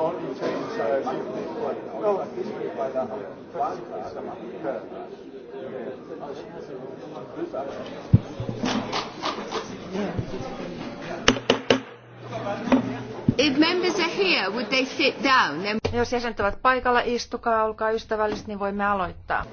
If members are here, would they sit down? Jos jäsenet ovat paikalla, istukaa, olkaa ystävälliset, niin voimme aloittaa.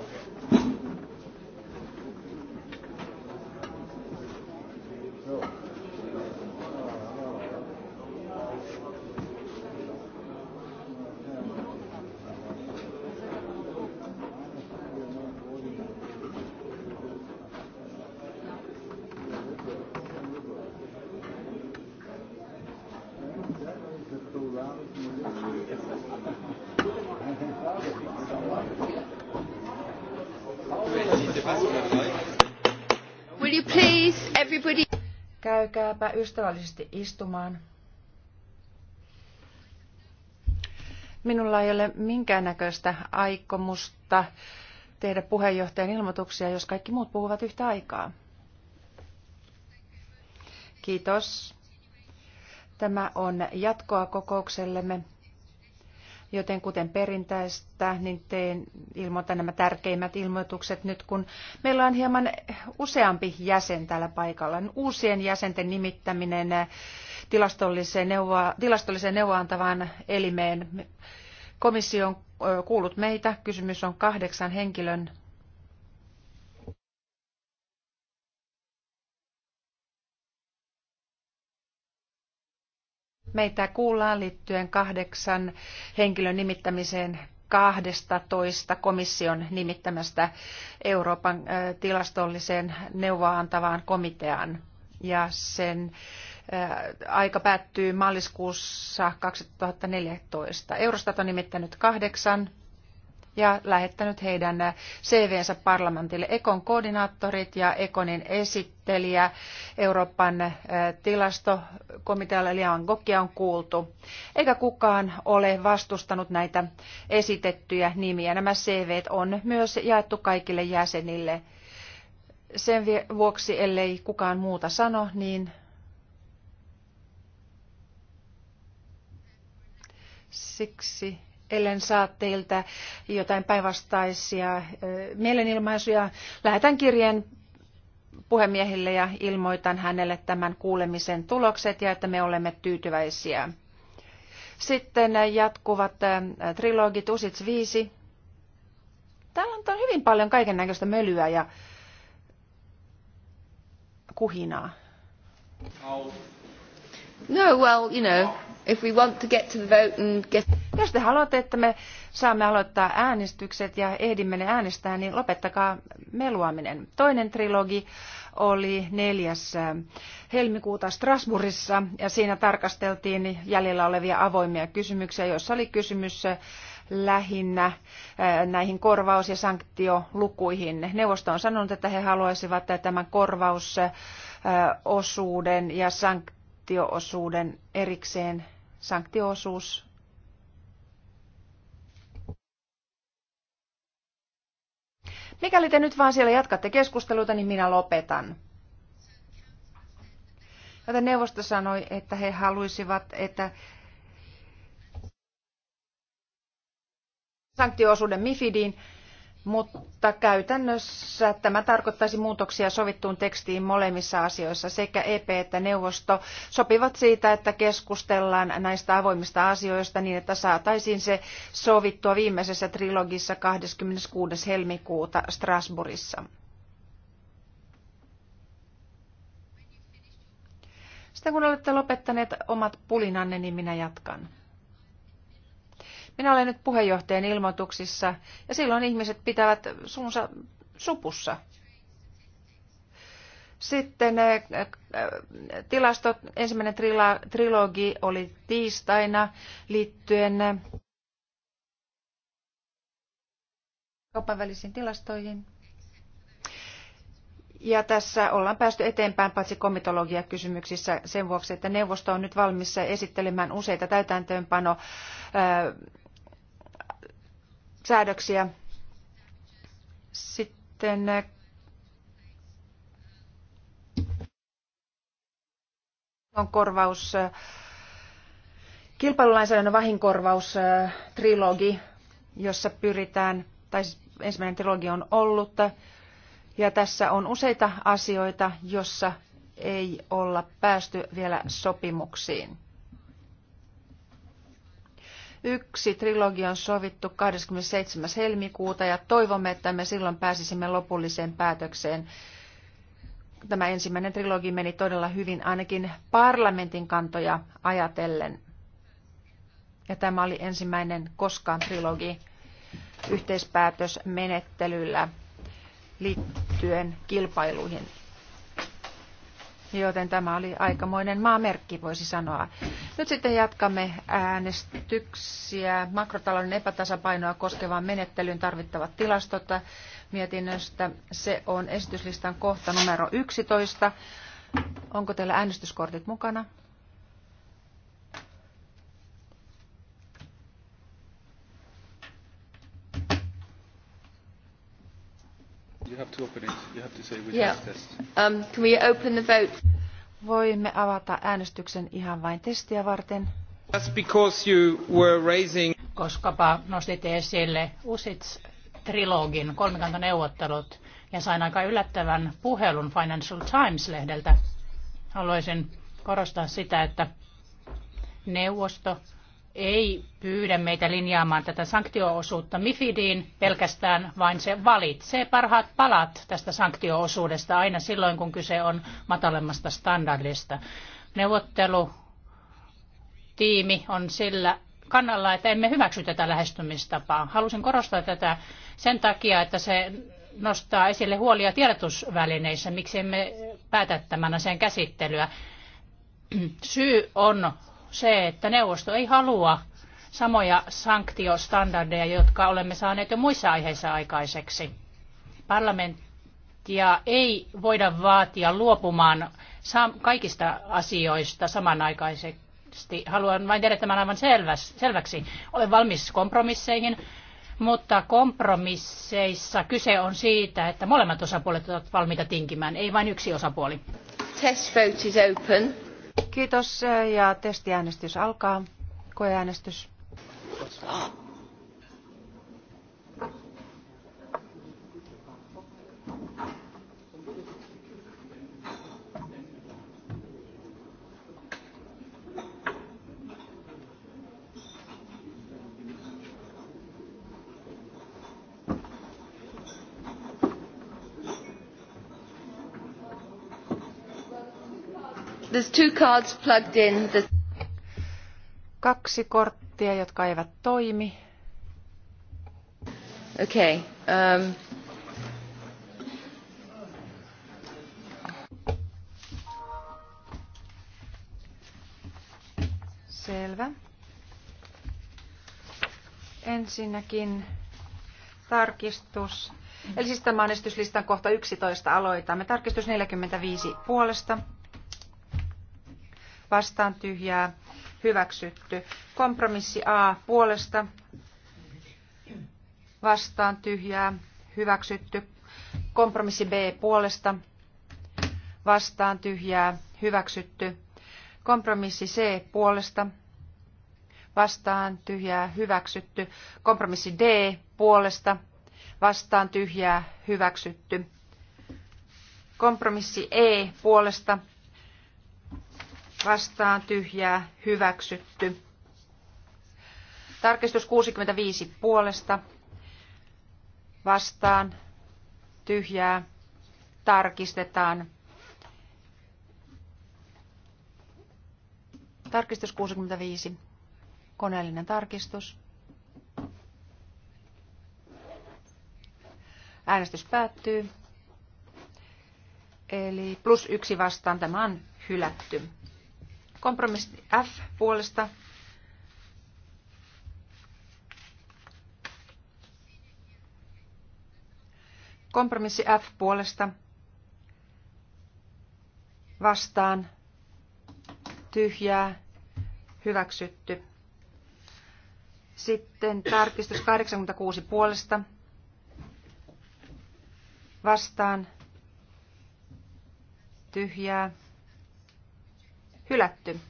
Menkääpä ystävällisesti istumaan. Minulla ei ole minkäännäköistä aikomusta tehdä puheenjohtajan ilmoituksia, jos kaikki muut puhuvat yhtä aikaa. Kiitos. Tämä on jatkoa kokouksellemme joten kuten perinteistä, niin teen ilmoitan nämä tärkeimmät ilmoitukset nyt, kun meillä on hieman useampi jäsen täällä paikalla. Uusien jäsenten nimittäminen tilastolliseen neuvoa, tilastolliseen neuvoantavaan elimeen. Komissio on kuullut meitä. Kysymys on kahdeksan henkilön Meitä kuullaan liittyen kahdeksan henkilön nimittämiseen 12 komission nimittämästä Euroopan tilastolliseen neuvoa antavaan komiteaan. Ja sen aika päättyy maaliskuussa 2014. Eurostat on nimittänyt kahdeksan ja lähettänyt heidän CV-nsä parlamentille. Ekon koordinaattorit ja Ekonin esittelijä Euroopan eh, tilastokomitealle Lian Gokia on kuultu. Eikä kukaan ole vastustanut näitä esitettyjä nimiä. Nämä cv on myös jaettu kaikille jäsenille. Sen vuoksi, ellei kukaan muuta sano, niin siksi ellen saa teiltä jotain päinvastaisia mielenilmaisuja, lähetän kirjeen puhemiehelle ja ilmoitan hänelle tämän kuulemisen tulokset ja että me olemme tyytyväisiä. Sitten jatkuvat trilogit Usits 5. Täällä on hyvin paljon kaiken näköistä mölyä ja kuhinaa. No, well, you know, If we want to get to the vote and get... Jos te haluatte, että me saamme aloittaa äänestykset ja ehdimme ne äänestää, niin lopettakaa meluaminen. Toinen trilogi oli 4. Äh, helmikuuta Strasbourgissa ja siinä tarkasteltiin jäljellä olevia avoimia kysymyksiä, joissa oli kysymys äh, lähinnä äh, näihin korvaus- ja sanktiolukuihin. Neuvosto on sanonut, että he haluaisivat tämän korvausosuuden ja sanktioosuuden erikseen Sanktioosuus Mikäli te nyt vaan siellä jatkatte keskusteluita, niin minä lopetan. Joten neuvosto sanoi, että he haluaisivat, että sanktio-osuuden MIFIDiin mutta käytännössä tämä tarkoittaisi muutoksia sovittuun tekstiin molemmissa asioissa. Sekä EP että neuvosto sopivat siitä, että keskustellaan näistä avoimista asioista niin, että saataisiin se sovittua viimeisessä trilogissa 26. helmikuuta Strasbourgissa. Sitten kun olette lopettaneet omat pulinanne, niin minä jatkan. Minä olen nyt puheenjohtajan ilmoituksissa ja silloin ihmiset pitävät suunsa supussa. Sitten eh, eh, tilastot, ensimmäinen trilogi oli tiistaina liittyen eh, kaupan välisiin tilastoihin. Ja tässä ollaan päästy eteenpäin paitsi komitologiakysymyksissä sen vuoksi, että neuvosto on nyt valmis esittelemään useita täytäntöönpano säädöksiä. Sitten eh, on korvaus, eh, kilpailulainsäädännön vahinkorvaus eh, trilogi, jossa pyritään, tai siis ensimmäinen trilogi on ollut, ja tässä on useita asioita, jossa ei olla päästy vielä sopimuksiin. Yksi trilogia on sovittu 27. helmikuuta ja toivomme, että me silloin pääsisimme lopulliseen päätökseen. Tämä ensimmäinen trilogi meni todella hyvin ainakin parlamentin kantoja ajatellen. Ja tämä oli ensimmäinen koskaan trilogi yhteispäätösmenettelyllä liittyen kilpailuihin joten tämä oli aikamoinen maamerkki, voisi sanoa. Nyt sitten jatkamme äänestyksiä. Makrotalouden epätasapainoa koskevaan menettelyyn tarvittavat tilastot mietinnöstä. Se on esityslistan kohta numero 11. Onko teillä äänestyskortit mukana? You have to open it. You have to say we yeah. test. Um, can we open the vote? Voimme avata äänestyksen ihan vain testiä varten. That's because you were raising... Koskapa nostitte esille USITS-trilogin kolmikantaneuvottelut ja sain aika yllättävän puhelun Financial Times-lehdeltä. Haluaisin korostaa sitä, että neuvosto ei pyydä meitä linjaamaan tätä sanktioosuutta MIFIDiin pelkästään, vaan se valitsee parhaat palat tästä sanktioosuudesta aina silloin, kun kyse on matalemmasta standardista. Neuvottelutiimi on sillä kannalla, että emme hyväksy tätä lähestymistapaa. Halusin korostaa tätä sen takia, että se nostaa esille huolia tiedotusvälineissä, miksi emme päätä tämän asian käsittelyä. Syy on se, että neuvosto ei halua samoja sanktiostandardeja, jotka olemme saaneet jo muissa aiheissa aikaiseksi. Parlamenttia ei voida vaatia luopumaan kaikista asioista samanaikaisesti. Haluan vain tehdä tämän aivan selväksi. Olen valmis kompromisseihin, mutta kompromisseissa kyse on siitä, että molemmat osapuolet ovat valmiita tinkimään, ei vain yksi osapuoli. Test vote is open. Kiitos ja testiäänestys alkaa. Koeäänestys. Ah. There's two cards plugged in. There's... Kaksi korttia, jotka eivät toimi. Okay. Um... Selvä. Ensinnäkin tarkistus. Eli siis tämä on esityslistan kohta 11 aloitamme. Tarkistus 45 puolesta vastaan tyhjää hyväksytty. Kompromissi A puolesta vastaan tyhjää hyväksytty. Kompromissi B puolesta vastaan tyhjää hyväksytty. Kompromissi C puolesta vastaan tyhjää hyväksytty. Kompromissi D puolesta vastaan tyhjää hyväksytty. Kompromissi E puolesta vastaan tyhjää hyväksytty. Tarkistus 65 puolesta vastaan tyhjää tarkistetaan. Tarkistus 65. Koneellinen tarkistus. Äänestys päättyy. Eli plus yksi vastaan tämä on hylätty. Kompromissi F puolesta Kompromissi F puolesta vastaan tyhjää hyväksytty. Sitten tarkistus 86 puolesta vastaan tyhjää Hylätty.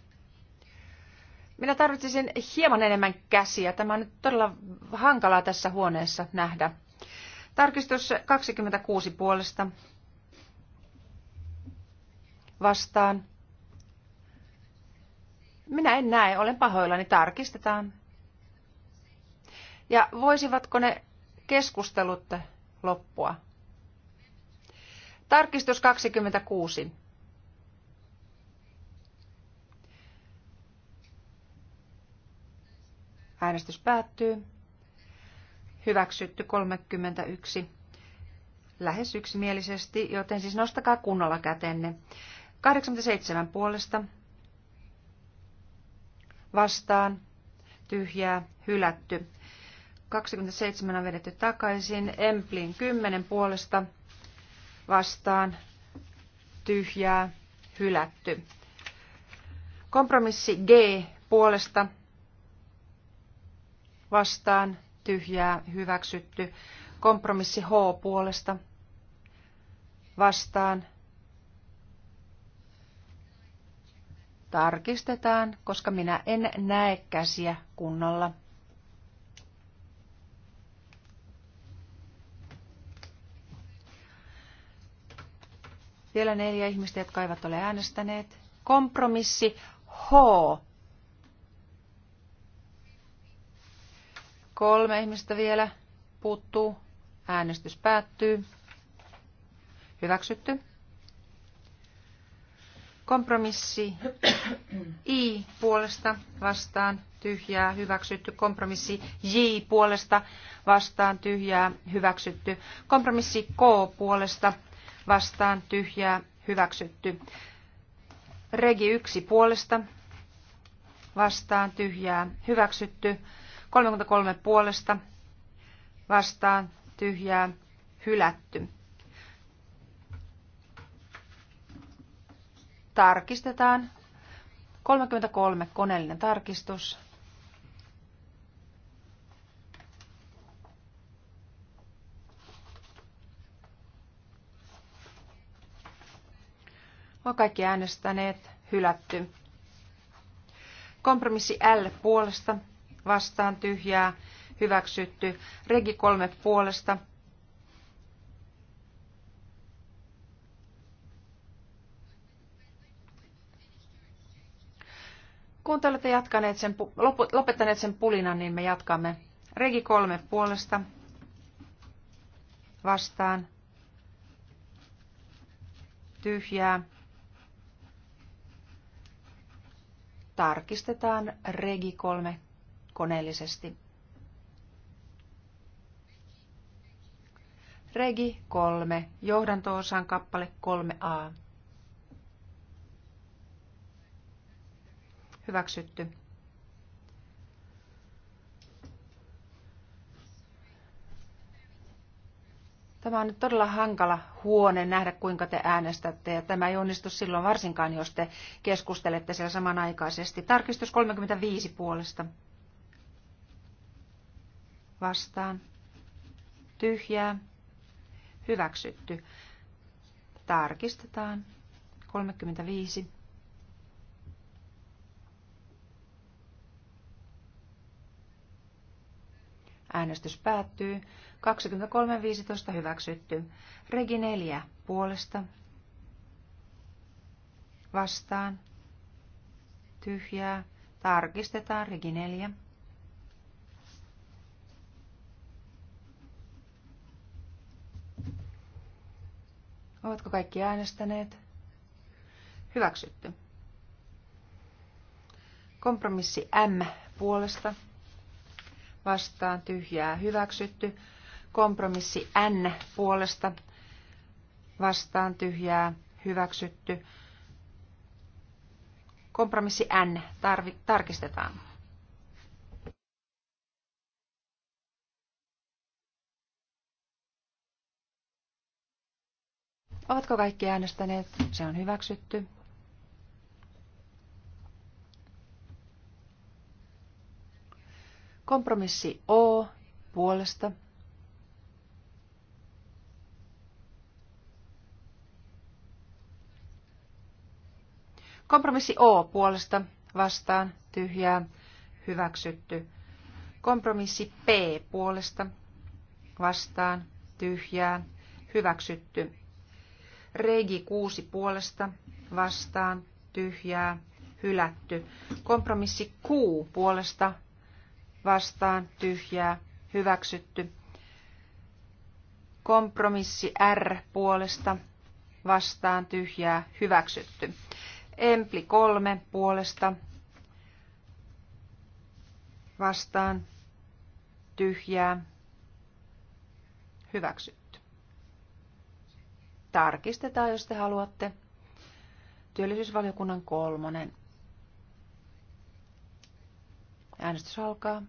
Minä tarvitsisin hieman enemmän käsiä. Tämä on nyt todella hankalaa tässä huoneessa nähdä. Tarkistus 26 puolesta. Vastaan. Minä en näe, olen pahoillani, tarkistetaan. Ja voisivatko ne keskustelut loppua? Tarkistus 26. Äänestys päättyy. Hyväksytty 31 lähes yksimielisesti, joten siis nostakaa kunnolla kätenne. 87 puolesta vastaan tyhjää hylätty. 27 on vedetty takaisin. Emplin 10 puolesta vastaan tyhjää hylätty. Kompromissi G puolesta vastaan tyhjää hyväksytty. Kompromissi H puolesta vastaan tarkistetaan, koska minä en näe käsiä kunnolla. Vielä neljä ihmistä, jotka eivät ole äänestäneet. Kompromissi H Kolme ihmistä vielä puuttuu. Äänestys päättyy. Hyväksytty. Kompromissi I puolesta vastaan tyhjää hyväksytty. Kompromissi J puolesta vastaan tyhjää hyväksytty. Kompromissi K puolesta vastaan tyhjää hyväksytty. Regi 1 puolesta vastaan tyhjää hyväksytty. 33 puolesta vastaan tyhjää hylätty. Tarkistetaan. 33 koneellinen tarkistus. On kaikki äänestäneet hylätty. Kompromissi L puolesta vastaan tyhjää hyväksytty. Regi kolme puolesta Kun te olette jatkaneet sen, lopettaneet sen pulinan, niin me jatkamme. Regi kolme puolesta vastaan. Tyhjää. Tarkistetaan Regi kolme koneellisesti. Regi 3, johdanto-osan kappale 3a. Hyväksytty. Tämä on nyt todella hankala huone nähdä, kuinka te äänestätte, ja tämä ei onnistu silloin varsinkaan, jos te keskustelette siellä samanaikaisesti. Tarkistus 35 puolesta vastaan, tyhjää, hyväksytty. Tarkistetaan. 35. Äänestys päättyy. 23.15 hyväksytty. Regi 4 puolesta. Vastaan. Tyhjää. Tarkistetaan Regi 4. Ovatko kaikki äänestäneet? Hyväksytty. Kompromissi M puolesta. Vastaan tyhjää hyväksytty. Kompromissi N puolesta. Vastaan tyhjää hyväksytty. Kompromissi N tarvi, tarkistetaan. Ovatko kaikki äänestäneet? Se on hyväksytty. Kompromissi O puolesta. Kompromissi O puolesta vastaan tyhjää hyväksytty. Kompromissi P puolesta vastaan tyhjää hyväksytty. Regi 6 puolesta vastaan tyhjää hylätty. Kompromissi Q puolesta vastaan tyhjää hyväksytty. Kompromissi R puolesta vastaan tyhjää hyväksytty. Empli 3 puolesta vastaan tyhjää hyväksytty tarkistetaan, jos te haluatte. Työllisyysvaliokunnan kolmonen. Äänestys alkaa.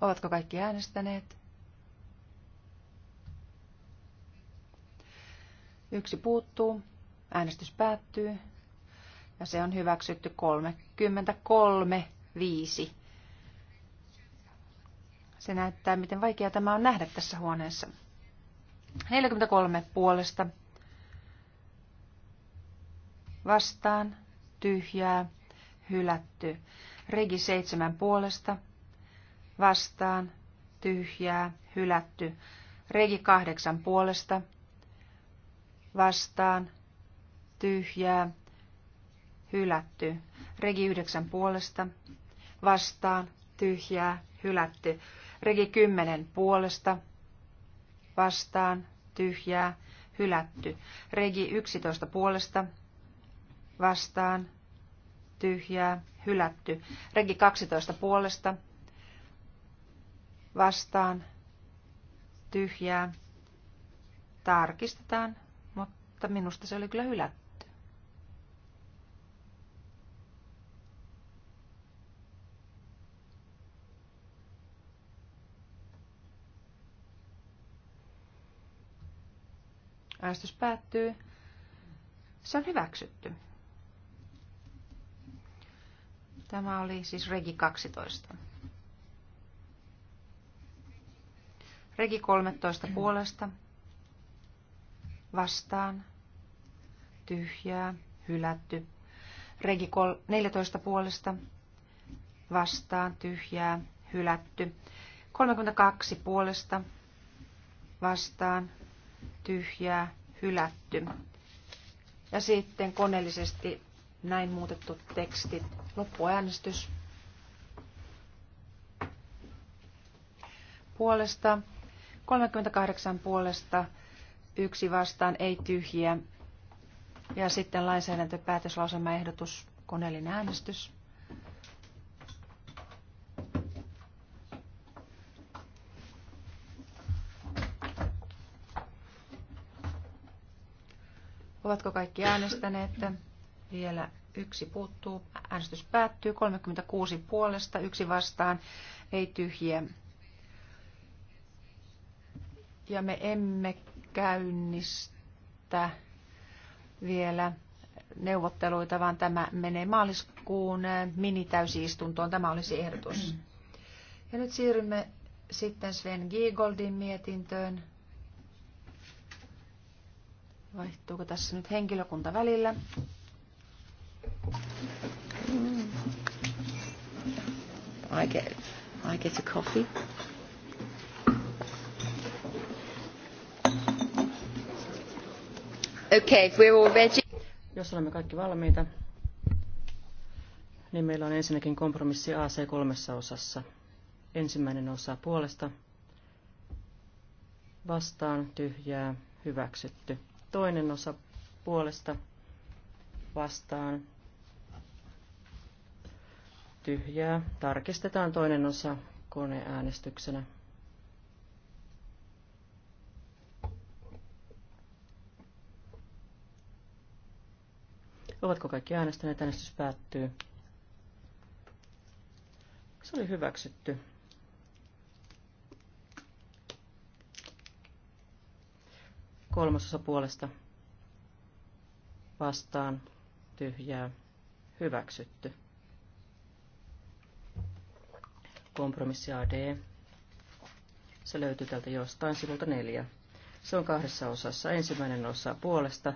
Ovatko kaikki äänestäneet? Yksi puuttuu. Äänestys päättyy. Ja se on hyväksytty 33 5. Se näyttää, miten vaikea tämä on nähdä tässä huoneessa. 43 puolesta vastaan, tyhjää, hylätty. Regi 7 puolesta vastaan, tyhjää, hylätty. Regi 8 puolesta vastaan, tyhjää, hylätty. Regi 9 puolesta vastaan, tyhjää, hylätty. Regi 10 puolesta vastaan, tyhjää, hylätty. Regi 11 puolesta, vastaan, tyhjää, hylätty. Regi 12 puolesta, vastaan, tyhjää, tarkistetaan, mutta minusta se oli kyllä hylätty. Äänestys päättyy. Se on hyväksytty. Tämä oli siis Regi 12. Regi 13 puolesta. Vastaan. Tyhjää. Hylätty. Regi 14 puolesta. Vastaan. Tyhjää. Hylätty. 32 puolesta. Vastaan tyhjää, hylätty. Ja sitten koneellisesti näin muutettu teksti. Loppuäänestys. Puolesta. 38 puolesta. Yksi vastaan, ei tyhjiä. Ja sitten lainsäädäntöpäätöslauselmaehdotus, koneellinen äänestys. Ovatko kaikki äänestäneet? Vielä yksi puuttuu. Äänestys päättyy. 36 puolesta, yksi vastaan, ei tyhjiä. Ja me emme käynnistä vielä neuvotteluita, vaan tämä menee maaliskuun täysistuntoon. Tämä olisi ehdotus. Ja nyt siirrymme sitten Sven Giegoldin mietintöön. Vaihtuuko tässä nyt henkilökunta välillä? I get, I get a coffee. Okay, if we're all ready. Jos olemme kaikki valmiita, niin meillä on ensinnäkin kompromissi AC kolmessa osassa. Ensimmäinen osa puolesta, vastaan, tyhjää, hyväksytty. Toinen osa puolesta vastaan tyhjää. Tarkistetaan toinen osa koneäänestyksenä. Ovatko kaikki äänestäneet? Äänestys päättyy. Se oli hyväksytty. kolmasosa puolesta vastaan tyhjää hyväksytty. Kompromissi AD. Se löytyy tältä jostain sivulta neljä. Se on kahdessa osassa. Ensimmäinen osa puolesta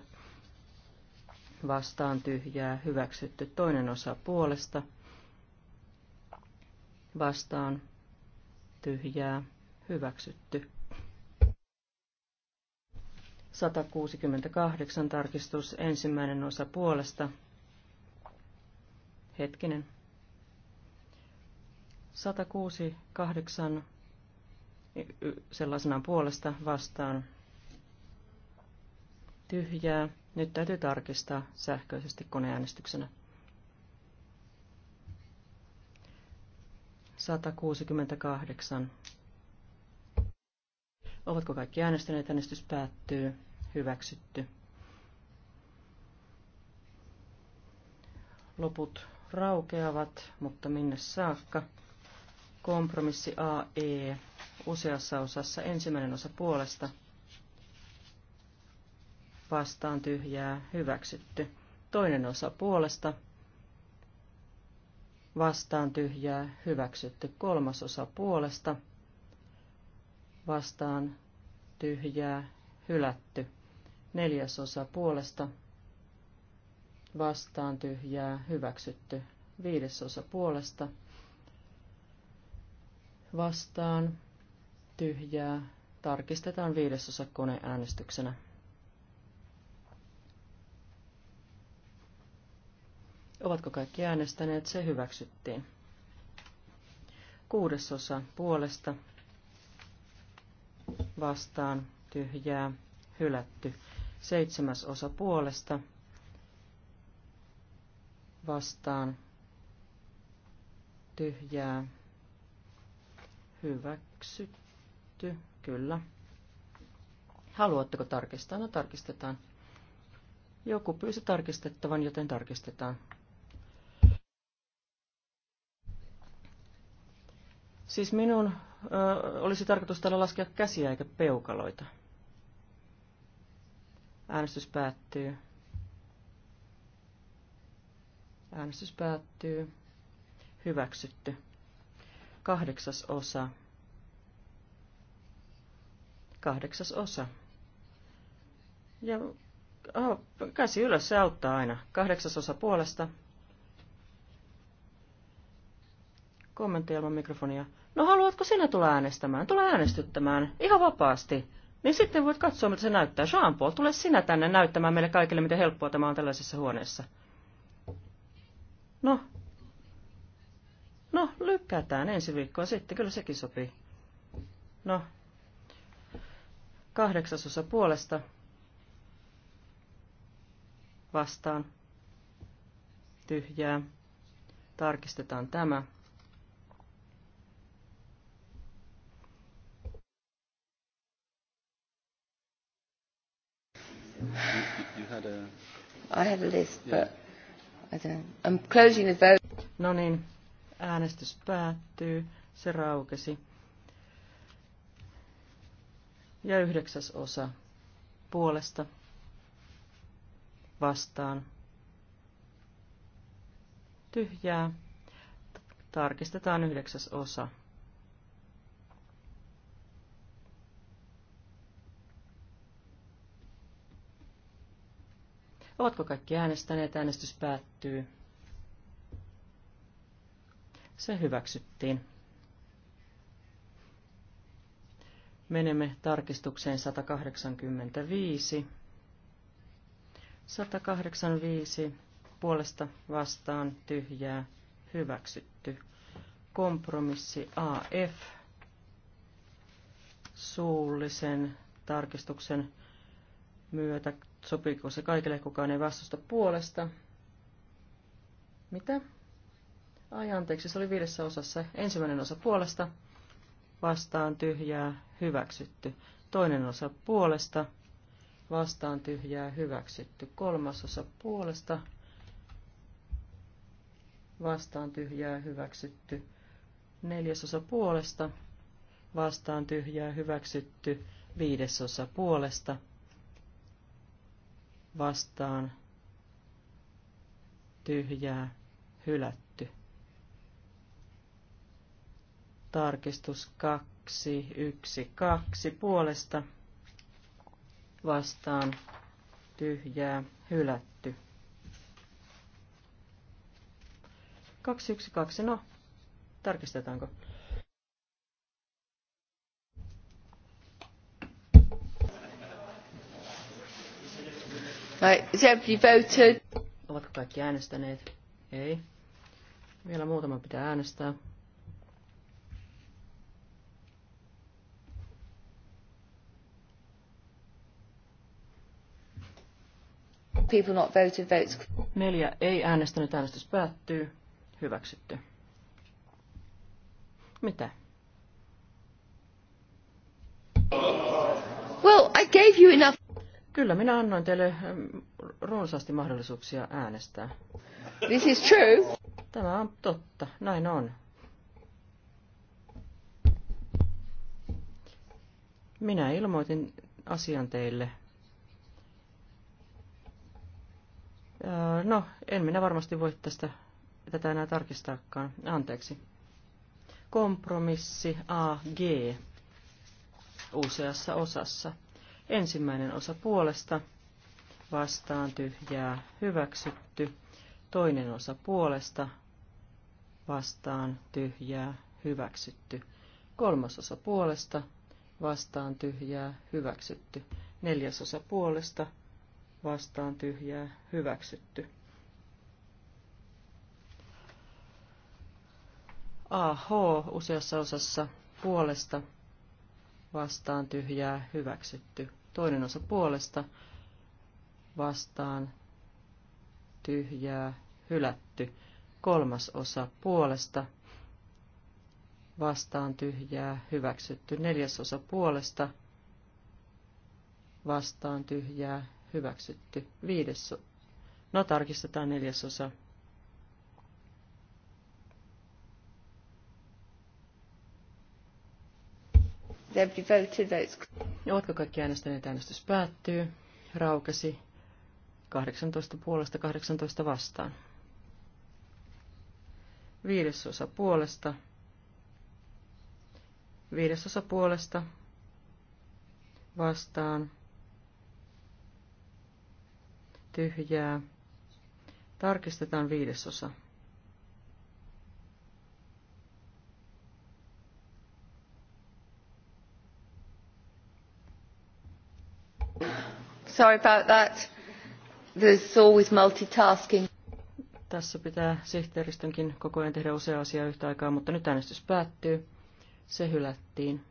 vastaan tyhjää hyväksytty. Toinen osa puolesta vastaan tyhjää hyväksytty. 168 tarkistus ensimmäinen osa puolesta. Hetkinen. 168 sellaisenaan puolesta vastaan tyhjää. Nyt täytyy tarkistaa sähköisesti koneäänestyksenä. 168 Ovatko kaikki äänestäneet? Äänestys päättyy. Hyväksytty. Loput raukeavat, mutta minne saakka? Kompromissi AE useassa osassa ensimmäinen osa puolesta. Vastaan tyhjää, hyväksytty. Toinen osa puolesta. Vastaan tyhjää, hyväksytty. Kolmas osa puolesta vastaan tyhjää hylätty. Neljäsosa puolesta vastaan tyhjää hyväksytty. Viidesosa puolesta vastaan tyhjää tarkistetaan viidesosa koneäänestyksenä. Ovatko kaikki äänestäneet? Se hyväksyttiin. Kuudesosa puolesta vastaan tyhjää hylätty. Seitsemäs osa puolesta vastaan tyhjää hyväksytty. Kyllä. Haluatteko tarkistaa? No tarkistetaan. Joku pyysi tarkistettavan, joten tarkistetaan. Siis minun olisi tarkoitus täällä laskea käsiä eikä peukaloita. Äänestys päättyy. Äänestys päättyy. Hyväksytty. Kahdeksas osa. Kahdeksas osa. Ja oh, käsi ylös, se auttaa aina. Kahdeksas osa puolesta. Kommentti ilman mikrofonia. No haluatko sinä tulla äänestämään? Tule äänestyttämään. Ihan vapaasti. Niin sitten voit katsoa, mitä se näyttää. Jean-Paul, tule sinä tänne näyttämään meille kaikille, miten helppoa tämä on tällaisessa huoneessa. No. No, lykkätään ensi viikkoa sitten. Kyllä sekin sopii. No. Kahdeksasosa puolesta. Vastaan. Tyhjää. Tarkistetaan tämä. I a list, but I don't. I'm closing the vote. No niin, äänestys päättyy. Se raukesi. Ja yhdeksäs osa puolesta vastaan. Tyhjää. Tarkistetaan yhdeksäs osa. Ovatko kaikki äänestäneet? Äänestys päättyy. Se hyväksyttiin. Menemme tarkistukseen 185. 185 puolesta vastaan tyhjää hyväksytty. Kompromissi AF suullisen tarkistuksen myötä Sopiiko se kaikille? Kukaan ei vastusta puolesta. Mitä? Ai anteeksi, se oli viidessä osassa. Ensimmäinen osa puolesta. Vastaan tyhjää, hyväksytty. Toinen osa puolesta. Vastaan tyhjää, hyväksytty. Kolmas osa puolesta. Vastaan tyhjää, hyväksytty. Neljäs osa puolesta. Vastaan tyhjää, hyväksytty. Viides osa puolesta vastaan tyhjää hylätty. Tarkistus 2, 1, 2 puolesta vastaan tyhjää hylätty. 2, 1, 2, no tarkistetaanko? Has everybody voted? Ovatko kaikki äänestäneet? Ei. Vielä muutama pitää äänestää. People not voted votes. Neljä ei äänestänyt, äänestys päättyy. Hyväksytty. Mitä? Well, I gave you enough. Kyllä, minä annoin teille ähm, runsaasti mahdollisuuksia äänestää. This is true. Tämä on totta, näin on. Minä ilmoitin asian teille. Äh, no, en minä varmasti voi tästä tätä enää tarkistaakaan. Anteeksi. Kompromissi AG useassa osassa. Ensimmäinen osa puolesta vastaan tyhjää hyväksytty. Toinen osa puolesta vastaan tyhjää hyväksytty. Kolmas osa puolesta vastaan tyhjää hyväksytty. Neljäs osa puolesta vastaan tyhjää hyväksytty. AH useassa osassa puolesta vastaan tyhjää hyväksytty. Toinen osa puolesta vastaan tyhjää hylätty. Kolmas osa puolesta vastaan tyhjää hyväksytty. Neljäs osa puolesta vastaan tyhjää hyväksytty. Viides No tarkistetaan neljäsosa. Every voted votes. Ovatko kaikki äänestäneet? Äänestys päättyy. Raukesi 18 puolesta 18 vastaan. Viidesosa puolesta. Viidesosa puolesta vastaan. Tyhjää. Tarkistetaan viidesosa. Tässä pitää sihteeristönkin koko ajan tehdä usea asia yhtä aikaa, mutta nyt äänestys päättyy. Se hylättiin.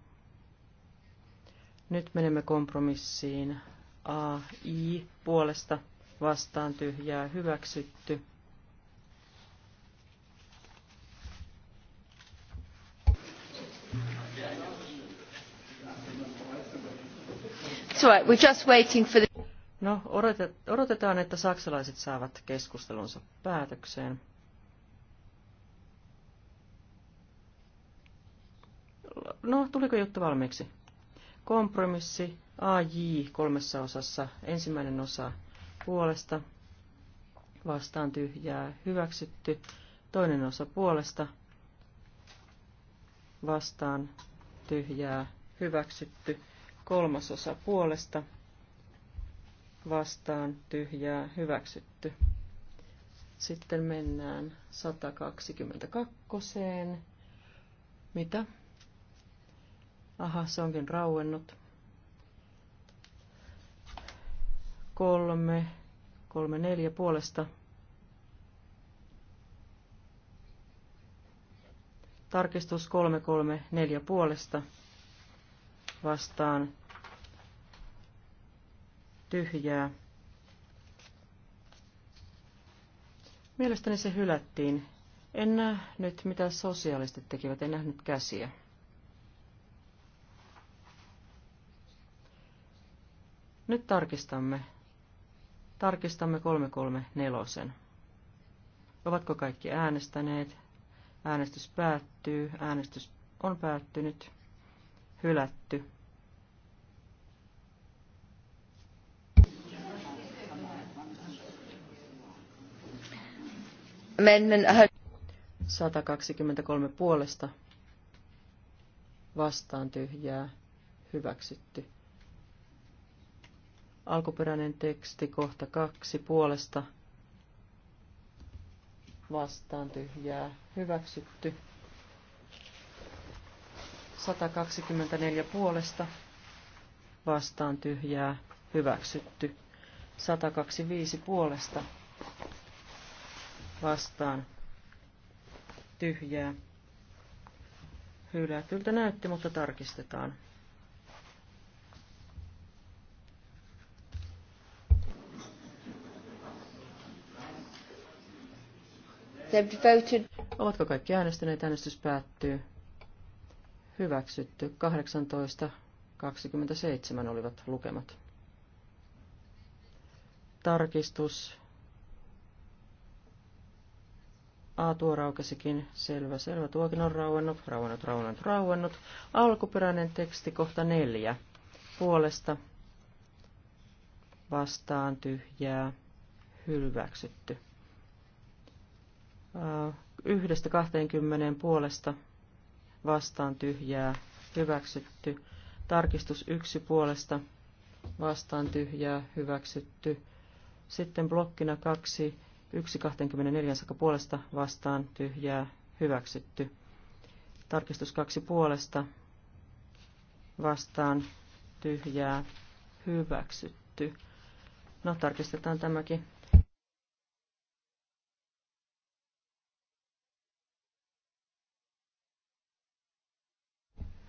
Nyt menemme kompromissiin. AI puolesta vastaan tyhjää hyväksytty. So right, we're just waiting for the... No, odotetaan, että saksalaiset saavat keskustelunsa päätökseen. No, tuliko juttu valmiiksi? Kompromissi AJ kolmessa osassa. Ensimmäinen osa puolesta, vastaan tyhjää, hyväksytty. Toinen osa puolesta, vastaan tyhjää, hyväksytty. Kolmas osa puolesta, vastaan tyhjää hyväksytty. Sitten mennään 122. Mitä? Aha, se onkin rauennut. Kolme, kolme neljä puolesta. Tarkistus kolme kolme neljä puolesta vastaan tyhjää. Mielestäni se hylättiin. En nähnyt, mitä sosiaalistit tekivät, en nähnyt käsiä. Nyt tarkistamme. Tarkistamme 334. Ovatko kaikki äänestäneet? Äänestys päättyy. Äänestys on päättynyt. Hylätty. Amendment 123 puolesta vastaan tyhjää hyväksytty. Alkuperäinen teksti kohta kaksi puolesta vastaan tyhjää hyväksytty. 124 puolesta vastaan tyhjää hyväksytty. 125 puolesta vastaan tyhjää. Hylätyltä näytti, mutta tarkistetaan. Ovatko kaikki äänestyneet? Äänestys päättyy. Hyväksytty. 18. 27 olivat lukemat. Tarkistus A tuo raukesikin. Selvä, selvä. Tuokin on rauennut, rauennut, rauennut, rauennut. Alkuperäinen teksti kohta neljä. Puolesta vastaan tyhjää hyväksytty. Yhdestä kahteenkymmeneen puolesta vastaan tyhjää hyväksytty. Tarkistus yksi puolesta vastaan tyhjää hyväksytty. Sitten blokkina kaksi 1 24 saakka puolesta vastaan tyhjää hyväksytty. Tarkistus 2 puolesta vastaan tyhjää hyväksytty. No, tarkistetaan tämäkin.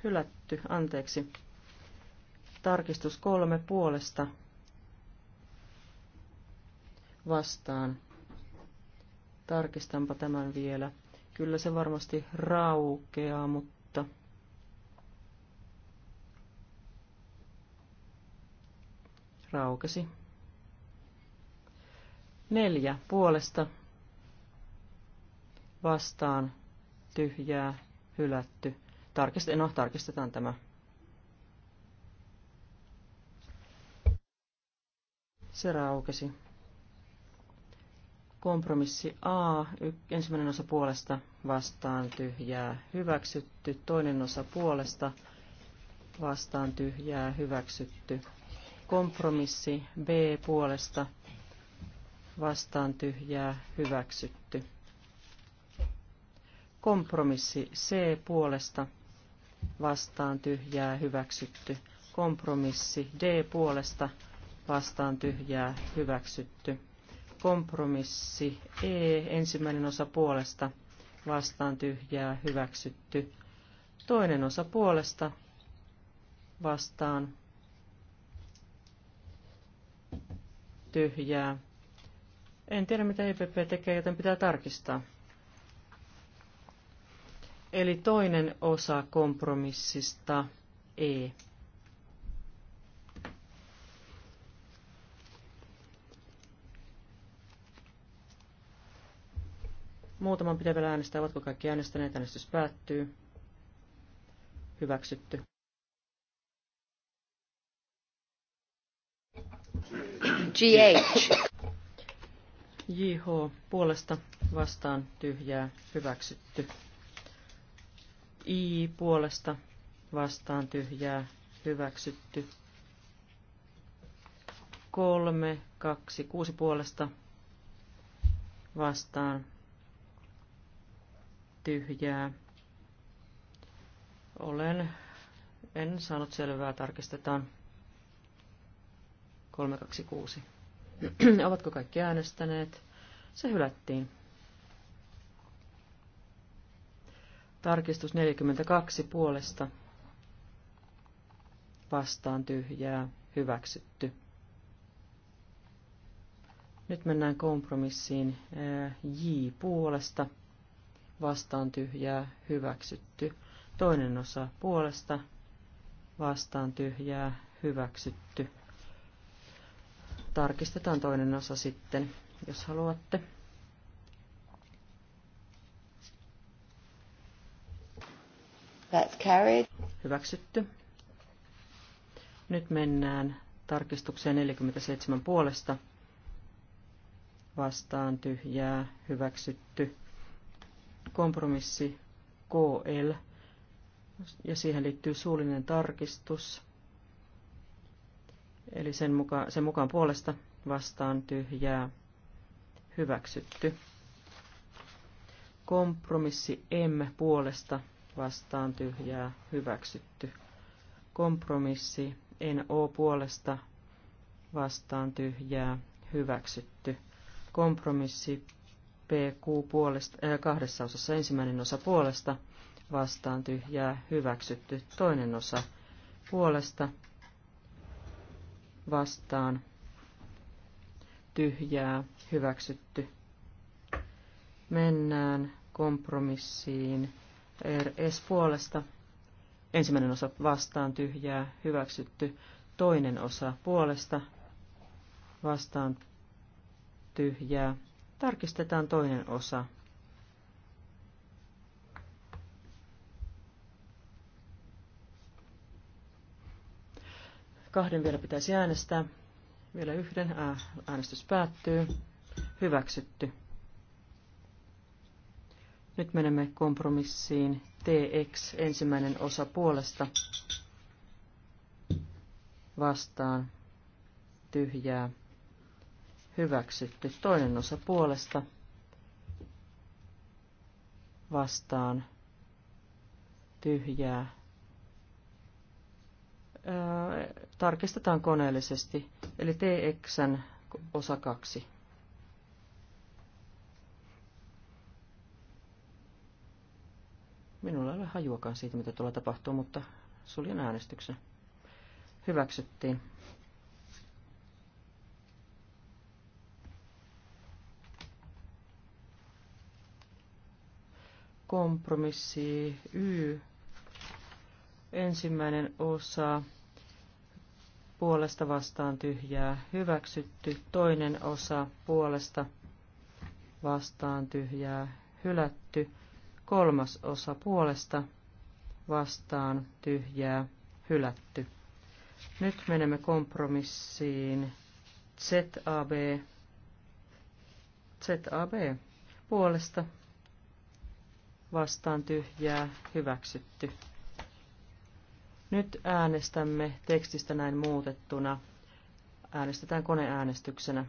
Hylätty, anteeksi. Tarkistus kolme puolesta vastaan Tarkistanpa tämän vielä. Kyllä se varmasti raukeaa, mutta... Raukesi. Neljä puolesta vastaan tyhjää hylätty. Tarkist- no, tarkistetaan tämä. Se raukesi. Kompromissi A, ensimmäinen osa puolesta vastaan tyhjää hyväksytty, toinen osa puolesta vastaan tyhjää hyväksytty. Kompromissi B puolesta vastaan tyhjää hyväksytty. Kompromissi C puolesta vastaan tyhjää hyväksytty. Kompromissi D puolesta vastaan tyhjää hyväksytty. Kompromissi E, ensimmäinen osa puolesta, vastaan tyhjää, hyväksytty. Toinen osa puolesta, vastaan tyhjää. En tiedä, mitä EPP tekee, joten pitää tarkistaa. Eli toinen osa kompromissista E. Muutaman pitää vielä äänestää. Ovatko kaikki äänestäneet? Äänestys päättyy. Hyväksytty. GH. JH puolesta vastaan tyhjää hyväksytty. I puolesta vastaan tyhjää hyväksytty. Kolme kaksi kuusi puolesta vastaan tyhjää. Olen, en saanut selvää, tarkistetaan. 326. Ovatko kaikki äänestäneet? Se hylättiin. Tarkistus 42 puolesta. Vastaan tyhjää. Hyväksytty. Nyt mennään kompromissiin J puolesta vastaan tyhjää hyväksytty. Toinen osa puolesta vastaan tyhjää hyväksytty. Tarkistetaan toinen osa sitten, jos haluatte. That's carried. Hyväksytty. Nyt mennään tarkistukseen 47 puolesta. Vastaan tyhjää, hyväksytty kompromissi KL ja siihen liittyy suullinen tarkistus. Eli sen mukaan, sen mukaan puolesta vastaan tyhjää hyväksytty. Kompromissi M puolesta vastaan tyhjää hyväksytty. Kompromissi NO puolesta vastaan tyhjää hyväksytty. Kompromissi PQ puolesta, äh, kahdessa osassa ensimmäinen osa puolesta vastaan tyhjää hyväksytty. Toinen osa puolesta vastaan tyhjää hyväksytty. Mennään kompromissiin. RS puolesta ensimmäinen osa vastaan tyhjää hyväksytty. Toinen osa puolesta vastaan tyhjää Tarkistetaan toinen osa. Kahden vielä pitäisi äänestää. Vielä yhden. Äänestys päättyy. Hyväksytty. Nyt menemme kompromissiin TX ensimmäinen osa puolesta vastaan tyhjää hyväksytty. Toinen osa puolesta vastaan tyhjää. Öö, tarkistetaan koneellisesti, eli TXn osa 2. Minulla ei ole hajuakaan siitä, mitä tuolla tapahtuu, mutta suljen äänestyksen. Hyväksyttiin. kompromissi Y, ensimmäinen osa, puolesta vastaan tyhjää, hyväksytty, toinen osa, puolesta vastaan tyhjää, hylätty, kolmas osa, puolesta vastaan tyhjää, hylätty. Nyt menemme kompromissiin ZAB, ZAB puolesta vastaan tyhjää hyväksytty. Nyt äänestämme tekstistä näin muutettuna. Äänestetään koneäänestyksenä.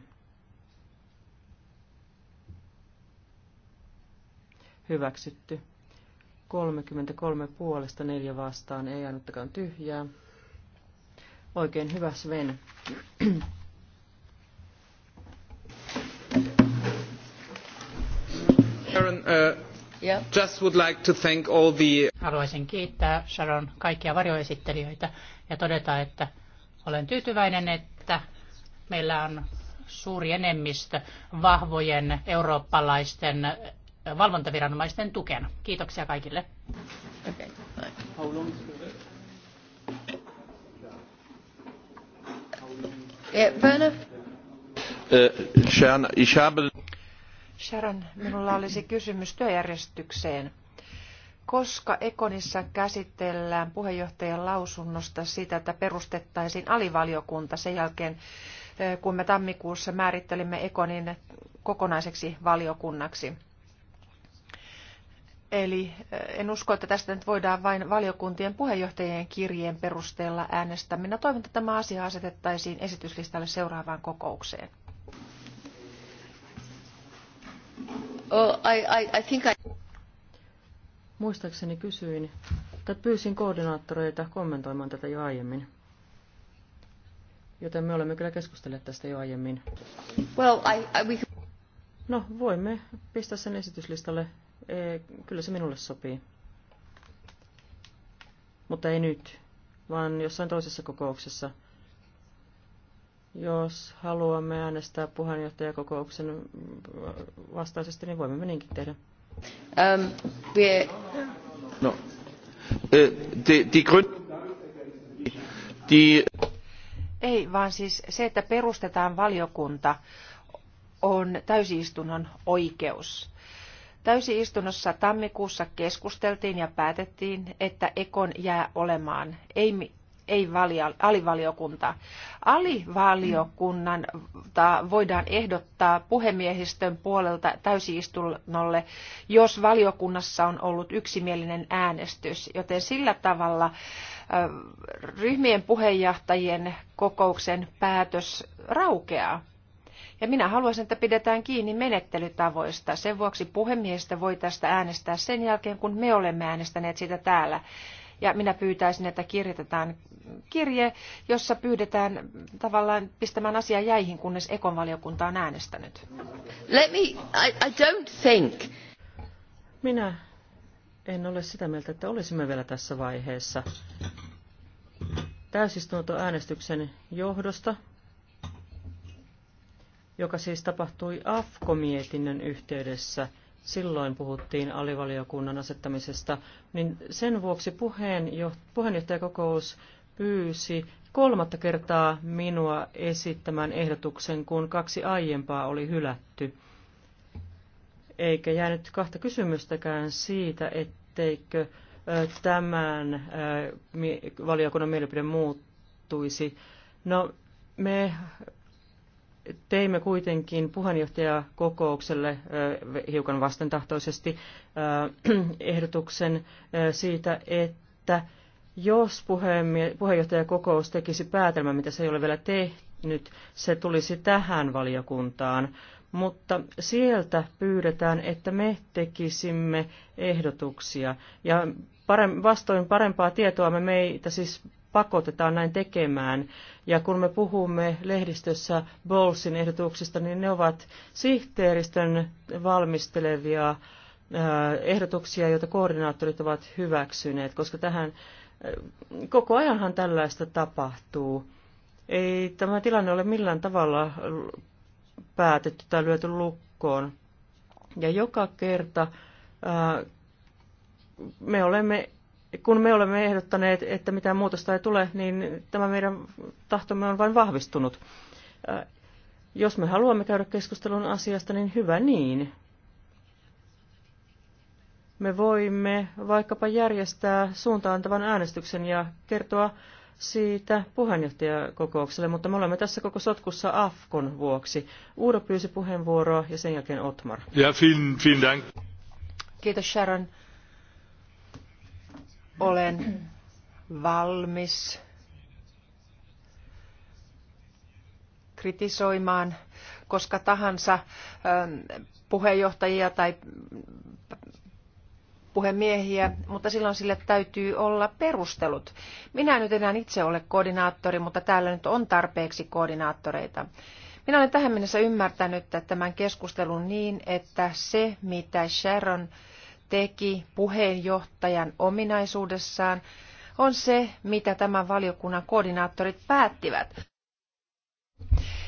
Hyväksytty. 33 puolesta, 4 vastaan, ei ainuttakaan tyhjää. Oikein hyvä Sven. Aaron, uh... Yeah. Just would like to thank all the... Haluaisin kiittää Sharon kaikkia varjoesittelijöitä ja todeta, että olen tyytyväinen, että meillä on suuri enemmistö vahvojen eurooppalaisten valvontaviranomaisten tukena. Kiitoksia kaikille. Okay. Yeah, Werner? Äh, Sharon, ich habe Sharon, minulla olisi kysymys työjärjestykseen. Koska Ekonissa käsitellään puheenjohtajan lausunnosta sitä, että perustettaisiin alivaliokunta sen jälkeen, kun me tammikuussa määrittelimme Ekonin kokonaiseksi valiokunnaksi. Eli en usko, että tästä nyt voidaan vain valiokuntien puheenjohtajien kirjeen perusteella äänestää. Minä toivon, että tämä asia asetettaisiin esityslistalle seuraavaan kokoukseen. Oh, I, I, I think I... Muistaakseni kysyin, tai pyysin koordinaattoreita kommentoimaan tätä jo aiemmin. Joten me olemme kyllä keskustelleet tästä jo aiemmin. Well, I, I, we... No, voimme pistää sen esityslistalle. Ee, kyllä se minulle sopii. Mutta ei nyt, vaan jossain toisessa kokouksessa – jos haluamme äänestää puheenjohtajakokouksen vastaisesti, niin voimme niinkin tehdä. Ähm, no. Äh, die, die Grün... die... Ei, vaan siis se, että perustetaan valiokunta, on täysistunnon oikeus. Täysiistunnossa tammikuussa keskusteltiin ja päätettiin, että Ekon jää olemaan, ei ei valia, alivaliokunta. Alivaliokunnan voidaan ehdottaa puhemiehistön puolelta täysiistunnolle, jos valiokunnassa on ollut yksimielinen äänestys. Joten sillä tavalla ryhmien puheenjohtajien kokouksen päätös raukeaa. Ja minä haluaisin, että pidetään kiinni menettelytavoista. Sen vuoksi puhemiehestä voi tästä äänestää sen jälkeen, kun me olemme äänestäneet sitä täällä. Ja minä pyytäisin, että kirjoitetaan kirje, jossa pyydetään tavallaan pistämään asia jäihin, kunnes Ekon valiokunta on äänestänyt. Let me, I, I don't think. Minä en ole sitä mieltä, että olisimme vielä tässä vaiheessa. äänestyksen johdosta, joka siis tapahtui AFKO-mietinnön yhteydessä – silloin puhuttiin alivaliokunnan asettamisesta, niin sen vuoksi puheenjohtajakokous pyysi kolmatta kertaa minua esittämään ehdotuksen, kun kaksi aiempaa oli hylätty. Eikä jäänyt kahta kysymystäkään siitä, etteikö tämän valiokunnan mielipide muuttuisi. No, me teimme kuitenkin puheenjohtajakokoukselle hiukan vastentahtoisesti ehdotuksen siitä, että jos puheenjohtajakokous tekisi päätelmän, mitä se ei ole vielä tehnyt, se tulisi tähän valiokuntaan. Mutta sieltä pyydetään, että me tekisimme ehdotuksia. Ja vastoin parempaa tietoa me meitä siis pakotetaan näin tekemään. Ja kun me puhumme lehdistössä bolsin ehdotuksista, niin ne ovat sihteeristön valmistelevia äh, ehdotuksia, joita koordinaattorit ovat hyväksyneet, koska tähän äh, koko ajanhan tällaista tapahtuu. Ei tämä tilanne ole millään tavalla päätetty tai lyöty lukkoon. Ja joka kerta äh, me olemme kun me olemme ehdottaneet, että mitään muutosta ei tule, niin tämä meidän tahtomme on vain vahvistunut. Äh, jos me haluamme käydä keskustelun asiasta, niin hyvä niin. Me voimme vaikkapa järjestää suuntaantavan äänestyksen ja kertoa siitä puheenjohtajakokoukselle, mutta me olemme tässä koko sotkussa Afkon vuoksi. Uudo pyysi puheenvuoroa ja sen jälkeen Otmar. Ja, vielen, vielen Dank. Kiitos Sharon olen valmis kritisoimaan koska tahansa ähm, puheenjohtajia tai puhemiehiä, mutta silloin sille täytyy olla perustelut. Minä nyt enää itse ole koordinaattori, mutta täällä nyt on tarpeeksi koordinaattoreita. Minä olen tähän mennessä ymmärtänyt tämän keskustelun niin, että se, mitä Sharon äh, teki puheenjohtajan ominaisuudessaan, on se, mitä tämän valiokunnan koordinaattorit päättivät.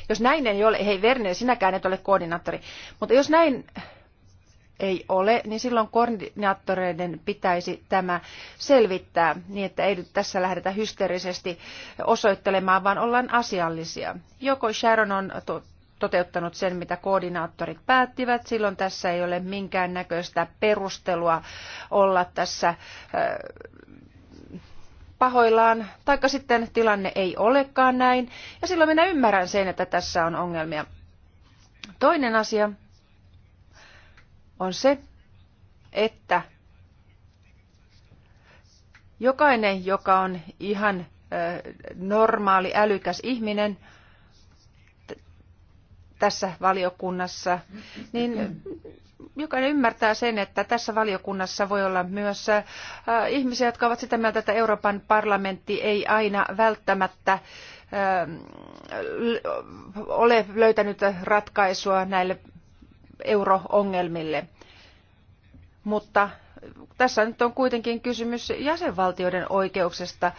Jos näin ei ole, hei Verne, sinäkään et ole koordinaattori, mutta jos näin ei ole, niin silloin koordinaattoreiden pitäisi tämä selvittää niin, että ei nyt tässä lähdetä hysteerisesti osoittelemaan, vaan ollaan asiallisia. Joko Sharon on toteuttanut sen, mitä koordinaattorit päättivät. Silloin tässä ei ole minkään näköistä perustelua olla tässä äh, pahoillaan, taikka sitten tilanne ei olekaan näin. Ja silloin minä ymmärrän sen, että tässä on ongelmia. Toinen asia on se, että jokainen, joka on ihan äh, normaali, älykäs ihminen, tässä valiokunnassa, niin jokainen ymmärtää sen, että tässä valiokunnassa voi olla myös äh, ihmisiä, jotka ovat sitä mieltä, että Euroopan parlamentti ei aina välttämättä äh, ole löytänyt ratkaisua näille euroongelmille. Mutta tässä nyt on kuitenkin kysymys jäsenvaltioiden oikeuksesta äh,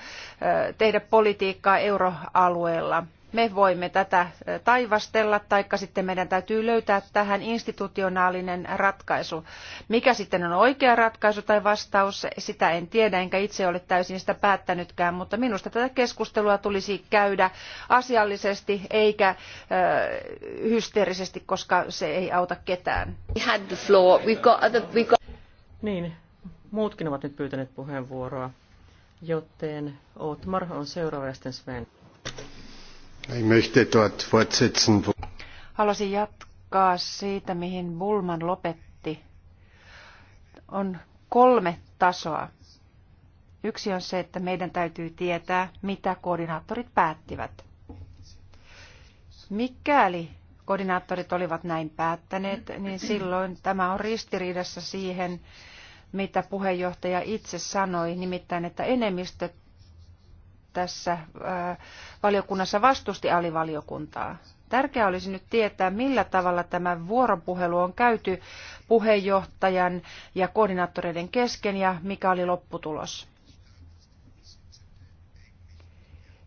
tehdä politiikkaa euroalueella – me voimme tätä taivastella, tai sitten meidän täytyy löytää tähän institutionaalinen ratkaisu. Mikä sitten on oikea ratkaisu tai vastaus, sitä en tiedä, enkä itse ole täysin sitä päättänytkään, mutta minusta tätä keskustelua tulisi käydä asiallisesti eikä äh, hysteerisesti, koska se ei auta ketään. Niin, muutkin ovat nyt pyytäneet puheenvuoroa, joten Otmar on seuraava Sven. Haluaisin jatkaa siitä, mihin Bulman lopetti. On kolme tasoa. Yksi on se, että meidän täytyy tietää, mitä koordinaattorit päättivät. Mikäli koordinaattorit olivat näin päättäneet, niin silloin tämä on ristiriidassa siihen, mitä puheenjohtaja itse sanoi, nimittäin että enemmistö tässä äh, valiokunnassa vastusti alivaliokuntaa. Tärkeää olisi nyt tietää, millä tavalla tämä vuoropuhelu on käyty puheenjohtajan ja koordinaattoreiden kesken ja mikä oli lopputulos.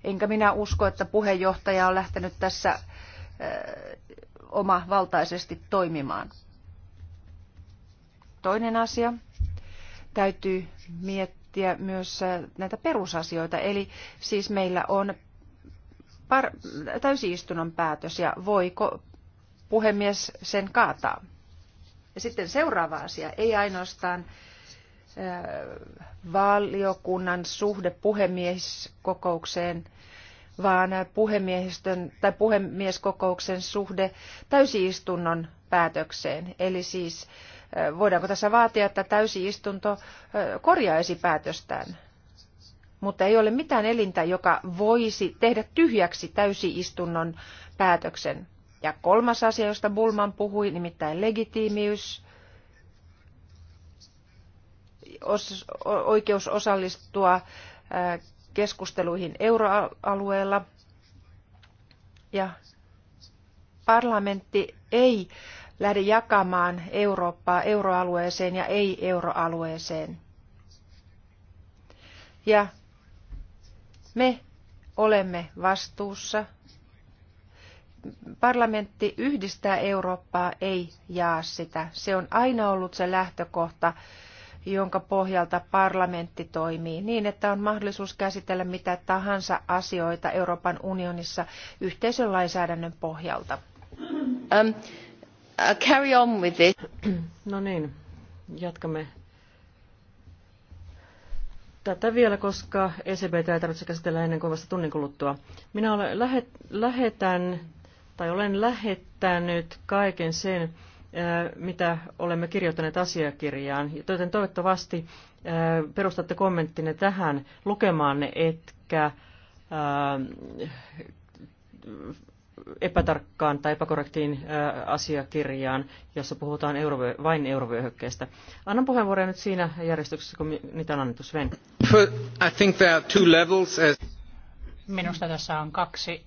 Enkä minä usko, että puheenjohtaja on lähtenyt tässä ö, äh, omavaltaisesti toimimaan. Toinen asia. Täytyy miettiä miettiä myös äh, näitä perusasioita. Eli siis meillä on par- täysistunnon päätös ja voiko puhemies sen kaataa. Ja sitten seuraava asia, ei ainoastaan äh, valiokunnan suhde puhemieskokoukseen, vaan puhemiehistön tai puhemieskokouksen suhde täysistunnon päätökseen. Eli siis Voidaanko tässä vaatia, että täysiistunto korjaisi päätöstään? Mutta ei ole mitään elintä, joka voisi tehdä tyhjäksi täysiistunnon päätöksen. Ja kolmas asia, josta Bulman puhui, nimittäin legitiimiys, os, oikeus osallistua keskusteluihin euroalueella. Ja parlamentti ei lähde jakamaan Eurooppaa euroalueeseen ja ei-euroalueeseen. Ja me olemme vastuussa. Parlamentti yhdistää Eurooppaa, ei jaa sitä. Se on aina ollut se lähtökohta, jonka pohjalta parlamentti toimii niin, että on mahdollisuus käsitellä mitä tahansa asioita Euroopan unionissa yhteisön lainsäädännön pohjalta. Um. Uh, carry on with No niin, jatkamme tätä vielä, koska ECBtä ei tarvitse käsitellä ennen kuin vasta tunnin kuluttua. Minä olen, lähet, lähetän, tai olen lähettänyt kaiken sen, uh, mitä olemme kirjoittaneet asiakirjaan. Joten toivottavasti uh, perustatte kommenttinne tähän lukemaanne, etkä epätarkkaan tai epäkorrektiin asiakirjaan, jossa puhutaan eurovyö, vain eurovyöhykkeestä. Annan puheenvuoroja nyt siinä järjestyksessä, kun niitä on annettu Sven. I think there are two levels as... Minusta tässä on kaksi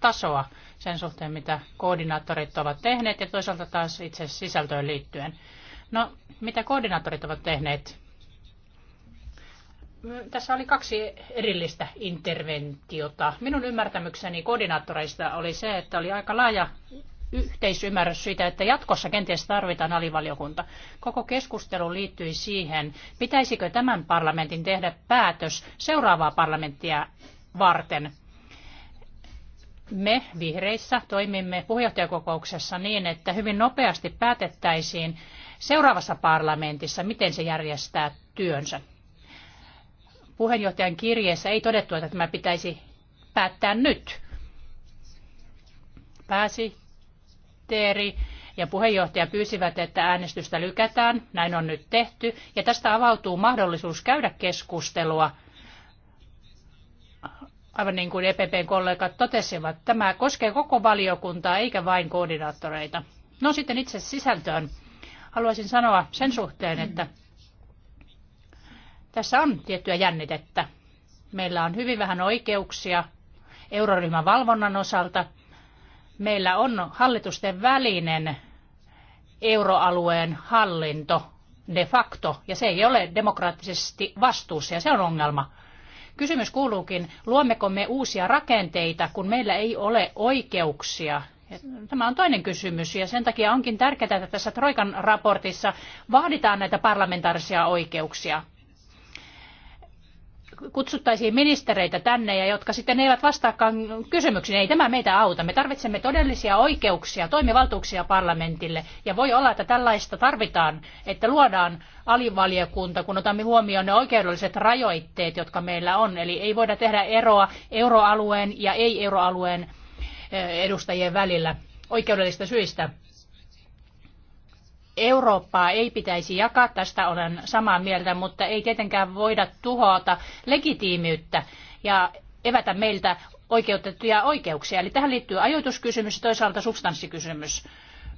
tasoa sen suhteen, mitä koordinaattorit ovat tehneet ja toisaalta taas itse sisältöön liittyen. No, mitä koordinaattorit ovat tehneet? Mm, tässä oli kaksi erillistä interventiota. Minun ymmärtämykseni koordinaattoreista oli se, että oli aika laaja yhteisymmärrys siitä, että jatkossa kenties tarvitaan alivaliokunta. Koko keskustelu liittyi siihen, pitäisikö tämän parlamentin tehdä päätös seuraavaa parlamenttia varten. Me vihreissä toimimme puheenjohtajakokouksessa niin, että hyvin nopeasti päätettäisiin seuraavassa parlamentissa, miten se järjestää työnsä puheenjohtajan kirjeessä ei todettu, että tämä pitäisi päättää nyt. Pääsi Teeri ja puheenjohtaja pyysivät, että äänestystä lykätään. Näin on nyt tehty. Ja tästä avautuu mahdollisuus käydä keskustelua. Aivan niin kuin EPPn kollegat totesivat, tämä koskee koko valiokuntaa eikä vain koordinaattoreita. No sitten itse sisältöön. Haluaisin sanoa sen suhteen, että mm tässä on tiettyä jännitettä. Meillä on hyvin vähän oikeuksia euroryhmän valvonnan osalta. Meillä on hallitusten välinen euroalueen hallinto de facto, ja se ei ole demokraattisesti vastuussa, ja se on ongelma. Kysymys kuuluukin, luommeko me uusia rakenteita, kun meillä ei ole oikeuksia? Tämä on toinen kysymys ja sen takia onkin tärkeää, että tässä Troikan raportissa vaaditaan näitä parlamentaarisia oikeuksia kutsuttaisiin ministereitä tänne ja jotka sitten eivät vastaakaan kysymyksiin. Ei tämä meitä auta. Me tarvitsemme todellisia oikeuksia, toimivaltuuksia parlamentille. Ja voi olla, että tällaista tarvitaan, että luodaan alivaliokunta, kun otamme huomioon ne oikeudelliset rajoitteet, jotka meillä on. Eli ei voida tehdä eroa euroalueen ja ei-euroalueen eh, edustajien välillä oikeudellisista syistä. Eurooppaa ei pitäisi jakaa, tästä olen samaa mieltä, mutta ei tietenkään voida tuhota legitiimiyttä ja evätä meiltä oikeutettuja oikeuksia. Eli tähän liittyy ajoituskysymys ja toisaalta substanssikysymys.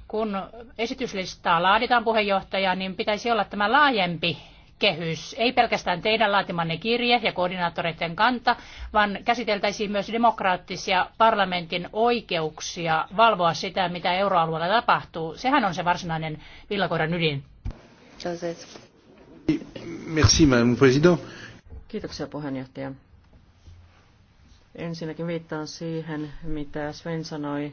Kun esityslistaa laaditaan puheenjohtaja, niin pitäisi olla tämä laajempi kehys, ei pelkästään teidän laatimanne kirje ja koordinaattoreiden kanta, vaan käsiteltäisiin myös demokraattisia parlamentin oikeuksia valvoa sitä, mitä euroalueella tapahtuu. Sehän on se varsinainen villakoiran ydin. Merci, madame Kiitoksia puheenjohtaja. Ensinnäkin viittaan siihen, mitä Sven sanoi.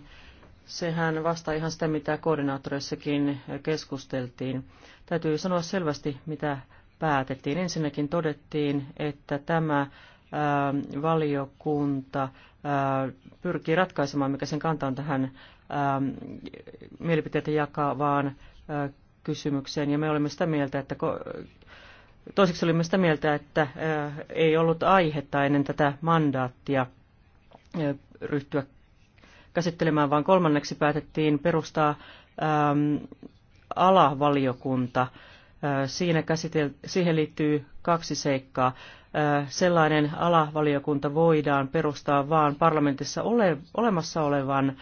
Sehän vastaa ihan sitä, mitä koordinaattoreissakin keskusteltiin. Täytyy sanoa selvästi, mitä päätettiin. Ensinnäkin todettiin, että tämä valiokunta pyrkii ratkaisemaan, mikä sen kanta on tähän mielipiteitä jakavaan kysymykseen. Ja me olemme sitä mieltä, että toiseksi olimme sitä mieltä, että ei ollut aihetta ennen tätä mandaattia ryhtyä käsittelemään, vaan kolmanneksi päätettiin perustaa alavaliokunta Siinä käsitel- siihen liittyy kaksi seikkaa. Sellainen alavaliokunta voidaan perustaa vain parlamentissa ole- olemassa olevan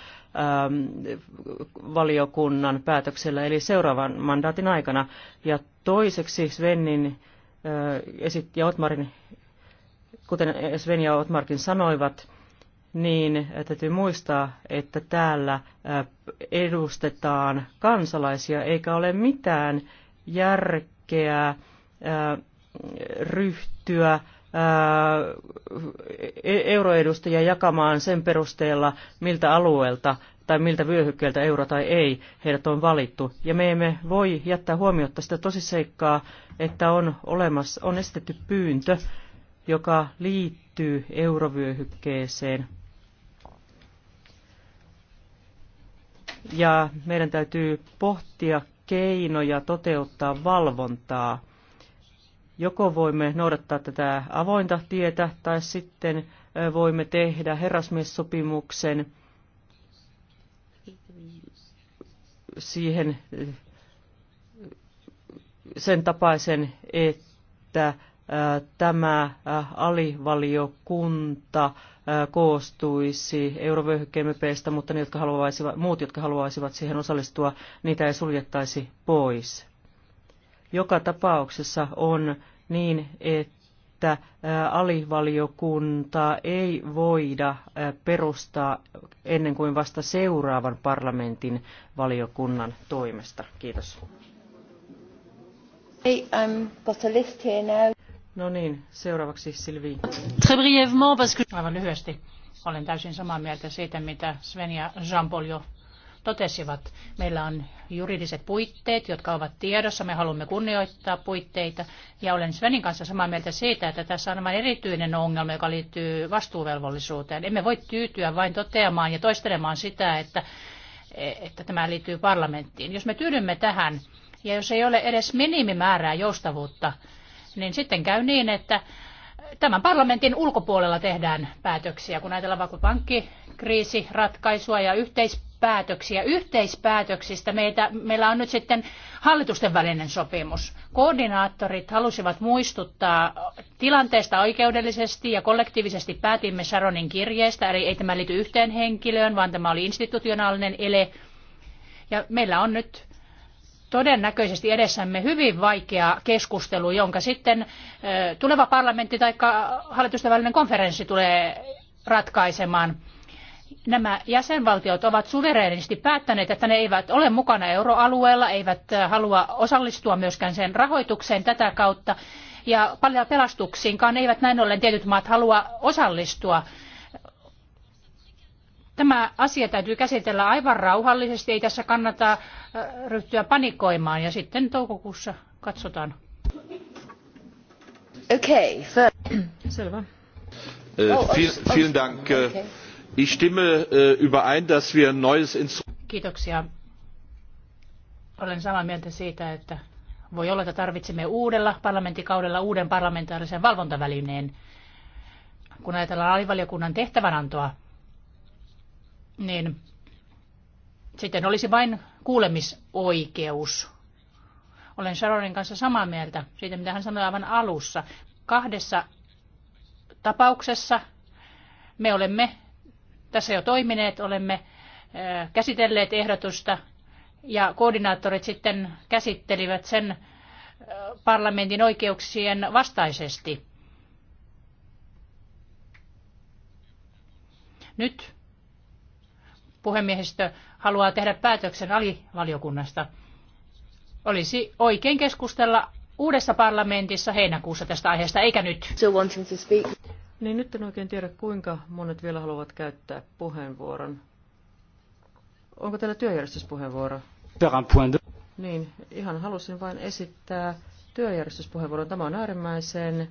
valiokunnan päätöksellä, eli seuraavan mandaatin aikana. Ja toiseksi Svennin esit- ja Otmarin, kuten Sven ja Otmarkin sanoivat, niin täytyy muistaa, että täällä edustetaan kansalaisia eikä ole mitään järkeä ryhtyä e-, euroedustajia jakamaan sen perusteella, miltä alueelta tai miltä vyöhykkeeltä euro tai ei heidät on valittu. Ja me emme voi jättää huomiota sitä tosiseikkaa, että on, olemassa, on estetty pyyntö, joka liittyy eurovyöhykkeeseen. Ja meidän täytyy pohtia keinoja toteuttaa valvontaa. Joko voimme noudattaa tätä avointa tietä tai sitten voimme tehdä herrasmiessopimuksen siihen sen tapaisen, että tämä alivaliokunta koostuisi eurovyöhykkeemepeistä, mutta ne, jotka haluaisivat, muut, jotka haluaisivat siihen osallistua, niitä ei suljettaisi pois. Joka tapauksessa on niin, että alivaliokuntaa ei voida perustaa ennen kuin vasta seuraavan parlamentin valiokunnan toimesta. Kiitos. Hey, No niin, seuraavaksi Silvi. Très brièvement, parce que... Aivan lyhyesti. Olen täysin samaa mieltä siitä, mitä Sven ja Jean-Paul jo totesivat. Meillä on juridiset puitteet, jotka ovat tiedossa. Me haluamme kunnioittaa puitteita. Ja olen Svenin kanssa samaa mieltä siitä, että tässä on aivan erityinen ongelma, joka liittyy vastuuvelvollisuuteen. Emme voi tyytyä vain toteamaan ja toistelemaan sitä, että, että tämä liittyy parlamenttiin. Jos me tyydymme tähän, ja jos ei ole edes minimimäärää joustavuutta, niin sitten käy niin, että tämän parlamentin ulkopuolella tehdään päätöksiä, kun ajatellaan vaikka pankkikriisiratkaisua ja yhteispäätöksiä. Yhteispäätöksistä meitä, meillä on nyt sitten hallitusten välinen sopimus. Koordinaattorit halusivat muistuttaa tilanteesta oikeudellisesti ja kollektiivisesti päätimme Sharonin kirjeestä, eli ei tämä liity yhteen henkilöön, vaan tämä oli institutionaalinen ele. Ja meillä on nyt todennäköisesti edessämme hyvin vaikea keskustelu, jonka sitten tuleva parlamentti tai hallitusten välinen konferenssi tulee ratkaisemaan. Nämä jäsenvaltiot ovat suvereenisti päättäneet, että ne eivät ole mukana euroalueella, eivät halua osallistua myöskään sen rahoitukseen tätä kautta. Ja paljon pelastuksiinkaan eivät näin ollen tietyt maat halua osallistua Tämä asia täytyy käsitellä aivan rauhallisesti, ei tässä kannata äh, ryhtyä panikoimaan ja sitten toukokuussa katsotaan. okay, for... selvä. Äh, oh, oh, oh Dank. Äh, okay. Ich stimme überein, dass wir ein neues Kiitoksia. Olen samaa mieltä siitä, että voi olla, että tarvitsemme uudella parlamenttikaudella uuden parlamentaarisen valvontavälineen. Kun ajatellaan alivaliokunnan tehtävänantoa, niin sitten olisi vain kuulemisoikeus. Olen Sharonin kanssa samaa mieltä siitä, mitä hän sanoi aivan alussa. Kahdessa tapauksessa me olemme tässä jo toimineet, olemme käsitelleet ehdotusta ja koordinaattorit sitten käsittelivät sen parlamentin oikeuksien vastaisesti. Nyt puhemiehistö haluaa tehdä päätöksen alivaliokunnasta. Olisi oikein keskustella uudessa parlamentissa heinäkuussa tästä aiheesta, eikä nyt. Niin nyt en oikein tiedä, kuinka monet vielä haluavat käyttää puheenvuoron. Onko teillä työjärjestyspuheenvuoro? Niin, ihan halusin vain esittää työjärjestyspuheenvuoron. Tämä on äärimmäisen äh,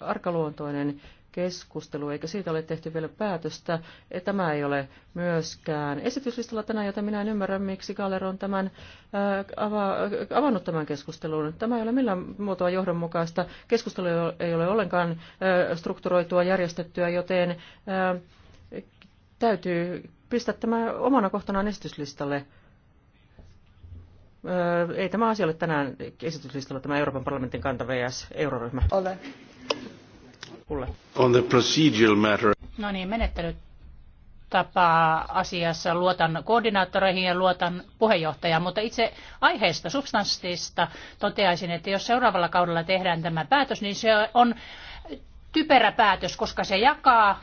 arkaluontoinen keskustelu, eikä siitä ole tehty vielä päätöstä. E, tämä ei ole myöskään esityslistalla tänään, joten minä en ymmärrä, miksi Galler on tämän, äh, ava, avannut tämän keskustelun. Tämä ei ole millään muotoa johdonmukaista. Keskustelu ei ole ollenkaan äh, strukturoitua, järjestettyä, joten äh, täytyy pistää tämä omana kohtanaan esityslistalle. ei tämä asia ole tänään esityslistalla, tämä Euroopan parlamentin kanta vs. euroryhmä. Ole. On the procedural matter. No niin, menettelytapa tapaa asiassa luotan koordinaattoreihin ja luotan puheenjohtajaan, mutta itse aiheesta, substanssista toteaisin, että jos seuraavalla kaudella tehdään tämä päätös, niin se on typerä päätös, koska se jakaa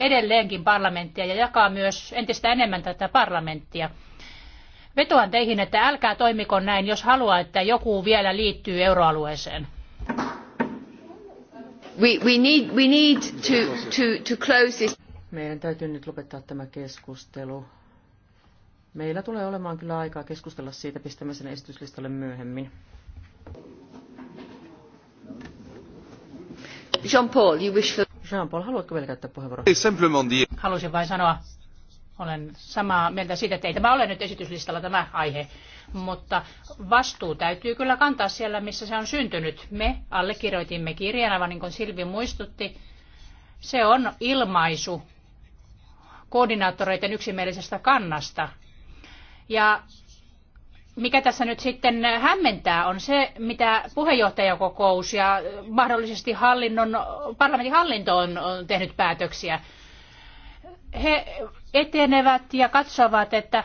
edelleenkin parlamenttia ja jakaa myös entistä enemmän tätä parlamenttia. Vetoan teihin, että älkää toimiko näin, jos haluaa, että joku vielä liittyy euroalueeseen. We, need, we need to, to, to close this. Meidän täytyy nyt lopettaa tämä keskustelu. Meillä tulee olemaan kyllä aikaa keskustella siitä, pistämme sen esityslistalle myöhemmin. Jean-Paul, you wish for... Jean-Paul, haluatko vielä käyttää puheenvuoron? Haluaisin vain sanoa, olen samaa mieltä siitä, että ei tämä ole nyt esityslistalla tämä aihe, mutta vastuu täytyy kyllä kantaa siellä, missä se on syntynyt. Me allekirjoitimme kirjan, aivan niin kuin Silvi muistutti. Se on ilmaisu koordinaattoreiden yksimielisestä kannasta. Ja mikä tässä nyt sitten hämmentää on se, mitä puheenjohtajakokous ja mahdollisesti hallinnon, parlamentin hallinto on tehnyt päätöksiä he etenevät ja katsovat, että äh,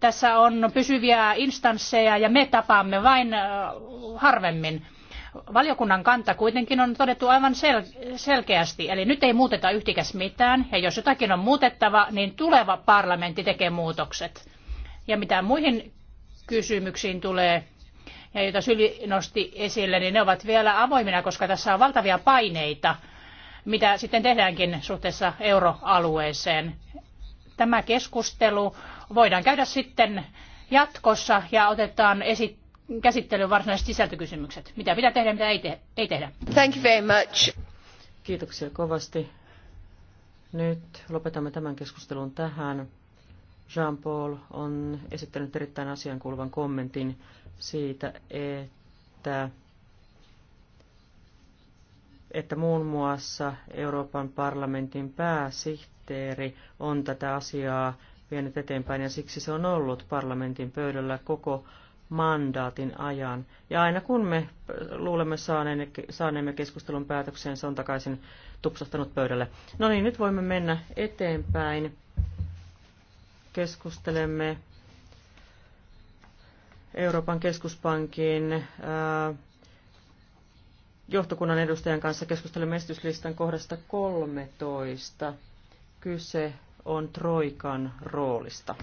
tässä on pysyviä instansseja ja me tapaamme vain äh, harvemmin. Valiokunnan kanta kuitenkin on todettu aivan sel- selkeästi, eli nyt ei muuteta yhtikäs mitään, ja jos jotakin on muutettava, niin tuleva parlamentti tekee muutokset. Ja mitä muihin kysymyksiin tulee, ja joita Syli nosti esille, niin ne ovat vielä avoimina, koska tässä on valtavia paineita – mitä sitten tehdäänkin suhteessa euroalueeseen. Tämä keskustelu voidaan käydä sitten jatkossa ja otetaan esi- käsittelyyn varsinaiset sisältökysymykset. Mitä pitää tehdä, mitä ei, te- ei tehdä. Thank you very much. Kiitoksia kovasti. Nyt lopetamme tämän keskustelun tähän. Jean-Paul on esittänyt erittäin asiankuuluvan kommentin siitä, että että muun muassa Euroopan parlamentin pääsihteeri on tätä asiaa vienyt eteenpäin ja siksi se on ollut parlamentin pöydällä koko mandaatin ajan. Ja aina kun me luulemme saaneemme keskustelun päätökseen, se on takaisin tupsahtanut pöydälle. No niin, nyt voimme mennä eteenpäin. Keskustelemme Euroopan keskuspankin johtokunnan edustajan kanssa keskustelemme esityslistan kohdasta 13. Kyse on Troikan roolista.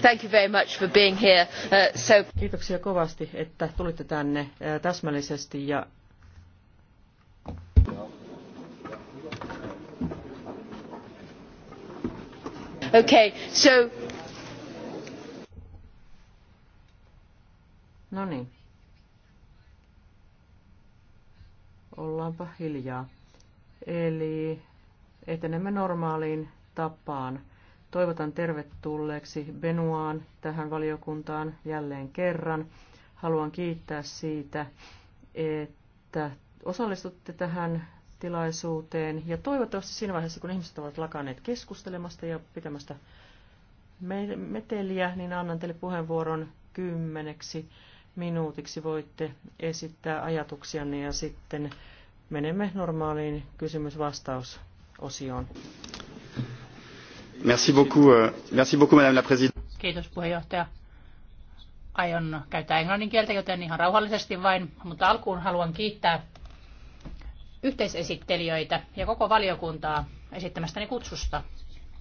Thank you very much for being here. Uh, so... Kiitoksia kovasti, että tulitte tänne uh, täsmällisesti ja Okay, so... No niin. Ollaanpa hiljaa. Eli etenemme normaaliin tapaan. Toivotan tervetulleeksi Benuaan tähän valiokuntaan jälleen kerran. Haluan kiittää siitä, että osallistutte tähän tilaisuuteen. Ja toivottavasti siinä vaiheessa, kun ihmiset ovat lakaneet keskustelemasta ja pitämästä meteliä, niin annan teille puheenvuoron kymmeneksi minuutiksi voitte esittää ajatuksianne ja sitten menemme normaaliin kysymysvastausosioon. Merci beaucoup, euh, merci beaucoup, madame la présidente. Kiitos puheenjohtaja. Aion käyttää englannin kieltä, joten ihan rauhallisesti vain, mutta alkuun haluan kiittää yhteisesittelijöitä ja koko valiokuntaa esittämästäni kutsusta.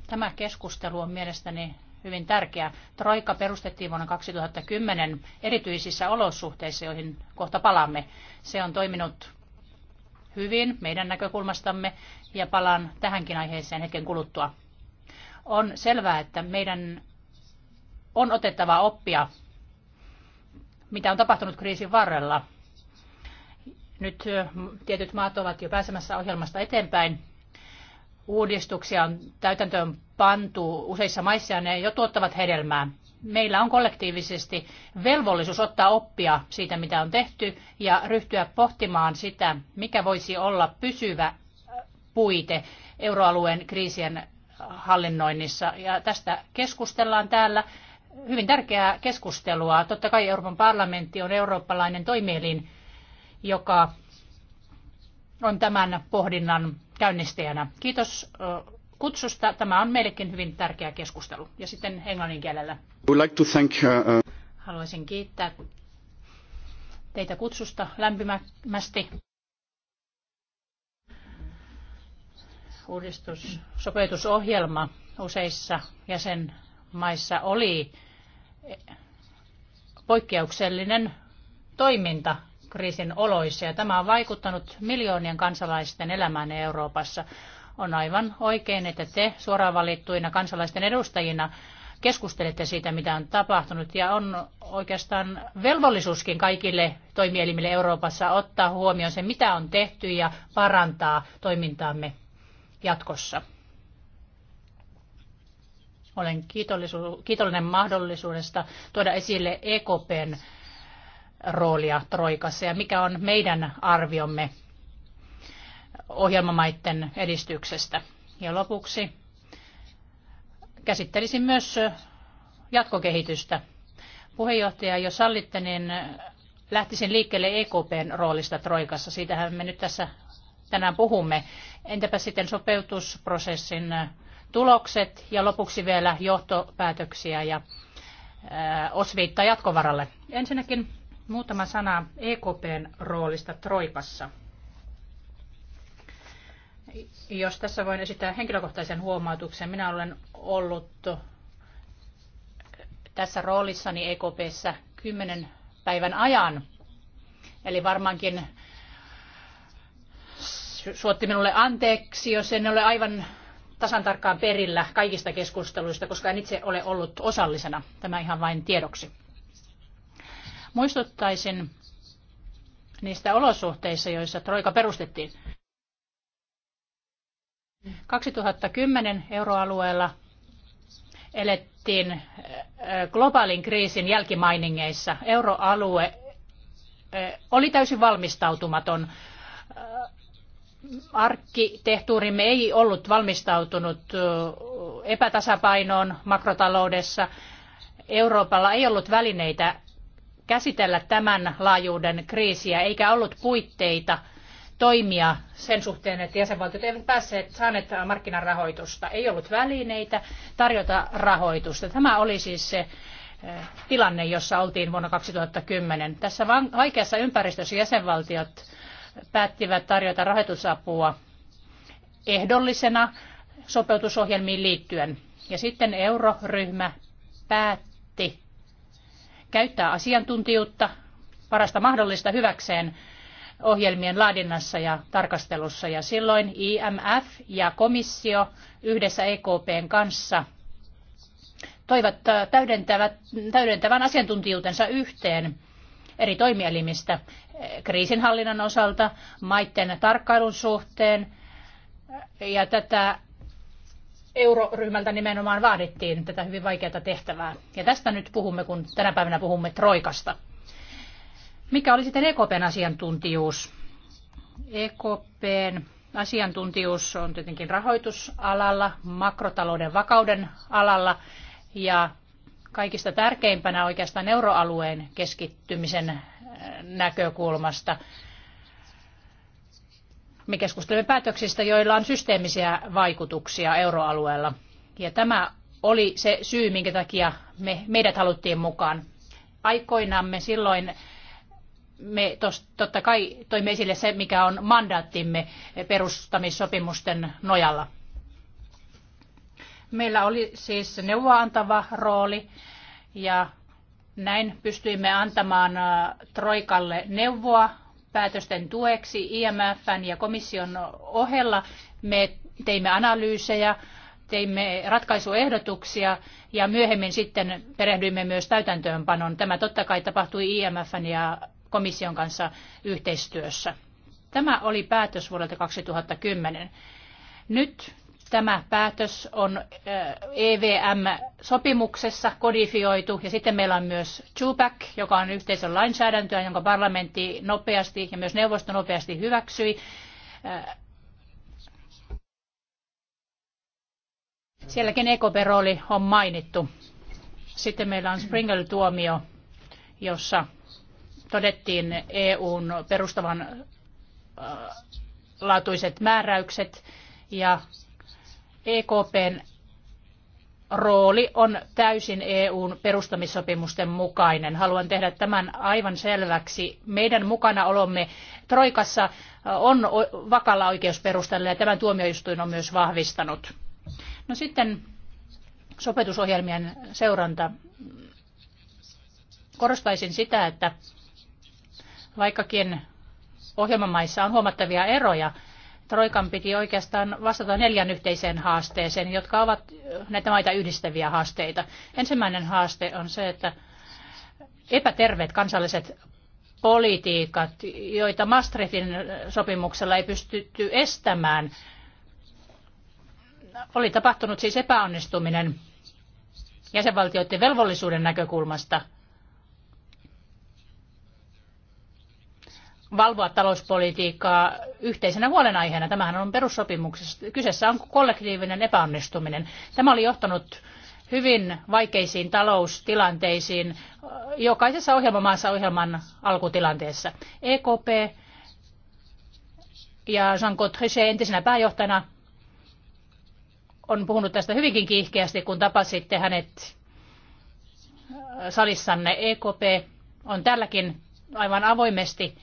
Tämä keskustelu on mielestäni hyvin tärkeä. Troika perustettiin vuonna 2010 erityisissä olosuhteissa, joihin kohta palaamme. Se on toiminut hyvin meidän näkökulmastamme ja palaan tähänkin aiheeseen hetken kuluttua. On selvää, että meidän on otettava oppia, mitä on tapahtunut kriisin varrella. Nyt tietyt maat ovat jo pääsemässä ohjelmasta eteenpäin uudistuksia on täytäntöön pantu useissa maissa ja ne jo tuottavat hedelmää. Meillä on kollektiivisesti velvollisuus ottaa oppia siitä, mitä on tehty ja ryhtyä pohtimaan sitä, mikä voisi olla pysyvä äh, puite euroalueen kriisien hallinnoinnissa. Ja tästä keskustellaan täällä. Hyvin tärkeää keskustelua. Totta kai Euroopan parlamentti on eurooppalainen toimielin, joka on tämän pohdinnan käynnistäjänä. Kiitos kutsusta. Tämä on meillekin hyvin tärkeä keskustelu. Ja sitten englannin kielellä. Uh, uh, Haluaisin kiittää teitä kutsusta lämpimästi. Uudistus, sopeutusohjelma useissa jäsenmaissa oli poikkeuksellinen toiminta kriisin oloissa ja tämä on vaikuttanut miljoonien kansalaisten elämään Euroopassa. On aivan oikein, että te suoraan valittuina kansalaisten edustajina keskustelette siitä, mitä on tapahtunut ja on oikeastaan velvollisuuskin kaikille toimielimille Euroopassa ottaa huomioon se, mitä on tehty ja parantaa toimintaamme jatkossa. Olen kiitollinen mahdollisuudesta tuoda esille EKPn roolia Troikassa ja mikä on meidän arviomme ohjelmamaiden edistyksestä. Ja lopuksi käsittelisin myös jatkokehitystä. Puheenjohtaja, jos sallitte, niin lähtisin liikkeelle EKPn roolista Troikassa. Siitähän me nyt tässä tänään puhumme. Entäpä sitten sopeutusprosessin tulokset ja lopuksi vielä johtopäätöksiä ja osviittaa jatkovaralle. Ensinnäkin Muutama sana EKPn roolista Troikassa. Jos tässä voin esittää henkilökohtaisen huomautuksen, minä olen ollut tässä roolissani EKPssä kymmenen päivän ajan. Eli varmaankin suotti minulle anteeksi, jos en ole aivan tasan tarkkaan perillä kaikista keskusteluista, koska en itse ole ollut osallisena. Tämä ihan vain tiedoksi. Muistuttaisin niistä olosuhteissa, joissa Troika perustettiin. 2010 euroalueella elettiin äh, globaalin kriisin jälkimainingeissa. Euroalue äh, oli täysin valmistautumaton. Äh, arkkitehtuurimme ei ollut valmistautunut epätasapainoon makrotaloudessa. Euroopalla ei ollut välineitä käsitellä tämän laajuuden kriisiä, eikä ollut puitteita toimia sen suhteen, että jäsenvaltiot eivät päässeet saaneet markkinarahoitusta. Ei ollut välineitä tarjota rahoitusta. Tämä oli siis se eh, tilanne, jossa oltiin vuonna 2010. Tässä vaikeassa ympäristössä jäsenvaltiot päättivät tarjota rahoitusapua ehdollisena sopeutusohjelmiin liittyen. Ja sitten euroryhmä päätti käyttää asiantuntijuutta parasta mahdollista hyväkseen ohjelmien laadinnassa ja tarkastelussa. Ja silloin IMF ja komissio yhdessä EKPn kanssa toivat äh, täydentävät, täydentävän asiantuntijuutensa yhteen eri toimielimistä eh, kriisinhallinnan osalta, maiden tarkkailun suhteen, ja tätä euroryhmältä nimenomaan vaadittiin tätä hyvin vaikeaa tehtävää. Ja tästä nyt puhumme, kun tänä päivänä puhumme Troikasta. Mikä oli sitten EKPn asiantuntijuus? EKPn asiantuntijuus on tietenkin rahoitusalalla, makrotalouden vakauden alalla ja kaikista tärkeimpänä oikeastaan euroalueen keskittymisen äh, näkökulmasta – me keskustelemme päätöksistä, joilla on systeemisiä vaikutuksia euroalueella. Ja tämä oli se syy, minkä takia me, meidät haluttiin mukaan. Aikoinamme silloin me tos, totta kai toimme esille se, mikä on mandaattimme perustamissopimusten nojalla. Meillä oli siis neuvoa antava rooli ja näin pystyimme antamaan Troikalle neuvoa päätösten tueksi IMFn ja komission ohella. Me teimme analyysejä, teimme ratkaisuehdotuksia ja myöhemmin sitten perehdyimme myös täytäntöönpanon. Tämä totta kai tapahtui IMFn ja komission kanssa yhteistyössä. Tämä oli päätös vuodelta 2010. Nyt Tämä päätös on EVM-sopimuksessa eh, e kodifioitu ja sitten meillä on myös TUPAC, joka on yhteisön lainsäädäntöä, jonka parlamentti nopeasti ja myös neuvosto nopeasti hyväksyi. Eh, sielläkin ekoperooli on mainittu. Sitten meillä on Springle-tuomio, jossa todettiin EUn perustavan eh, laatuiset määräykset ja EKPn rooli on täysin EUn perustamissopimusten mukainen. Haluan tehdä tämän aivan selväksi. Meidän mukana olomme Troikassa on vakalla oikeusperustalla ja tämän tuomioistuin on myös vahvistanut. No sitten sopetusohjelmien seuranta. Korostaisin sitä, että vaikkakin ohjelmamaissa on huomattavia eroja, Troikan piti oikeastaan vastata neljän yhteiseen haasteeseen, jotka ovat näitä maita yhdistäviä haasteita. Ensimmäinen haaste on se, että epäterveet kansalliset politiikat, joita Maastrichtin sopimuksella ei pystytty estämään, oli tapahtunut siis epäonnistuminen jäsenvaltioiden velvollisuuden näkökulmasta – valvoa talouspolitiikkaa yhteisenä huolenaiheena. Tämähän on perussopimuksessa. Kyseessä on kollektiivinen epäonnistuminen. Tämä oli johtanut hyvin vaikeisiin taloustilanteisiin jokaisessa ohjelmamaassa ohjelman alkutilanteessa. EKP ja Jean-Claude Trichet entisenä pääjohtajana on puhunut tästä hyvinkin kiihkeästi, kun tapasitte hänet salissanne. EKP on tälläkin aivan avoimesti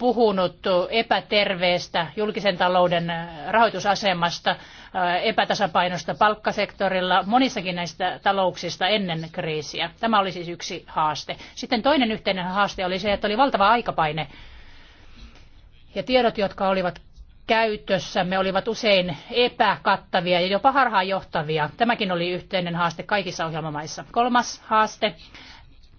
puhunut epäterveestä julkisen talouden rahoitusasemasta, äh, epätasapainosta palkkasektorilla monissakin näistä talouksista ennen kriisiä. Tämä oli siis yksi haaste. Sitten toinen yhteinen haaste oli se, että oli valtava aikapaine. Ja tiedot, jotka olivat käytössämme, olivat usein epäkattavia ja jopa harhaanjohtavia. Tämäkin oli yhteinen haaste kaikissa ohjelmamaissa. Kolmas haaste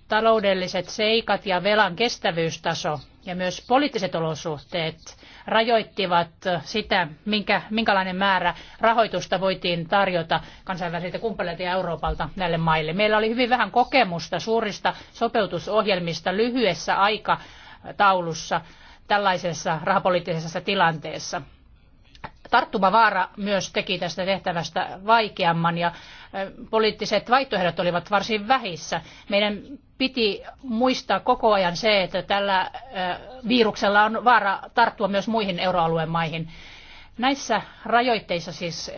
taloudelliset seikat ja velan kestävyystaso ja myös poliittiset olosuhteet rajoittivat sitä, minkä, minkälainen määrä rahoitusta voitiin tarjota kansainvälisiltä kumppaneilta ja Euroopalta näille maille. Meillä oli hyvin vähän kokemusta suurista sopeutusohjelmista lyhyessä aikataulussa tällaisessa rahapoliittisessa tilanteessa tarttumavaara myös teki tästä tehtävästä vaikeamman ja poliittiset vaihtoehdot olivat varsin vähissä. Meidän piti muistaa koko ajan se, että tällä viruksella on vaara tarttua myös muihin euroalueen maihin. Näissä rajoitteissa siis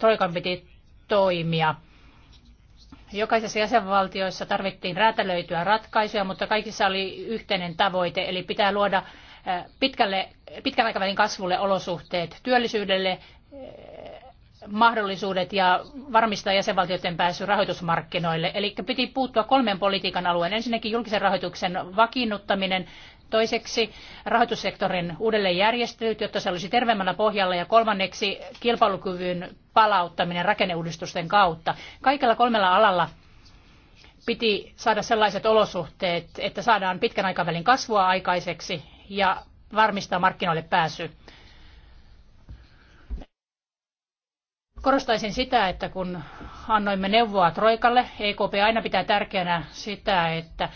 Troikan piti toimia. Jokaisessa jäsenvaltioissa tarvittiin räätälöityä ratkaisuja, mutta kaikissa oli yhteinen tavoite, eli pitää luoda pitkälle, pitkän aikavälin kasvulle olosuhteet työllisyydelle, mahdollisuudet ja varmistaa jäsenvaltioiden pääsy rahoitusmarkkinoille. Eli piti puuttua kolmen politiikan alueen. Ensinnäkin julkisen rahoituksen vakiinnuttaminen, toiseksi rahoitussektorin uudelleenjärjestelyt, jotta se olisi terveemmällä pohjalla ja kolmanneksi kilpailukyvyn palauttaminen rakenneuudistusten kautta. Kaikilla kolmella alalla piti saada sellaiset olosuhteet, että saadaan pitkän aikavälin kasvua aikaiseksi ja varmistaa markkinoille pääsy. Korostaisin sitä, että kun annoimme neuvoa Troikalle, EKP aina pitää tärkeänä sitä, että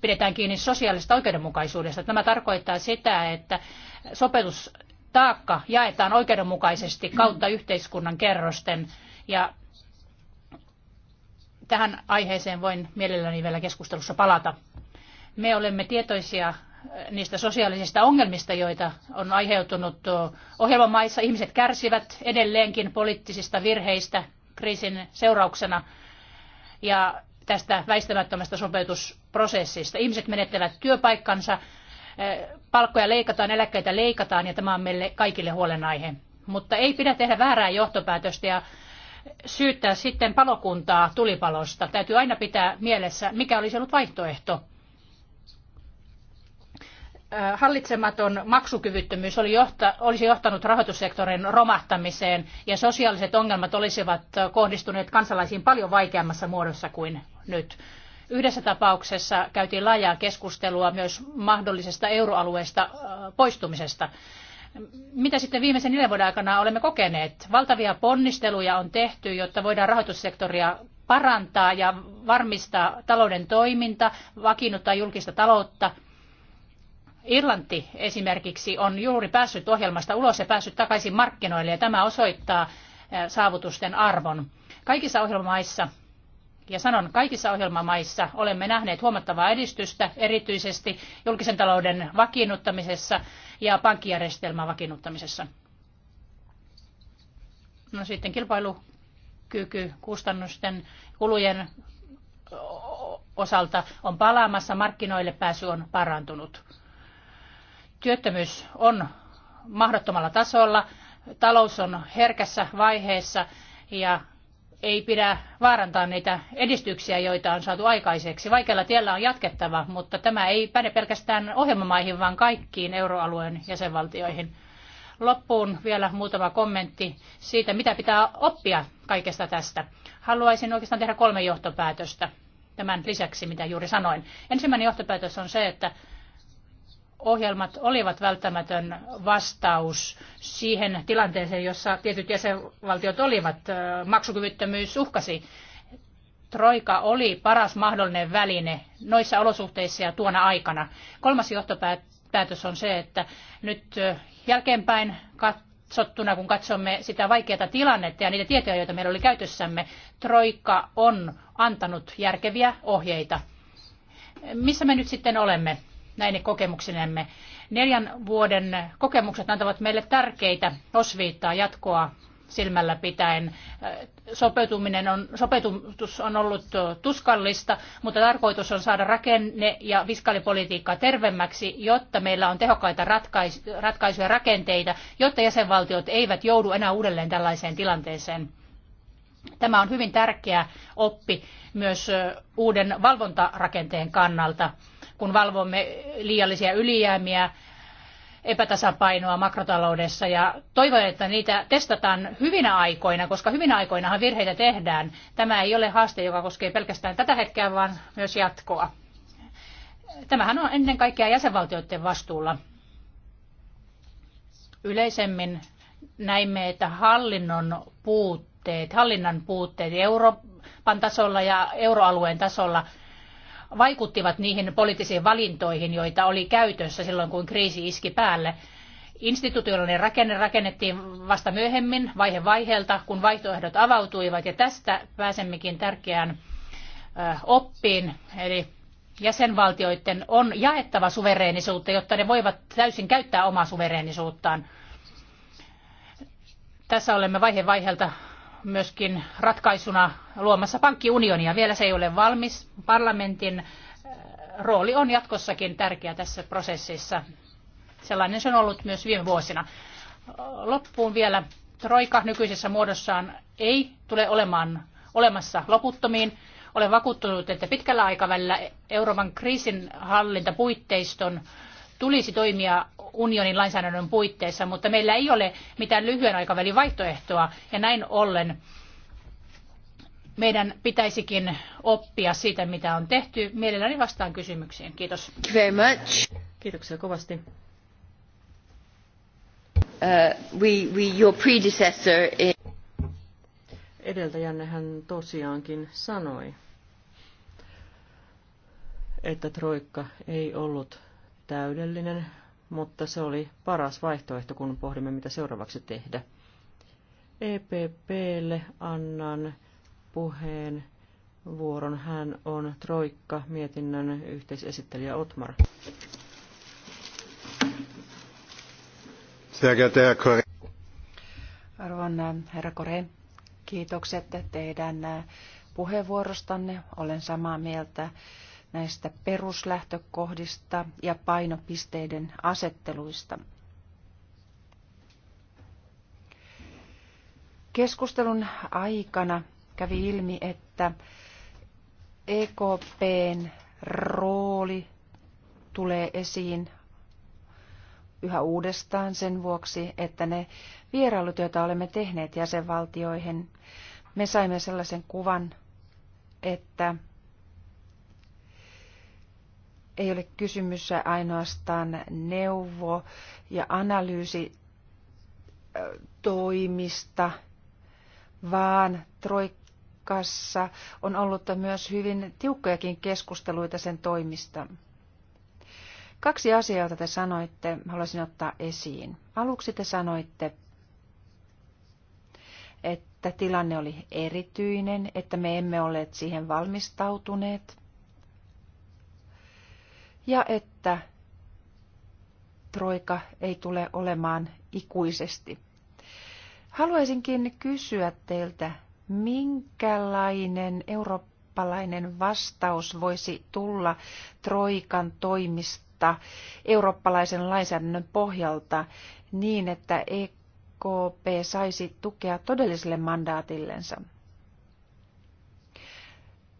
pidetään kiinni sosiaalista oikeudenmukaisuudesta. Tämä tarkoittaa sitä, että sopeutustaakka jaetaan oikeudenmukaisesti kautta yhteiskunnan kerrosten. Ja tähän aiheeseen voin mielelläni vielä keskustelussa palata. Me olemme tietoisia niistä sosiaalisista ongelmista, joita on aiheutunut ohjelmamaissa. Ihmiset kärsivät edelleenkin poliittisista virheistä kriisin seurauksena ja tästä väistämättömästä sopeutusprosessista. Ihmiset menettävät työpaikkansa, eh, palkkoja leikataan, eläkkeitä leikataan ja tämä on meille kaikille huolenaihe. Mutta ei pidä tehdä väärää johtopäätöstä ja syyttää sitten palokuntaa tulipalosta. Täytyy aina pitää mielessä, mikä olisi ollut vaihtoehto hallitsematon maksukyvyttömyys oli johta, olisi johtanut rahoitussektorin romahtamiseen ja sosiaaliset ongelmat olisivat kohdistuneet kansalaisiin paljon vaikeammassa muodossa kuin nyt. Yhdessä tapauksessa käytiin laajaa keskustelua myös mahdollisesta euroalueesta poistumisesta. Mitä sitten viimeisen neljän vuoden aikana olemme kokeneet? Valtavia ponnisteluja on tehty, jotta voidaan rahoitussektoria parantaa ja varmistaa talouden toiminta, vakiinnuttaa julkista taloutta – Irlanti esimerkiksi on juuri päässyt ohjelmasta ulos ja päässyt takaisin markkinoille ja tämä osoittaa saavutusten arvon. Kaikissa ohjelmaissa ja sanon kaikissa ohjelmamaissa olemme nähneet huomattavaa edistystä, erityisesti julkisen talouden vakiinnuttamisessa ja pankkijärjestelmän vakiinnuttamisessa. No sitten kilpailukyky kustannusten kulujen osalta on palaamassa, markkinoille pääsy on parantunut. Työttömyys on mahdottomalla tasolla, talous on herkässä vaiheessa ja ei pidä vaarantaa niitä edistyksiä, joita on saatu aikaiseksi. Vaikealla tiellä on jatkettava, mutta tämä ei päde pelkästään ohjelmamaihin, vaan kaikkiin euroalueen jäsenvaltioihin. Loppuun vielä muutama kommentti siitä, mitä pitää oppia kaikesta tästä. Haluaisin oikeastaan tehdä kolme johtopäätöstä tämän lisäksi, mitä juuri sanoin. Ensimmäinen johtopäätös on se, että ohjelmat olivat välttämätön vastaus siihen tilanteeseen, jossa tietyt jäsenvaltiot olivat. Maksukyvyttömyys uhkasi. Troika oli paras mahdollinen väline noissa olosuhteissa ja tuona aikana. Kolmas johtopäätös on se, että nyt jälkeenpäin katsottuna, kun katsomme sitä vaikeata tilannetta ja niitä tietoja, joita meillä oli käytössämme, Troika on antanut järkeviä ohjeita. Missä me nyt sitten olemme? näine kokemuksinemme. Neljän vuoden kokemukset antavat meille tärkeitä osviittaa jatkoa silmällä pitäen. Sopeutuminen on, sopeutus on ollut tuskallista, mutta tarkoitus on saada rakenne- ja fiskaalipolitiikkaa tervemmäksi, jotta meillä on tehokkaita ratkais- ratkaisuja rakenteita, jotta jäsenvaltiot eivät joudu enää uudelleen tällaiseen tilanteeseen. Tämä on hyvin tärkeä oppi myös uuden valvontarakenteen kannalta kun valvomme liiallisia ylijäämiä, epätasapainoa makrotaloudessa ja toivon, että niitä testataan hyvinä aikoina, koska hyvinä aikoinahan virheitä tehdään. Tämä ei ole haaste, joka koskee pelkästään tätä hetkeä, vaan myös jatkoa. Tämähän on ennen kaikkea jäsenvaltioiden vastuulla. Yleisemmin näimme, että hallinnon puutteet, hallinnan puutteet Euroopan tasolla ja euroalueen tasolla – vaikuttivat niihin poliittisiin valintoihin, joita oli käytössä silloin, kun kriisi iski päälle. Institutionaalinen rakenne rakennettiin vasta myöhemmin, vaihe vaiheelta, kun vaihtoehdot avautuivat, ja tästä pääsemmekin tärkeään oppiin, eli jäsenvaltioiden on jaettava suvereenisuutta, jotta ne voivat täysin käyttää omaa suvereenisuuttaan. Tässä olemme vaihe vaiheelta myöskin ratkaisuna luomassa pankkiunionia. Vielä se ei ole valmis. Parlamentin äh, rooli on jatkossakin tärkeä tässä prosessissa. Sellainen se on ollut myös viime vuosina. Loppuun vielä. Troika nykyisessä muodossaan ei tule olemaan olemassa loputtomiin. Olen vakuuttunut, että pitkällä aikavälillä Euroopan kriisin hallintapuitteiston puitteiston tulisi toimia unionin lainsäädännön puitteissa, mutta meillä ei ole mitään lyhyen aikavälin vaihtoehtoa ja näin ollen meidän pitäisikin oppia siitä, mitä on tehty. Mielelläni vastaan kysymyksiin. Kiitos. Very much. Kiitoksia kovasti. Uh, we, we, your predecessor in... Edeltäjänne hän tosiaankin sanoi, että Troikka ei ollut täydellinen, mutta se oli paras vaihtoehto, kun pohdimme, mitä seuraavaksi tehdä. EPPlle annan puheen vuoron. Hän on Troikka, mietinnön yhteisesittelijä Otmar. Arvon äh, herra Kore, kiitokset teidän äh, puheenvuorostanne. Olen samaa mieltä näistä peruslähtökohdista ja painopisteiden asetteluista. Keskustelun aikana kävi ilmi, että EKPn rooli tulee esiin yhä uudestaan sen vuoksi, että ne vierailut, joita olemme tehneet jäsenvaltioihin, me saimme sellaisen kuvan, että ei ole kysymys ainoastaan neuvo- ja analyysitoimista, vaan Troikassa on ollut myös hyvin tiukkojakin keskusteluita sen toimista. Kaksi asiaa, joita te sanoitte, haluaisin ottaa esiin. Aluksi te sanoitte, että tilanne oli erityinen, että me emme olleet siihen valmistautuneet – ja että troika ei tule olemaan ikuisesti. Haluaisinkin kysyä teiltä, minkälainen eurooppalainen vastaus voisi tulla troikan toimista eurooppalaisen lainsäädännön pohjalta niin, että EKP saisi tukea todelliselle mandaatillensa?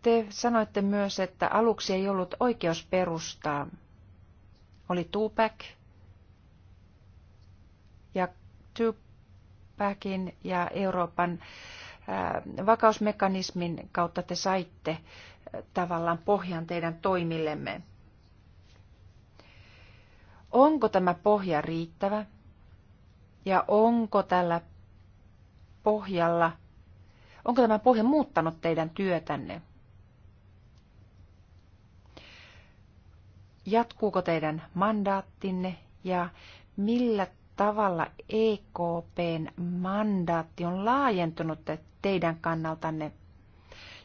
Te sanoitte myös, että aluksi ei ollut oikeus perustaa. Oli Tupac ja Tupacin ja Euroopan äh, vakausmekanismin kautta te saitte äh, tavallaan pohjan teidän toimillemme. Onko tämä pohja riittävä ja onko tällä pohjalla, onko tämä pohja muuttanut teidän työtänne? jatkuuko teidän mandaattinne ja millä tavalla EKPn mandaatti on laajentunut teidän kannaltanne?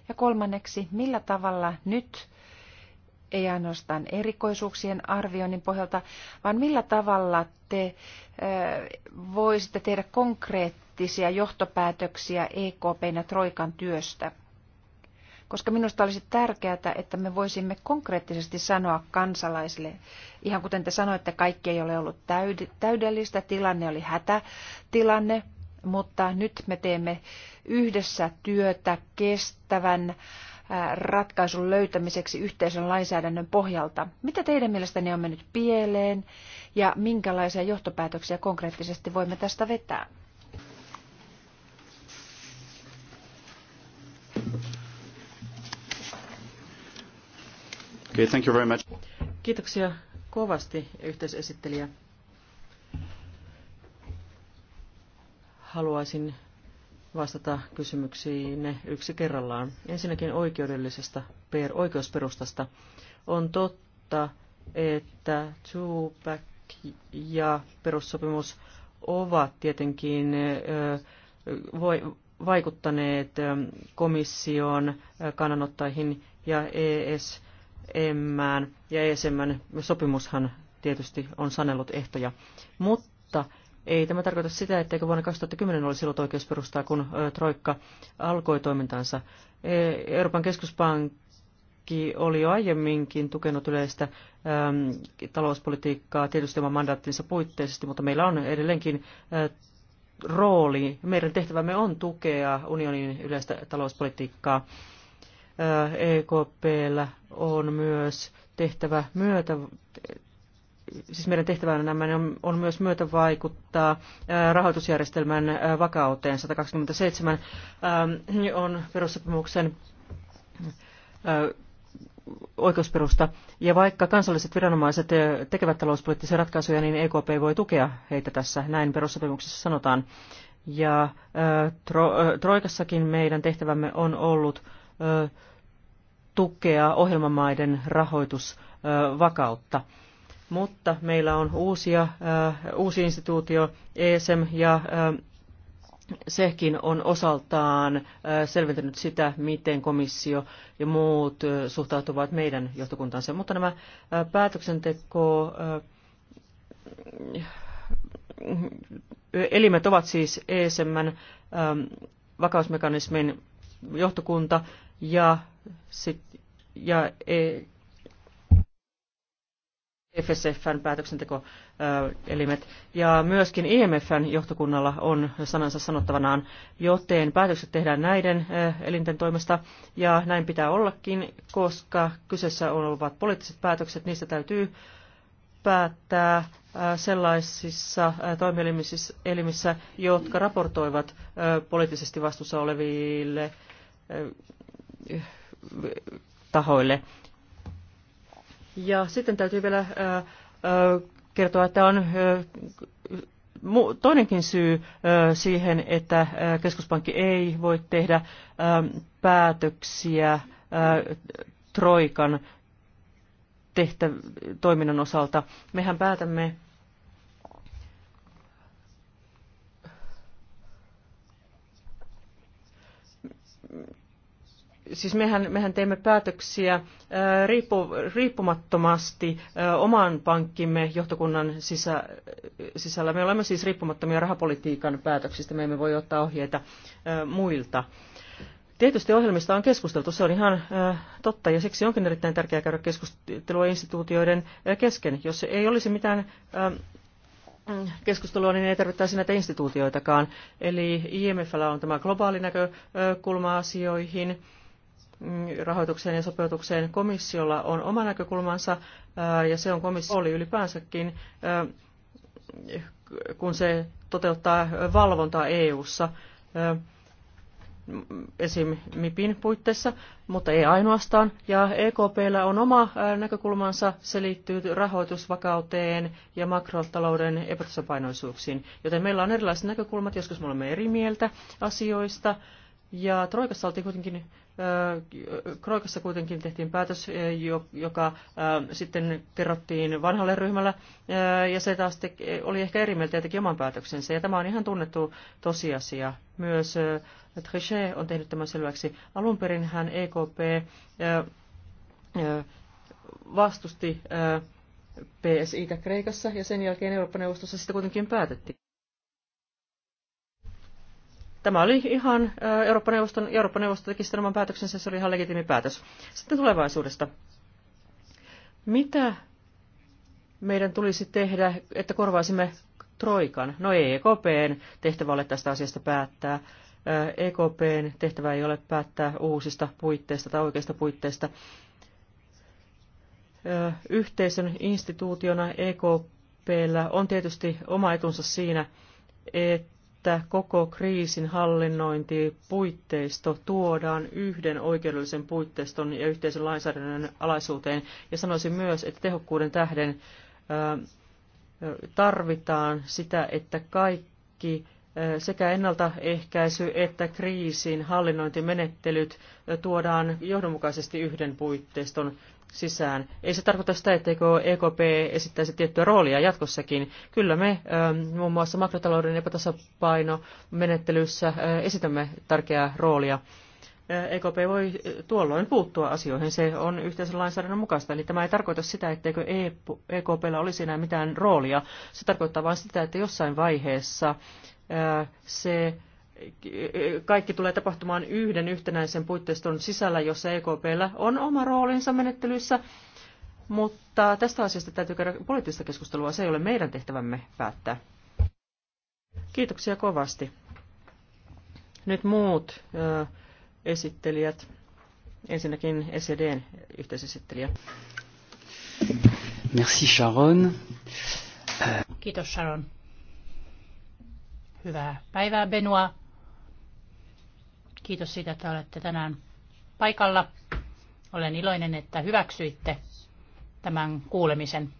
Ja kolmanneksi, millä tavalla nyt, ei ainoastaan erikoisuuksien arvioinnin pohjalta, vaan millä tavalla te voisitte tehdä konkreettisia johtopäätöksiä EKPn ja Troikan työstä? koska minusta olisi tärkeää, että me voisimme konkreettisesti sanoa kansalaisille, ihan kuten te sanoitte, kaikki ei ole ollut täydellistä, tilanne oli hätätilanne, mutta nyt me teemme yhdessä työtä kestävän äh, ratkaisun löytämiseksi yhteisön lainsäädännön pohjalta. Mitä teidän mielestänne on mennyt pieleen ja minkälaisia johtopäätöksiä konkreettisesti voimme tästä vetää? Okay, thank you very much. Kiitoksia kovasti yhteisesittelijä. Haluaisin vastata kysymyksiin yksi kerrallaan. Ensinnäkin oikeudellisesta per, oikeusperustasta. On totta, että Tupac ja perussopimus ovat tietenkin vaikuttaneet komission kannanottoihin ja ES ESMään, ja ESMän sopimushan tietysti on sanellut ehtoja, mutta ei tämä tarkoita sitä, etteikö vuonna 2010 olisi ollut perustaa, kun Troikka alkoi toimintansa. E, Euroopan keskuspankki oli jo aiemminkin tukenut yleistä äm, talouspolitiikkaa tietysti oman mandaattinsa puitteisesti, mutta meillä on edelleenkin ä, rooli. Meidän tehtävämme on tukea unionin yleistä talouspolitiikkaa. EKPllä on myös tehtävä myötä, siis meidän tehtävänämme on, on myös myötä vaikuttaa rahoitusjärjestelmän vakauteen. 127 on perussopimuksen oikeusperusta. Ja vaikka kansalliset viranomaiset tekevät talouspoliittisia ratkaisuja, niin EKP voi tukea heitä tässä, näin perussopimuksessa sanotaan. Ja tro, Troikassakin meidän tehtävämme on ollut tukea ohjelmamaiden rahoitusvakautta. Mutta meillä on uusia, uusi instituutio, ESM, ja sekin on osaltaan selventänyt sitä, miten komissio ja muut suhtautuvat meidän johtokuntansa. Mutta nämä päätöksenteko elimet ovat siis ESM vakausmekanismin johtokunta ja, sit, ja e, e FSFn päätöksentekoelimet ja myöskin IMFn e johtokunnalla on sanansa sanottavanaan, joten päätökset tehdään näiden elinten toimesta ja näin pitää ollakin, koska kyseessä ovat poliittiset päätökset, niistä täytyy päättää sellaisissa toimielimissä, jotka raportoivat poliittisesti vastuussa oleville tahoille. Ja sitten täytyy vielä kertoa, että on toinenkin syy siihen, että keskuspankki ei voi tehdä päätöksiä Troikan tehtä- toiminnan osalta. Mehän päätämme siis mehän, mehän teemme päätöksiä riippu, riippumattomasti oman pankkimme johtokunnan sisä, sisällä. Me olemme siis riippumattomia rahapolitiikan päätöksistä, me emme voi ottaa ohjeita muilta. Tietysti ohjelmista on keskusteltu, se on ihan äh, totta, ja siksi onkin erittäin tärkeää käydä keskustelua instituutioiden äh, kesken. Jos ei olisi mitään äh, keskustelua, niin ei tarvittaisi näitä instituutioitakaan. Eli IMFllä on tämä globaali näkökulma asioihin rahoitukseen ja sopeutukseen komissiolla on oma näkökulmansa ja se on komissio oli ylipäänsäkin, kun se toteuttaa valvontaa EU-ssa esim. MIPin puitteissa, mutta ei ainoastaan. Ja EKPllä on oma näkökulmansa, se liittyy rahoitusvakauteen ja makrotalouden epätasapainoisuuksiin. Joten meillä on erilaiset näkökulmat, joskus me olemme eri mieltä asioista. Ja Troikassa, oltiin kuitenkin, Troikassa kuitenkin tehtiin päätös, joka sitten kerrottiin vanhalle ryhmälle ja se taas oli ehkä eri mieltä ja teki oman päätöksensä. Ja tämä on ihan tunnettu tosiasia. Myös Trichet on tehnyt tämän selväksi. Alun perin hän EKP vastusti PSI: PSI-tä Kreikassa, ja sen jälkeen Eurooppa-neuvostossa sitä kuitenkin päätettiin. Tämä oli ihan Euroopan neuvoston, Euroopan neuvosto teki oman päätöksensä, se oli ihan legitiimi päätös. Sitten tulevaisuudesta. Mitä meidän tulisi tehdä, että korvaisimme Troikan? No ei EKPn tehtävä ole tästä asiasta päättää. EKPn tehtävä ei ole päättää uusista puitteista tai oikeista puitteista. Yhteisön instituutiona EKPllä on tietysti oma etunsa siinä, että että koko kriisin hallinnointi puitteisto tuodaan yhden oikeudellisen puitteiston ja yhteisen lainsäädännön alaisuuteen. Ja sanoisin myös, että tehokkuuden tähden tarvitaan sitä, että kaikki sekä ennaltaehkäisy että kriisin hallinnointimenettelyt tuodaan johdonmukaisesti yhden puitteiston sisään. Ei se tarkoita sitä, etteikö EKP esittäisi tiettyä roolia jatkossakin. Kyllä me ähm, muun muassa makrotalouden epätasapaino menettelyssä äh, esitämme tärkeää roolia. Äh, EKP voi tuolloin puuttua asioihin, se on yhteisen lainsäädännön mukaista. Eli tämä ei tarkoita sitä, etteikö EKPllä e olisi enää mitään roolia. Se tarkoittaa vain sitä, että jossain vaiheessa äh, se kaikki tulee tapahtumaan yhden yhtenäisen puitteiston sisällä, jossa EKPllä on oma roolinsa menettelyissä, mutta tästä asiasta täytyy käydä poliittista keskustelua. Se ei ole meidän tehtävämme päättää. Kiitoksia kovasti. Nyt muut ö, esittelijät. Ensinnäkin SEDn yhteisesittelijä. Merci Sharon. Kiitos Sharon. Hyvää päivää Benoit. Kiitos siitä, että olette tänään paikalla. Olen iloinen, että hyväksyitte tämän kuulemisen.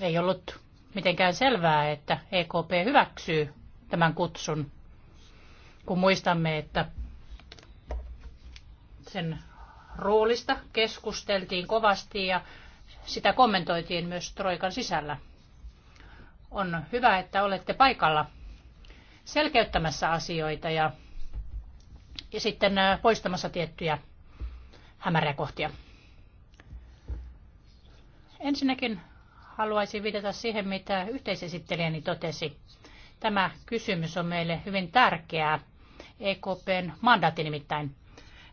Ei ollut mitenkään selvää, että EKP hyväksyy tämän kutsun, kun muistamme, että sen roolista keskusteltiin kovasti ja sitä kommentoitiin myös Troikan sisällä. On hyvä, että olette paikalla selkeyttämässä asioita ja, ja sitten äh, poistamassa tiettyjä hämäräkohtia. Ensinnäkin haluaisin viitata siihen, mitä yhteisesittelijäni totesi. Tämä kysymys on meille hyvin tärkeää. EKPn mandaatti nimittäin.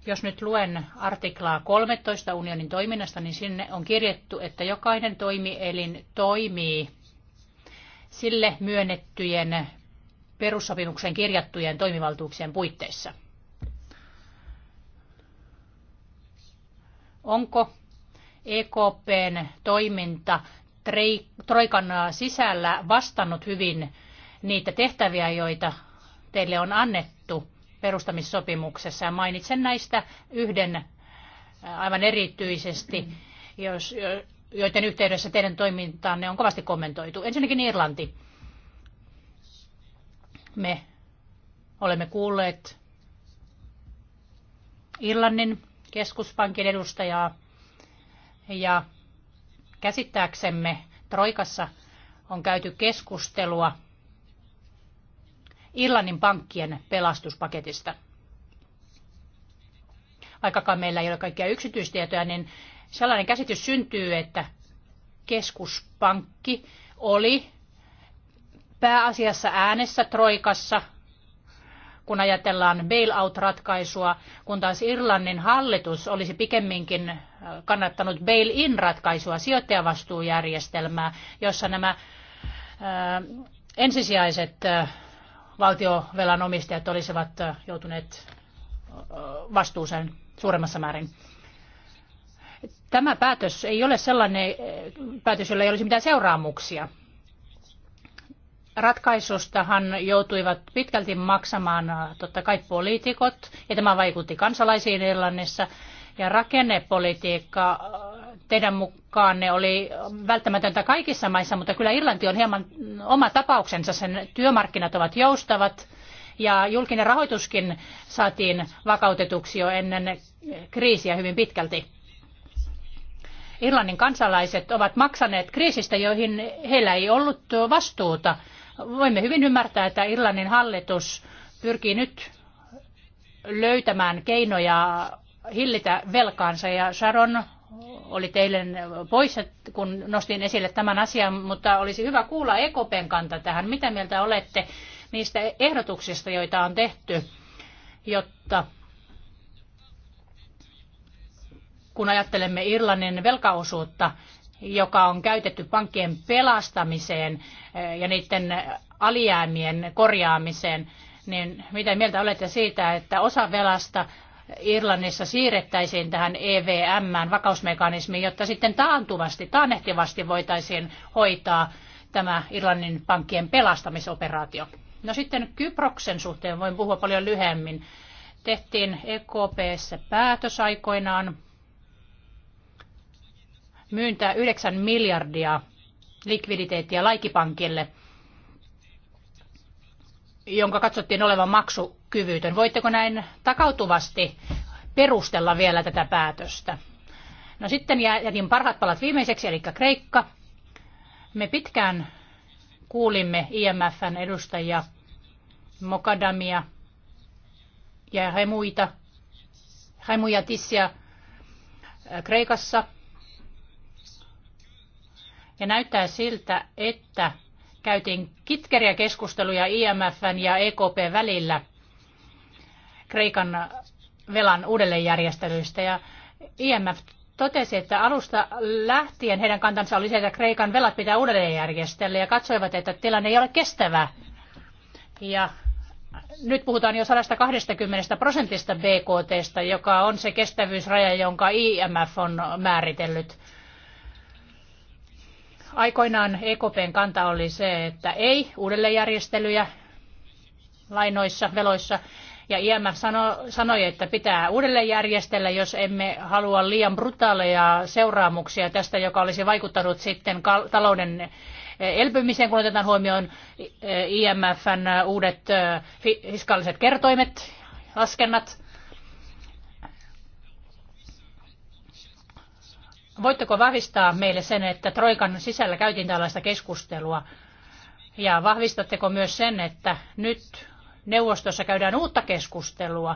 Jos nyt luen artiklaa 13 unionin toiminnasta, niin sinne on kirjattu, että jokainen toimielin toimii sille myönnettyjen perussopimuksen kirjattujen toimivaltuuksien puitteissa. Onko EKPn toiminta Troikan sisällä vastannut hyvin niitä tehtäviä, joita teille on annettu perustamissopimuksessa. mainitsen näistä yhden aivan erityisesti, jos, joiden yhteydessä teidän toimintaanne on kovasti kommentoitu. Ensinnäkin Irlanti. Me olemme kuulleet Irlannin keskuspankin edustajaa ja käsittääksemme Troikassa on käyty keskustelua Irlannin pankkien pelastuspaketista. Vaikkakaan meillä ei ole kaikkia yksityistietoja, niin sellainen käsitys syntyy, että keskuspankki oli pääasiassa äänessä Troikassa, kun ajatellaan bailout-ratkaisua, kun taas Irlannin hallitus olisi pikemminkin kannattanut bail-in-ratkaisua, sijoittajavastuujärjestelmää, jossa nämä äh, ensisijaiset äh, valtiovelan omistajat olisivat äh, joutuneet vastuuseen suuremmassa määrin. Tämä päätös ei ole sellainen eh, päätös, jolla ei olisi mitään seuraamuksia. Ratkaisustahan joutuivat pitkälti maksamaan eh, totta kai poliitikot, ja tämä vaikutti kansalaisiin Irlannissa. Ja rakennepolitiikka eh, teidän mukaanne oli välttämätöntä kaikissa maissa, mutta kyllä Irlanti on hieman oma tapauksensa. Sen työmarkkinat ovat joustavat ja julkinen rahoituskin saatiin vakautetuksi jo ennen kriisiä hyvin pitkälti. Irlannin kansalaiset ovat maksaneet kriisistä, joihin heillä ei ollut vastuuta. Voimme hyvin ymmärtää, että Irlannin hallitus pyrkii nyt löytämään keinoja hillitä velkaansa ja Sharon oli eilen pois, kun nostin esille tämän asian, mutta olisi hyvä kuulla EKPn kanta tähän. Mitä mieltä olette niistä ehdotuksista, joita on tehty, jotta kun ajattelemme Irlannin velkaosuutta, joka on käytetty pankkien pelastamiseen eh, ja niiden alijäämien korjaamiseen, niin mitä mieltä olette siitä, että osa velasta Irlannissa siirrettäisiin tähän EVM, vakausmekanismiin, jotta sitten taantuvasti, taannehtivasti voitaisiin hoitaa tämä Irlannin pankkien pelastamisoperaatio. No sitten Kyproksen suhteen voin puhua paljon lyhyemmin. Tehtiin EKPssä päätös aikoinaan myyntää 9 miljardia likviditeettiä Laikipankille, jonka katsottiin olevan maksukyvytön. Voitteko näin takautuvasti perustella vielä tätä päätöstä? No sitten jätin parhaat palat viimeiseksi, eli Kreikka. Me pitkään kuulimme IMFn edustajia Mokadamia ja Haimuja Tissia äh, Kreikassa – ja näyttää siltä, että käytiin kitkeriä keskusteluja IMFn ja ekp välillä Kreikan velan uudelleenjärjestelyistä. Ja IMF totesi, että alusta lähtien heidän kantansa oli se, että Kreikan velat pitää uudelleenjärjestellä ja katsoivat, että tilanne ei ole kestävä. Ja nyt puhutaan jo 120 prosentista BKTstä, joka on se kestävyysraja, jonka IMF on määritellyt. Aikoinaan EKPn kanta oli se, että ei uudelleenjärjestelyjä lainoissa, veloissa. Ja IMF sano, sanoi, että pitää uudelleenjärjestellä, jos emme halua liian brutaaleja seuraamuksia tästä, joka olisi vaikuttanut sitten talouden elpymiseen, kun otetaan huomioon IMFn uudet fiskaaliset kertoimet, laskennat. Voitteko vahvistaa meille sen, että Troikan sisällä käytiin tällaista keskustelua? Ja vahvistatteko myös sen, että nyt neuvostossa käydään uutta keskustelua,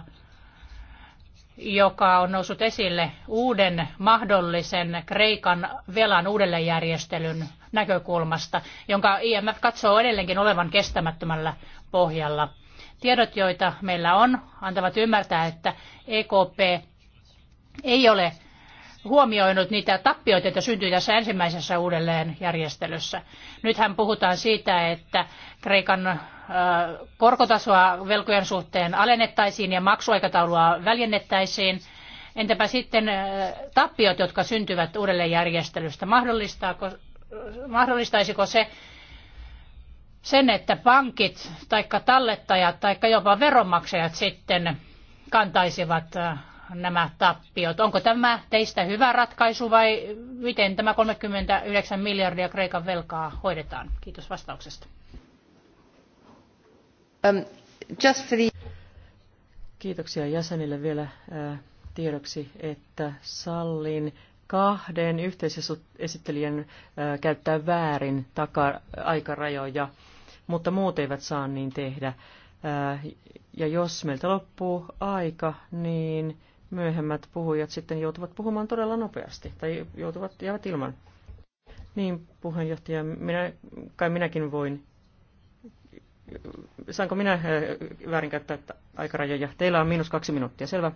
joka on noussut esille uuden mahdollisen Kreikan velan uudelleenjärjestelyn näkökulmasta, jonka IMF katsoo edelleenkin olevan kestämättömällä pohjalla. Tiedot, joita meillä on, antavat ymmärtää, että EKP ei ole huomioinut niitä tappioita, joita syntyi tässä ensimmäisessä uudelleenjärjestelyssä. Nythän puhutaan siitä, että Kreikan korkotasoa velkojen suhteen alennettaisiin ja maksuaikataulua väljennettäisiin. Entäpä sitten tappiot, jotka syntyvät uudelleenjärjestelystä? Mahdollistaako, mahdollistaisiko se sen, että pankit tai tallettajat tai jopa veronmaksajat sitten kantaisivat nämä tappiot. Onko tämä teistä hyvä ratkaisu vai miten tämä 39 miljardia Kreikan velkaa hoidetaan? Kiitos vastauksesta. Um, just for the... Kiitoksia jäsenille vielä äh, tiedoksi, että sallin kahden yhteisesittelijän äh, käyttää väärin aikarajoja, mutta muut eivät saa niin tehdä. Äh, ja jos meiltä loppuu aika, niin myöhemmät puhujat sitten joutuvat puhumaan todella nopeasti tai joutuvat jäävät ilman. Niin, puheenjohtaja, minä, kai minäkin voin. Saanko minä äh, väärinkäyttää aikarajoja? Teillä on miinus kaksi minuuttia, selvä.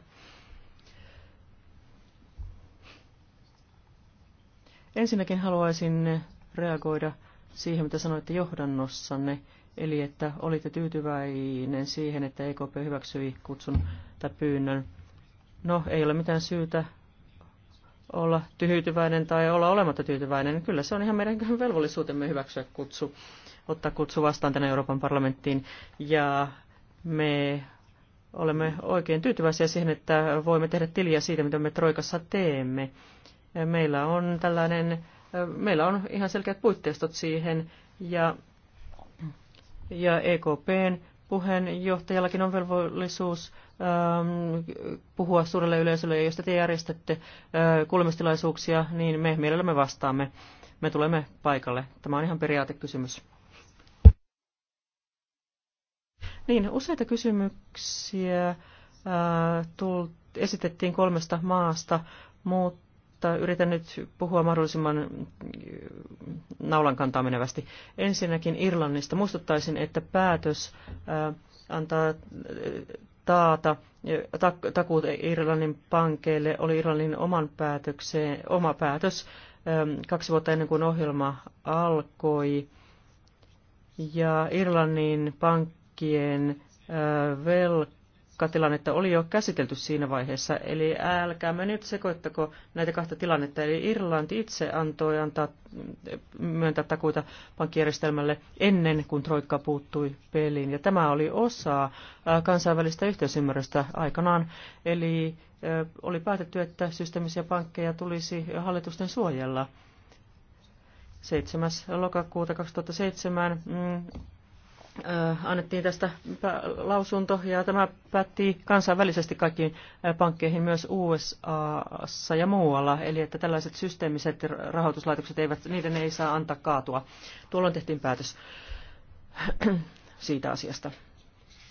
Ensinnäkin haluaisin reagoida siihen, mitä sanoitte johdannossanne, eli että olitte tyytyväinen siihen, että EKP hyväksyi kutsun tai pyynnön No, ei ole mitään syytä olla tyytyväinen tai olla olematta tyytyväinen. Kyllä se on ihan meidän velvollisuutemme hyväksyä kutsu, ottaa kutsu vastaan tänne Euroopan parlamenttiin. Ja me olemme oikein tyytyväisiä siihen, että voimme tehdä tiliä siitä, mitä me Troikassa teemme. Meillä on tällainen, meillä on ihan selkeät puitteistot siihen ja, ja EKPn puheenjohtajallakin on velvollisuus ähm, puhua suurelle yleisölle, ja jos te järjestätte äh, kuulemistilaisuuksia, niin me mielellämme vastaamme. Me tulemme paikalle. Tämä on ihan periaatekysymys. Niin, useita kysymyksiä äh, esitettiin kolmesta maasta, mutta mutta yritän nyt puhua mahdollisimman äh, naulan kantaa menevästi. Ensinnäkin Irlannista. Muistuttaisin, että päätös äh, antaa äh, taata takuut Irlannin pankeille oli Irlannin oman päätökseen, oma päätös ähm, kaksi vuotta ennen kuin ohjelma alkoi. Ja Irlannin pankkien velka Kreikka tilannetta oli jo käsitelty siinä vaiheessa, eli älkäämme nyt sekoittako näitä kahta tilannetta. Eli Irlanti itse antoi antaa, myöntää takuita pankkijärjestelmälle ennen kuin Troikka puuttui peliin. Ja tämä oli osa äh, kansainvälistä yhteisymmärrystä aikanaan. Eli äh, oli päätetty, että systeemisiä pankkeja tulisi hallitusten suojella. 7. lokakuuta 2007 Äh, annettiin tästä lausunto ja tämä päätti kansainvälisesti kaikkiin äh, pankkeihin myös USA ja muualla, eli että tällaiset systeemiset rahoituslaitokset, eivät, niiden ei saa antaa kaatua. Tuolloin tehtiin päätös siitä asiasta.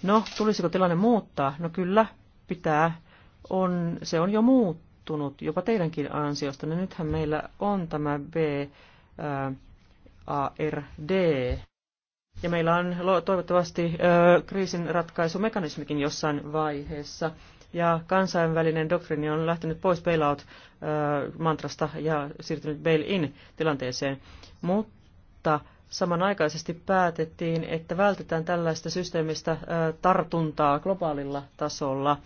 No, tulisiko tilanne muuttaa? No kyllä, pitää. On, se on jo muuttunut, jopa teidänkin ansiosta. No nythän meillä on tämä B, äh, ARD. Ja meillä on toivottavasti ratkaisumekanismikin jossain vaiheessa. Ja kansainvälinen doktriini on lähtenyt pois bailout-mantrasta ja siirtynyt bail-in-tilanteeseen. Mutta samanaikaisesti päätettiin, että vältetään tällaista systeemistä tartuntaa globaalilla tasolla.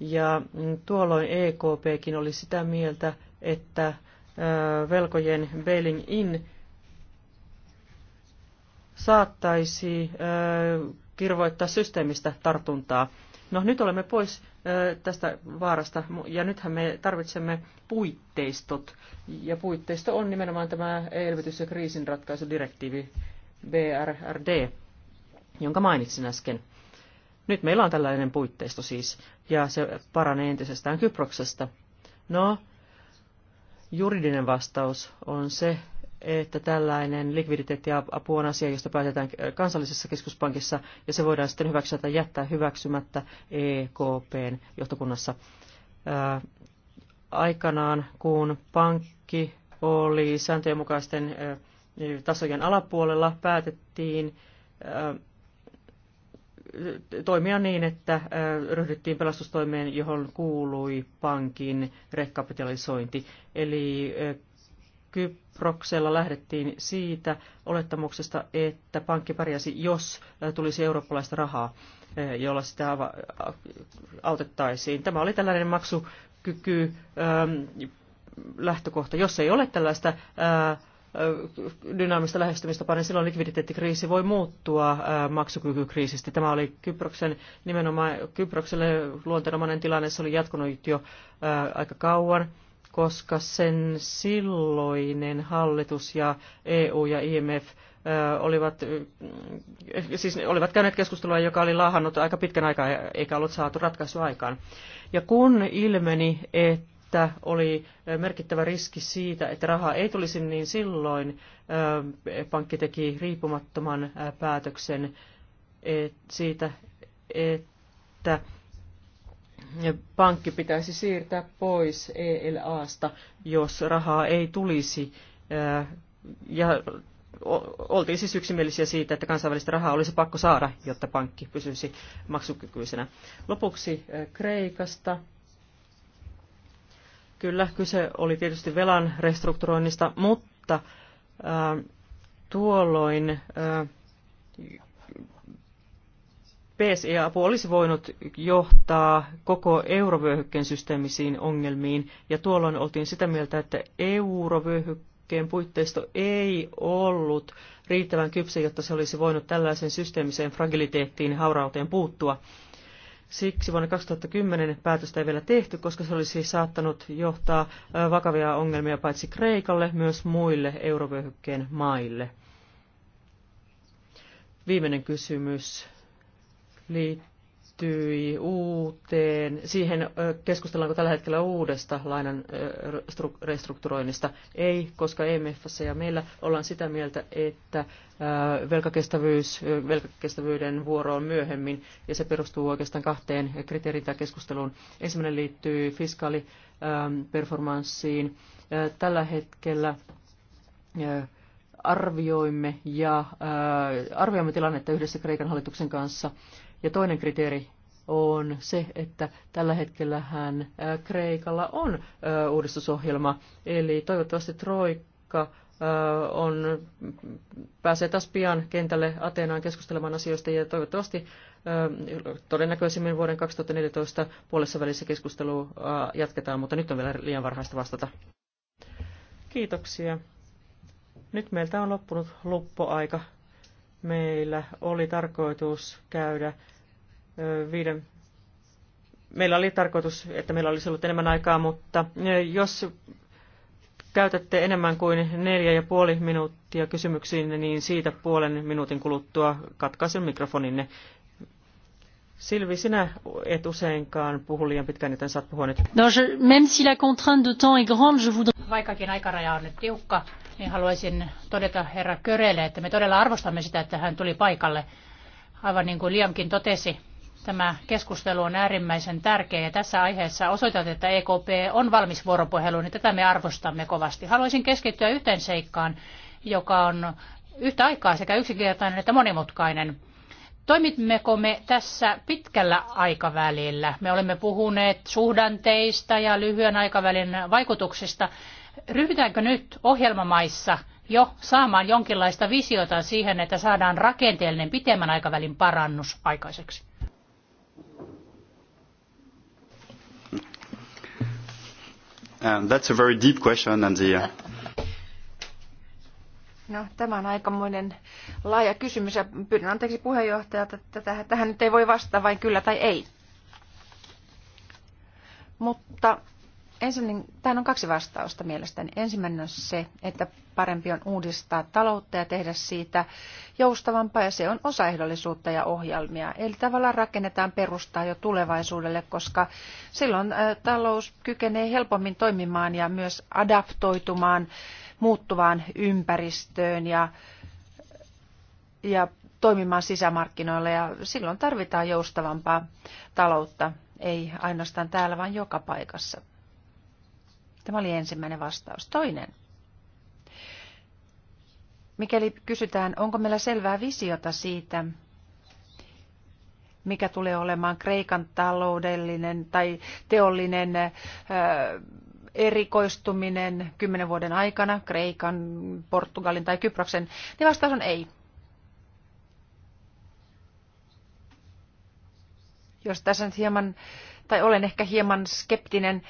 Ja tuolloin EKPkin oli sitä mieltä, että velkojen bailing in saattaisi kirvoittaa systeemistä tartuntaa. No nyt olemme pois tästä vaarasta ja nythän me tarvitsemme puitteistot. Ja puitteisto on nimenomaan tämä elvytys- ja kriisinratkaisudirektiivi BRRD, jonka mainitsin äsken. Nyt meillä on tällainen puitteisto siis, ja se paranee entisestään Kyproksesta. No, juridinen vastaus on se, että tällainen likviditeettiapu on asia, josta päätetään kansallisessa keskuspankissa, ja se voidaan sitten hyväksyä tai jättää hyväksymättä EKPn johtokunnassa. aikanaan, kun pankki oli sääntöjen mukaisten tasojen alapuolella, päätettiin toimia niin, että ryhdyttiin pelastustoimeen, johon kuului pankin rekapitalisointi. Eli Kyproksella lähdettiin siitä olettamuksesta, että pankki pärjäsi, jos tulisi eurooppalaista rahaa, jolla sitä autettaisiin. Tämä oli tällainen maksukyky lähtökohta. Jos ei ole tällaista dynaamista lähestymistapaa, niin silloin likviditeettikriisi voi muuttua maksukykykriisistä. Tämä oli Kyproksen, nimenomaan Kyprokselle luonteenomainen tilanne, se oli jatkunut jo aika kauan koska sen silloinen hallitus ja EU ja IMF olivat, mm, siis olivat käyneet keskustelua, joka oli laahannut aika pitkän aikaa eikä ollut saatu ratkaisua aikaan. Ja kun ilmeni, että oli merkittävä riski siitä, että rahaa ei tulisi, niin silloin pankki teki riippumattoman päätöksen siitä, että pankki pitäisi siirtää pois ELAsta, jos rahaa ei tulisi. Äh, ja oltiin siis yksimielisiä siitä, että kansainvälistä rahaa olisi pakko saada, jotta pankki pysyisi maksukykyisenä. Lopuksi äh, Kreikasta. Kyllä, kyse oli tietysti velan restrukturoinnista, mutta äh, tuolloin PSE-apu olisi voinut johtaa koko eurovyöhykkeen systeemisiin ongelmiin, ja tuolloin oltiin sitä mieltä, että eurovyöhykkeen puitteisto ei ollut riittävän kypsä, jotta se olisi voinut tällaiseen systeemiseen fragiliteettiin haurauteen puuttua. Siksi vuonna 2010 päätöstä ei vielä tehty, koska se olisi saattanut johtaa vakavia ongelmia paitsi Kreikalle, myös muille eurovyöhykkeen maille. Viimeinen kysymys liittyi uuteen, siihen keskustellaanko tällä hetkellä uudesta lainan restrukturoinnista. Ei, koska EMFssä ja meillä ollaan sitä mieltä, että velkakestävyys, velkakestävyyden vuoro on myöhemmin, ja se perustuu oikeastaan kahteen kriteeriin tai keskusteluun. Ensimmäinen liittyy fiskaaliperformanssiin. Tällä hetkellä arvioimme ja arvioimme tilannetta yhdessä Kreikan hallituksen kanssa ja toinen kriteeri on se, että tällä hetkellähän äh, Kreikalla on äh, uudistusohjelma, eli toivottavasti Troikka äh, on, pääsee taas pian kentälle Ateenaan keskustelemaan asioista ja toivottavasti todennäköisemmin vuoden 2014 puolessa välissä keskustelu jatketaan, mutta nyt on vielä liian varhaista vastata. Kiitoksia. Nyt meiltä on loppunut loppuaika meillä oli tarkoitus käydä viiden meillä oli tarkoitus, että meillä olisi ollut enemmän aikaa, mutta jos käytätte enemmän kuin neljä ja puoli minuuttia kysymyksiin, niin siitä puolen minuutin kuluttua katkaisen mikrofoninne. Silvi, sinä et useinkaan puhu liian pitkään, joten saat puhua nyt. No, je, même si la contrainte de temps est grande, je voudrais... Vaikkakin aikaraja on nyt tiukka, niin haluaisin todeta herra Körelle, että me todella arvostamme sitä, että hän tuli paikalle. Aivan niin kuin Liamkin totesi, tämä keskustelu on äärimmäisen tärkeä ja tässä aiheessa osoitat, että EKP on valmis vuoropuheluun, niin tätä me arvostamme kovasti. Haluaisin keskittyä yhteen seikkaan, joka on yhtä aikaa sekä yksinkertainen että monimutkainen. Toimimmeko me tässä pitkällä aikavälillä? Me olemme puhuneet suhdanteista ja lyhyen aikavälin vaikutuksista. Ryhdytäänkö nyt ohjelmamaissa jo saamaan jonkinlaista visiota siihen, että saadaan rakenteellinen pitemmän aikavälin parannus aikaiseksi? And that's a very deep question and the, uh... No, tämä on aikamoinen laaja kysymys ja pyydän anteeksi puheenjohtajalta, että tähän nyt ei voi vastata vain kyllä tai ei. Mutta ensin, tähän on kaksi vastausta mielestäni. Ensimmäinen on se, että parempi on uudistaa taloutta ja tehdä siitä joustavampaa, ja se on osaehdollisuutta ja ohjelmia. Eli tavallaan rakennetaan perustaa jo tulevaisuudelle, koska silloin talous kykenee helpommin toimimaan ja myös adaptoitumaan muuttuvaan ympäristöön ja, ja toimimaan sisämarkkinoilla ja silloin tarvitaan joustavampaa taloutta, ei ainoastaan täällä, vaan joka paikassa. Tämä oli ensimmäinen vastaus. Toinen. Mikäli kysytään, onko meillä selvää visiota siitä, mikä tulee olemaan Kreikan taloudellinen tai teollinen erikoistuminen kymmenen vuoden aikana, Kreikan, Portugalin tai Kyproksen, niin vastaus on ei. Jos tässä nyt hieman, tai olen ehkä hieman skeptinen,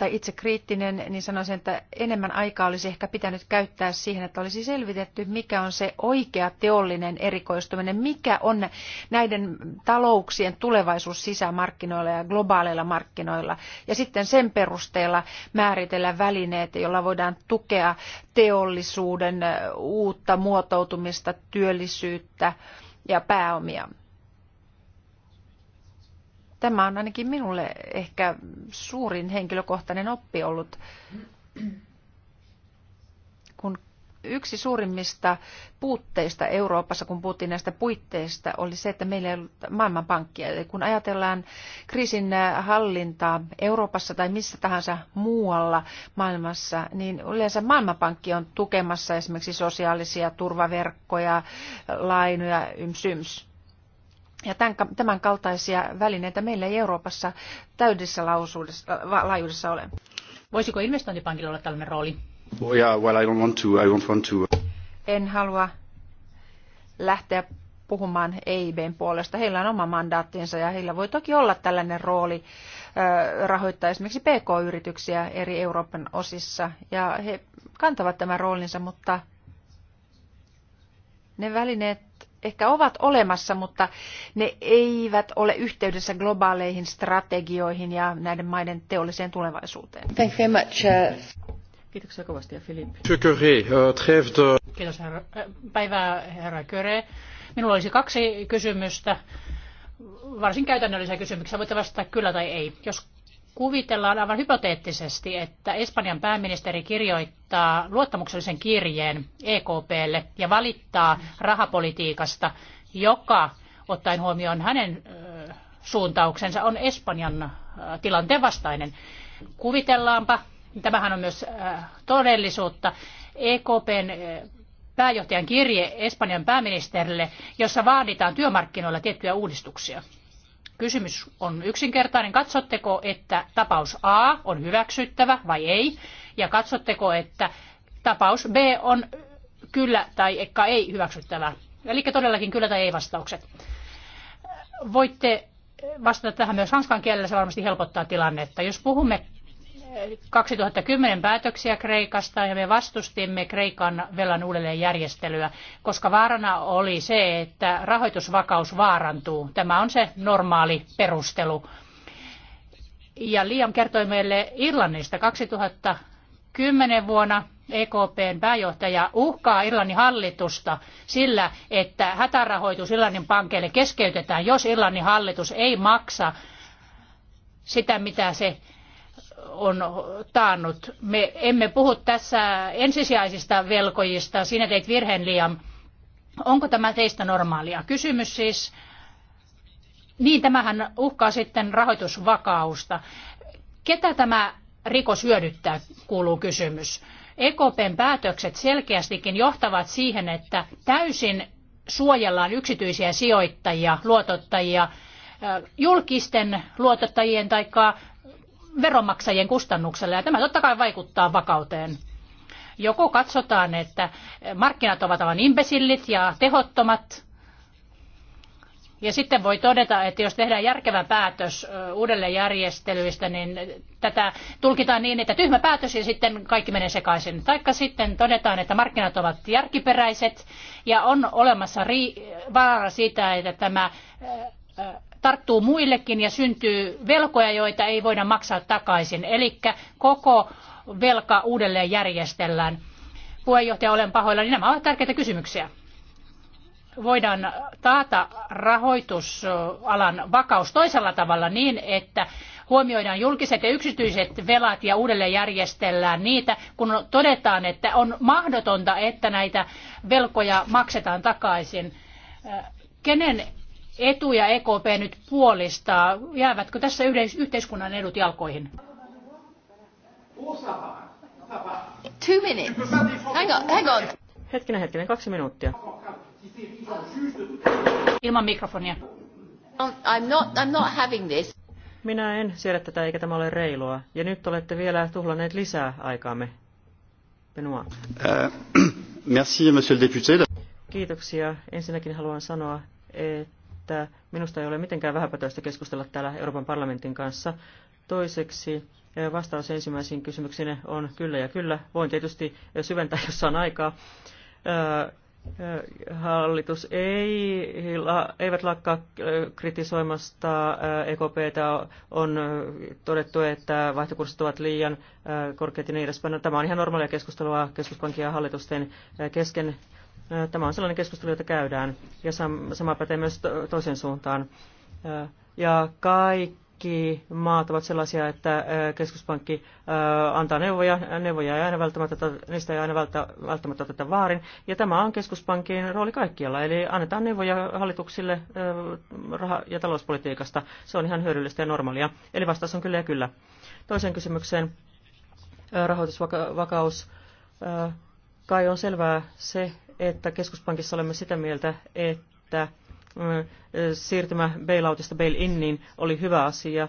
tai itse kriittinen, niin sanoisin, että enemmän aikaa olisi ehkä pitänyt käyttää siihen, että olisi selvitetty, mikä on se oikea teollinen erikoistuminen, mikä on näiden talouksien tulevaisuus sisämarkkinoilla ja globaaleilla markkinoilla. Ja sitten sen perusteella määritellä välineet, joilla voidaan tukea teollisuuden uutta muotoutumista, työllisyyttä ja pääomia. Tämä on ainakin minulle ehkä suurin henkilökohtainen oppi ollut, kun yksi suurimmista puutteista Euroopassa, kun puhuttiin näistä puitteista, oli se, että meillä ei ollut maailmanpankkia. Eli kun ajatellaan kriisin hallintaa Euroopassa tai missä tahansa muualla maailmassa, niin yleensä maailmanpankki on tukemassa esimerkiksi sosiaalisia turvaverkkoja, lainoja, yms. Ja tämän, kaltaisia välineitä meillä ei Euroopassa täydessä laajuudessa ole. Voisiko investointipankilla olla tällainen rooli? yeah, well, I don't want to, I don't want to. En halua lähteä puhumaan EIBn puolesta. Heillä on oma mandaattinsa ja heillä voi toki olla tällainen rooli rahoittaa esimerkiksi PK-yrityksiä eri Euroopan osissa. Ja he kantavat tämän roolinsa, mutta ne välineet, ehkä ovat olemassa, mutta ne eivät ole yhteydessä globaaleihin strategioihin ja näiden maiden teolliseen tulevaisuuteen. Thank you very much. Uh, Kiitoksia kovasti ja Filip. Uh, Kiitos herra, äh, päivää herra Köre. Minulla olisi kaksi kysymystä, varsin käytännöllisiä kysymyksiä. Voitte vastata kyllä tai ei. Jos kuvitellaan aivan hypoteettisesti, että Espanjan pääministeri kirjoittaa luottamuksellisen kirjeen EKPlle ja valittaa rahapolitiikasta, joka ottaen huomioon hänen suuntauksensa on Espanjan tilanteen vastainen. Kuvitellaanpa, tämähän on myös todellisuutta, EKPn pääjohtajan kirje Espanjan pääministerille, jossa vaaditaan työmarkkinoilla tiettyjä uudistuksia. Kysymys on yksinkertainen. Katsotteko, että tapaus A on hyväksyttävä vai ei? Ja katsotteko, että tapaus B on kyllä tai ehkä ei hyväksyttävä? Eli todellakin kyllä tai ei vastaukset. Voitte vastata tähän myös hanskan kielellä, se varmasti helpottaa tilannetta. Jos puhumme 2010 päätöksiä Kreikasta ja me vastustimme Kreikan velan uudelleenjärjestelyä, koska vaarana oli se, että rahoitusvakaus vaarantuu. Tämä on se normaali perustelu. Ja Liam kertoi meille Irlannista 2010 vuonna EKPn pääjohtaja uhkaa Irlannin hallitusta sillä, että hätärahoitus Irlannin pankeille keskeytetään, jos Irlannin hallitus ei maksa sitä, mitä se on taannut. Me emme puhu tässä ensisijaisista velkojista, sinä teit virheen liian. Onko tämä teistä normaalia? Kysymys siis, niin tämähän uhkaa sitten rahoitusvakausta. Ketä tämä rikos hyödyttää, kuuluu kysymys. EKPn päätökset selkeästikin johtavat siihen, että täysin suojellaan yksityisiä sijoittajia, luotottajia, julkisten luotottajien tai veronmaksajien kustannuksella ja tämä totta kai vaikuttaa vakauteen. Joko katsotaan, että markkinat ovat aivan imbesillit ja tehottomat, ja sitten voi todeta, että jos tehdään järkevä päätös uudelleenjärjestelyistä, niin tätä tulkitaan niin, että tyhmä päätös ja sitten kaikki menee sekaisin. Taikka sitten todetaan, että markkinat ovat järkiperäiset ja on olemassa vaara siitä, että tämä tarttuu muillekin ja syntyy velkoja, joita ei voida maksaa takaisin. Eli koko velka uudelleen järjestellään. Puheenjohtaja, olen pahoillani. Niin nämä ovat tärkeitä kysymyksiä. Voidaan taata rahoitusalan vakaus toisella tavalla niin, että huomioidaan julkiset ja yksityiset velat ja uudelleen järjestellään niitä, kun todetaan, että on mahdotonta, että näitä velkoja maksetaan takaisin. Kenen etuja EKP nyt puolistaa? Jäävätkö tässä yhteiskunnan edut jalkoihin? Two minutes. Hang on, hang on. Hetkinen, hetkinen, kaksi minuuttia. Ilman mikrofonia. Um, I'm not, I'm not having this. Minä en siedä tätä, eikä tämä ole reilua. Ja nyt olette vielä tuhlaneet lisää aikaamme. Benoit. Äh, merci, monsieur le député. Kiitoksia. Ensinnäkin haluan sanoa, että että minusta ei ole mitenkään vähäpätöistä keskustella täällä Euroopan parlamentin kanssa. Toiseksi eh, vastaus ensimmäisiin kysymyksiin on kyllä ja kyllä. Voin tietysti eh, syventää, jos on aikaa. Eh, hallitus ei, eivät lakkaa kritisoimasta EKPtä. E on todettu, että vaihtokurssit ovat liian korkeat ja niin edespäin. No, tämä on ihan normaalia keskustelua keskuspankin ja hallitusten kesken. Tämä on sellainen keskustelu, jota käydään, ja sama pätee myös toisen suuntaan. Ja kaikki maat ovat sellaisia, että keskuspankki antaa neuvoja, neuvoja ei aina välttämättä, niistä ei aina välttämättä tätä vaarin. Ja tämä on keskuspankin rooli kaikkialla, eli annetaan neuvoja hallituksille raha- ja talouspolitiikasta. Se on ihan hyödyllistä ja normaalia. Eli vastaus on kyllä ja kyllä. Toiseen kysymykseen, rahoitusvakaus. Kai on selvää se, että keskuspankissa olemme sitä mieltä, että siirtymä bailoutista bail-inniin oli hyvä asia.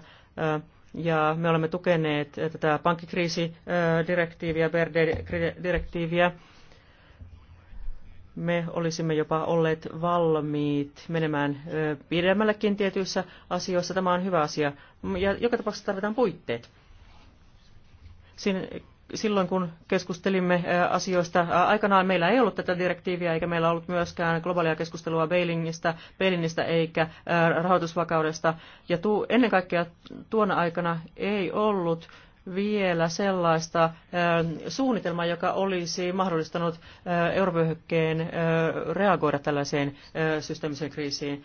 Ja me olemme tukeneet tätä pankkikriisidirektiiviä, BRD-direktiiviä. Me olisimme jopa olleet valmiit menemään pidemmällekin tietyissä asioissa. Tämä on hyvä asia. Ja joka tapauksessa tarvitaan puitteet. Siinä silloin kun keskustelimme asioista aikanaan, meillä ei ollut tätä direktiiviä eikä meillä ollut myöskään globaalia keskustelua bailingista, bailingista eikä rahoitusvakaudesta. Ja tu, ennen kaikkea tuona aikana ei ollut vielä sellaista suunnitelmaa, joka olisi mahdollistanut eurovyöhykkeen reagoida tällaiseen systeemiseen kriisiin.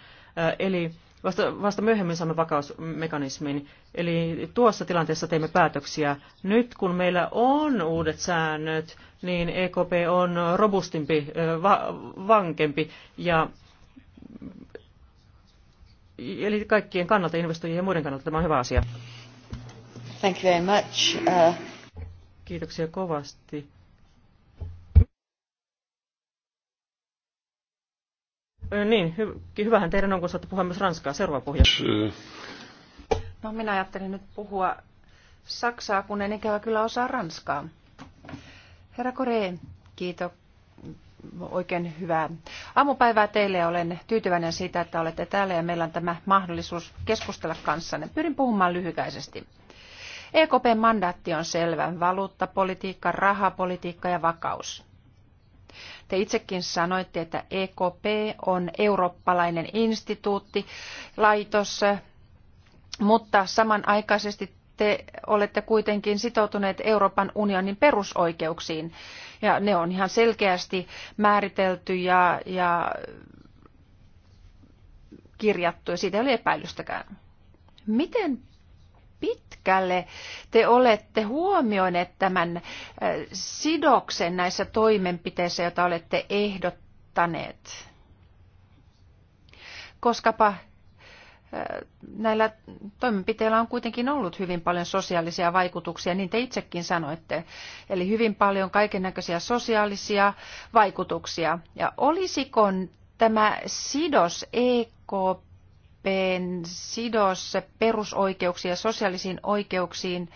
Eli Vasta, vasta myöhemmin saamme vakausmekanismin. Eli tuossa tilanteessa teimme päätöksiä. Nyt kun meillä on uudet säännöt, niin EKP on robustimpi, va, vankempi ja eli kaikkien kannalta, investoijien ja muiden kannalta tämä on hyvä asia. Thank you very much. Uh... Kiitoksia kovasti. Niin, hy- hyvähän teidän on, kun saatte puhua myös Ranskaa. Seuraava puhuja. No minä ajattelin nyt puhua Saksaa, kun en ikävä kyllä osaa Ranskaa. Herra Kore, kiitos. Oikein hyvää aamupäivää teille ja olen tyytyväinen siitä, että olette täällä ja meillä on tämä mahdollisuus keskustella kanssanne. Pyrin puhumaan lyhykäisesti. EKPn mandaatti on selvä. Valuuttapolitiikka, rahapolitiikka ja vakaus. Te itsekin sanoitte, että EKP on eurooppalainen instituutti, laitos, mutta samanaikaisesti te olette kuitenkin sitoutuneet Euroopan unionin perusoikeuksiin. Ja ne on ihan selkeästi määritelty ja, ja kirjattu ja siitä ei ole epäilystäkään. Miten pitkälle te olette huomioineet tämän äh, sidoksen näissä toimenpiteissä, joita olette ehdottaneet? Koskapa äh, näillä toimenpiteillä on kuitenkin ollut hyvin paljon sosiaalisia vaikutuksia, niin te itsekin sanoitte. Eli hyvin paljon kaikennäköisiä sosiaalisia vaikutuksia. Ja olisiko tämä sidos EKP EUn sidos perusoikeuksiin ja sosiaalisiin oikeuksiin,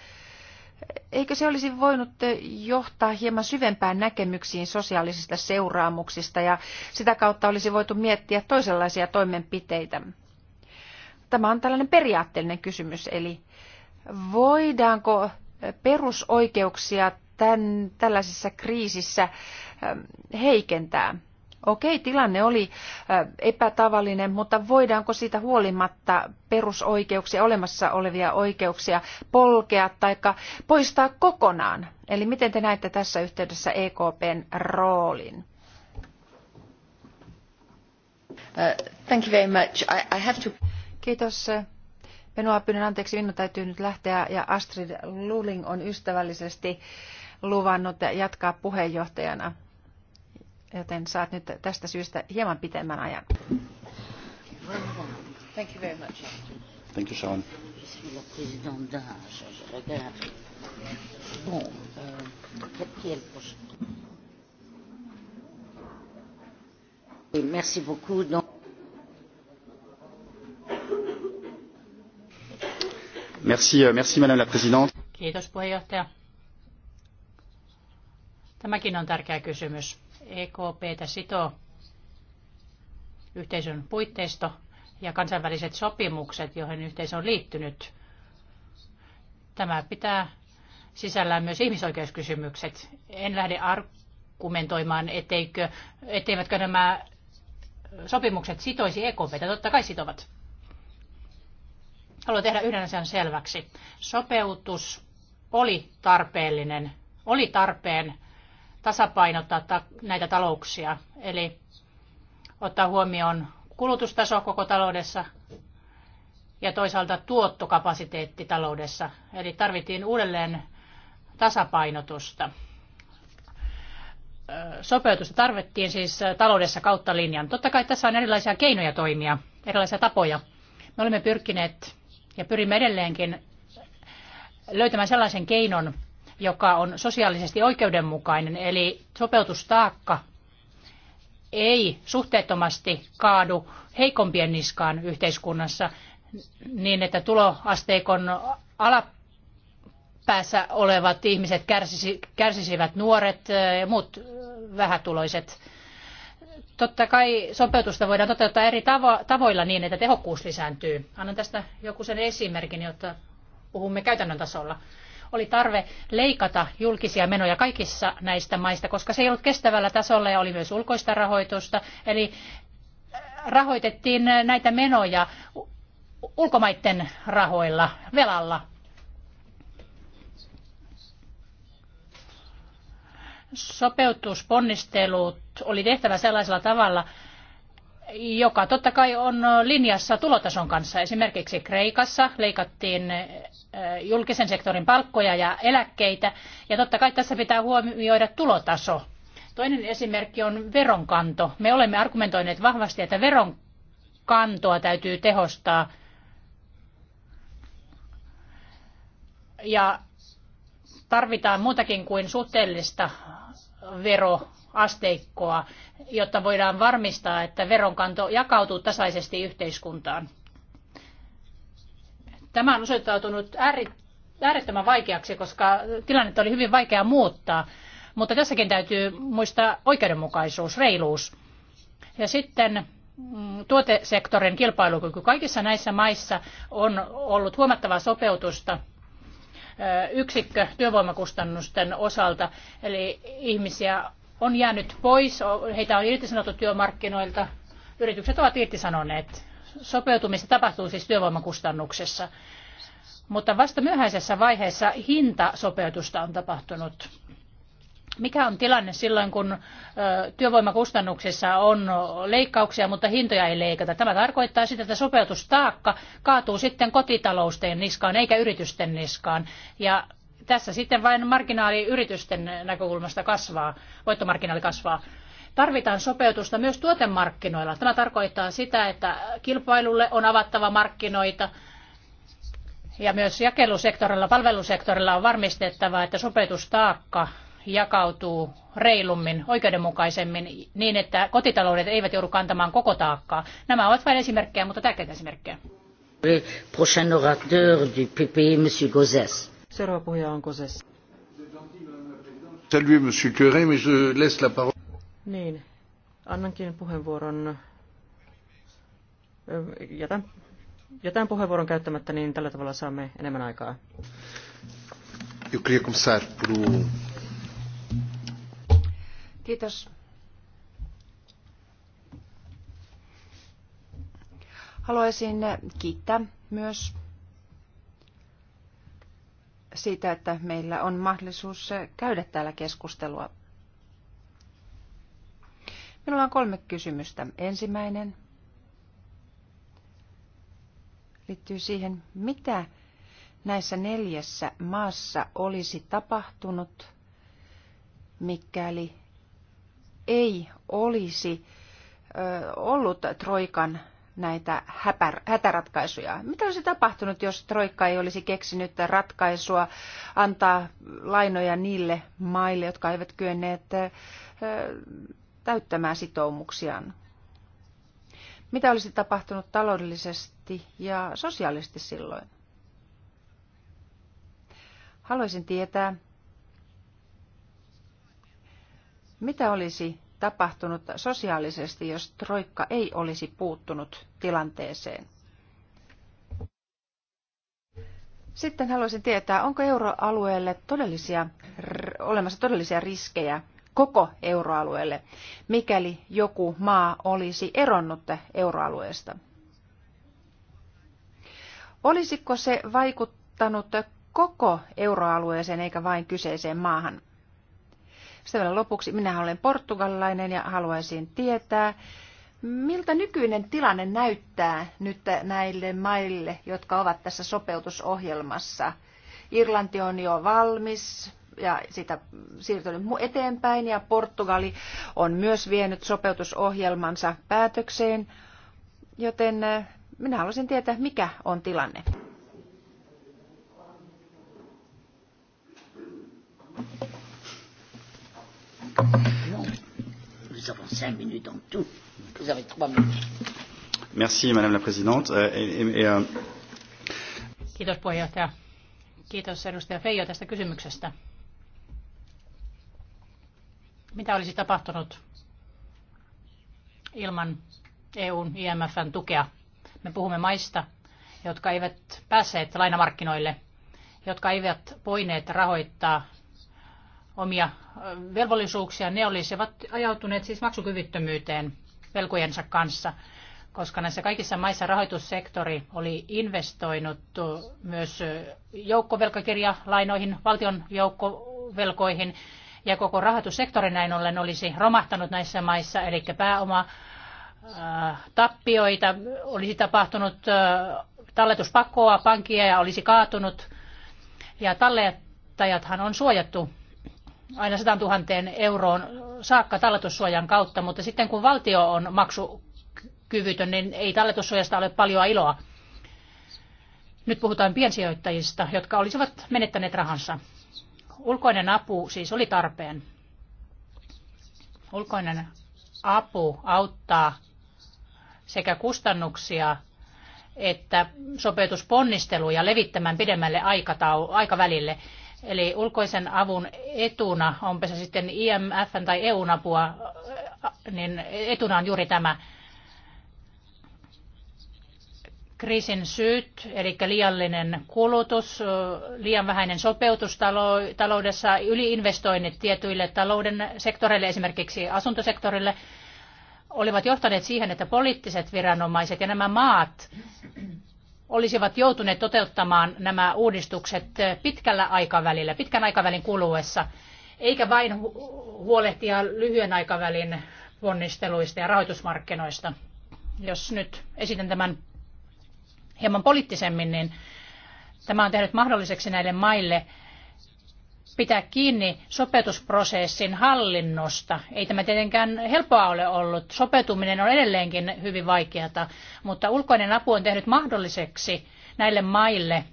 eikö se olisi voinut johtaa hieman syvempään näkemyksiin sosiaalisista seuraamuksista ja sitä kautta olisi voitu miettiä toisenlaisia toimenpiteitä? Tämä on tällainen periaatteellinen kysymys, eli voidaanko perusoikeuksia tämän, tällaisessa kriisissä ähm, heikentää? Okei, tilanne oli äh, epätavallinen, mutta voidaanko siitä huolimatta perusoikeuksia, olemassa olevia oikeuksia polkea tai poistaa kokonaan? Eli miten te näette tässä yhteydessä EKPn roolin? Uh, thank you very much. I, I have to... Kiitos. Minua pyydän anteeksi, minun täytyy nyt lähteä ja Astrid Luling on ystävällisesti luvannut jatkaa puheenjohtajana joten saat nyt tästä syystä hieman pitemmän ajan. Thank you very much. Thank you, Sean. merci beaucoup. Donc... Merci, euh, merci Madame la Présidente. Kiitos puheenjohtaja. Tämäkin on tärkeä kysymys. EKPtä sitoo yhteisön puitteisto ja kansainväliset sopimukset, joihin yhteisö on liittynyt. Tämä pitää sisällään myös ihmisoikeuskysymykset. En lähde argumentoimaan, etteikö, etteivätkö nämä sopimukset sitoisi EKPtä. Totta kai sitovat. Haluan tehdä yhden asian selväksi. Sopeutus oli tarpeellinen, oli tarpeen tasapainottaa näitä talouksia, eli ottaa huomioon kulutustaso koko taloudessa ja toisaalta tuottokapasiteetti taloudessa. Eli tarvittiin uudelleen tasapainotusta. Sopeutusta tarvittiin siis taloudessa kautta linjan. Totta kai tässä on erilaisia keinoja toimia, erilaisia tapoja. Me olemme pyrkineet ja pyrimme edelleenkin löytämään sellaisen keinon, joka on sosiaalisesti oikeudenmukainen, eli sopeutustaakka ei suhteettomasti kaadu heikompien niskaan yhteiskunnassa niin, että tuloasteikon alapäässä olevat ihmiset kärsisivät nuoret äh, ja muut äh, vähätuloiset. Totta kai sopeutusta voidaan toteuttaa eri tavo- tavoilla niin, että tehokkuus lisääntyy. Annan tästä joku sen esimerkin, jotta puhumme käytännön tasolla oli tarve leikata julkisia menoja kaikissa näistä maista, koska se ei ollut kestävällä tasolla ja oli myös ulkoista rahoitusta. Eli äh, rahoitettiin näitä menoja ulkomaiden rahoilla, velalla. Sopeutusponnistelut oli tehtävä sellaisella tavalla, joka totta kai on linjassa tulotason kanssa. Esimerkiksi Kreikassa leikattiin julkisen sektorin palkkoja ja eläkkeitä. Ja totta kai tässä pitää huomioida tulotaso. Toinen esimerkki on veronkanto. Me olemme argumentoineet vahvasti, että veronkantoa täytyy tehostaa. Ja tarvitaan muutakin kuin suhteellista veroasteikkoa, jotta voidaan varmistaa, että veronkanto jakautuu tasaisesti yhteiskuntaan. Tämä on osoittautunut äärettömän vaikeaksi, koska tilannetta oli hyvin vaikea muuttaa. Mutta tässäkin täytyy muistaa oikeudenmukaisuus, reiluus. Ja sitten mm, tuotesektorin kilpailukyky. Kaikissa näissä maissa on ollut huomattavaa sopeutusta yksikkö työvoimakustannusten osalta, eli ihmisiä on jäänyt pois, heitä on irtisanottu työmarkkinoilta, yritykset ovat irtisanoneet sopeutumista tapahtuu siis työvoimakustannuksessa. Mutta vasta myöhäisessä vaiheessa hintasopeutusta on tapahtunut. Mikä on tilanne silloin, kun työvoimakustannuksissa on leikkauksia, mutta hintoja ei leikata? Tämä tarkoittaa sitä, että sopeutustaakka kaatuu sitten kotitalousten niskaan eikä yritysten niskaan. Ja tässä sitten vain marginaali yritysten näkökulmasta kasvaa, voittomarginaali kasvaa tarvitaan sopeutusta myös tuotemarkkinoilla. Tämä tarkoittaa sitä, että kilpailulle on avattava markkinoita ja myös jakelusektorilla, palvelusektorilla on varmistettava, että sopeutustaakka jakautuu reilummin, oikeudenmukaisemmin niin, että kotitaloudet eivät joudu kantamaan koko taakkaa. Nämä ovat vain esimerkkejä, mutta tärkeitä esimerkkejä. Prochain orateur du Seuraava puhuja on Gauzès. Salut, Monsieur Curé, mais je laisse la parole. Niin, annankin puheenvuoron, jätän, jätän puheenvuoron käyttämättä, niin tällä tavalla saamme enemmän aikaa. Kiitos. Haluaisin kiittää myös siitä, että meillä on mahdollisuus käydä täällä keskustelua. Minulla on kolme kysymystä. Ensimmäinen liittyy siihen, mitä näissä neljässä maassa olisi tapahtunut, mikäli ei olisi ollut Troikan näitä häpär, hätäratkaisuja. Mitä olisi tapahtunut, jos Troikka ei olisi keksinyt ratkaisua antaa lainoja niille maille, jotka eivät kyenneet täyttämään sitoumuksiaan. Mitä olisi tapahtunut taloudellisesti ja sosiaalisesti silloin? Haluaisin tietää, mitä olisi tapahtunut sosiaalisesti, jos Troikka ei olisi puuttunut tilanteeseen? Sitten haluaisin tietää, onko euroalueelle todellisia, olemassa todellisia riskejä koko euroalueelle, mikäli joku maa olisi eronnut euroalueesta. Olisiko se vaikuttanut koko euroalueeseen eikä vain kyseiseen maahan? Sitten vielä lopuksi, minä olen portugalilainen ja haluaisin tietää, miltä nykyinen tilanne näyttää nyt näille maille, jotka ovat tässä sopeutusohjelmassa. Irlanti on jo valmis, ja sitä siirtynyt eteenpäin ja Portugali on myös vienyt sopeutusohjelmansa päätökseen, joten äh, minä haluaisin tietää, mikä on tilanne. Merci, Madame la Présidente. Euh, euh, Kiitos puheenjohtaja. Kiitos edustaja Feijo tästä kysymyksestä. Mitä olisi tapahtunut ilman EUn IMFn tukea? Me puhumme maista, jotka eivät päässeet lainamarkkinoille, jotka eivät voineet rahoittaa omia velvollisuuksia, ne olisivat ajautuneet siis maksukyvyttömyyteen velkojensa kanssa, koska näissä kaikissa maissa rahoitussektori oli investoinut myös joukkovelkakirjalainoihin, valtion joukkovelkoihin ja koko rahoitussektori näin ollen olisi romahtanut näissä maissa, eli pääoma äh, tappioita, olisi tapahtunut äh, talletuspakkoa, pankkia ja olisi kaatunut. Ja tallettajathan on suojattu aina 100 000 euroon saakka talletussuojan kautta, mutta sitten kun valtio on maksukyvytön, niin ei talletussuojasta ole paljon iloa. Nyt puhutaan piensijoittajista, jotka olisivat menettäneet rahansa. Ulkoinen apu siis oli tarpeen. Ulkoinen apu auttaa sekä kustannuksia että sopeutusponnisteluja levittämään pidemmälle aikavälille. Eli ulkoisen avun etuna, onpa se sitten IMF tai EU-apua, niin etuna on juuri tämä kriisin syyt, eli liiallinen kulutus, liian vähäinen sopeutus taloudessa, yliinvestoinnit tietyille talouden sektoreille, esimerkiksi asuntosektorille, olivat johtaneet siihen, että poliittiset viranomaiset ja nämä maat olisivat joutuneet toteuttamaan nämä uudistukset pitkällä aikavälillä, pitkän aikavälin kuluessa, eikä vain huolehtia lyhyen aikavälin ponnisteluista ja rahoitusmarkkinoista. Jos nyt esitän tämän hieman poliittisemmin, niin tämä on tehnyt mahdolliseksi näille maille pitää kiinni sopeutusprosessin hallinnosta. Ei tämä tietenkään helppoa ole ollut. Sopeutuminen on edelleenkin hyvin vaikeata, mutta ulkoinen apu on tehnyt mahdolliseksi näille maille,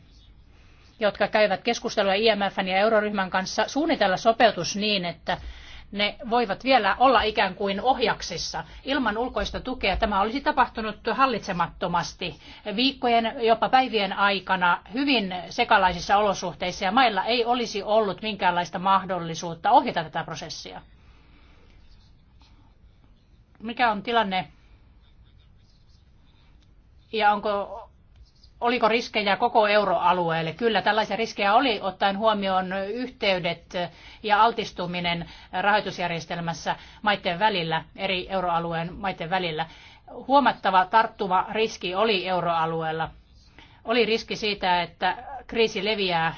jotka käyvät keskustelua IMFn ja euroryhmän kanssa, suunnitella sopeutus niin, että ne voivat vielä olla ikään kuin ohjaksissa. Ilman ulkoista tukea tämä olisi tapahtunut hallitsemattomasti viikkojen, jopa päivien aikana hyvin sekalaisissa olosuhteissa ja mailla ei olisi ollut minkäänlaista mahdollisuutta ohjata tätä prosessia. Mikä on tilanne ja onko oliko riskejä koko euroalueelle? Kyllä, tällaisia riskejä oli, ottaen huomioon yhteydet ja altistuminen rahoitusjärjestelmässä maiden välillä, eri euroalueen maiden välillä. Huomattava tarttuva riski oli euroalueella. Oli riski siitä, että kriisi leviää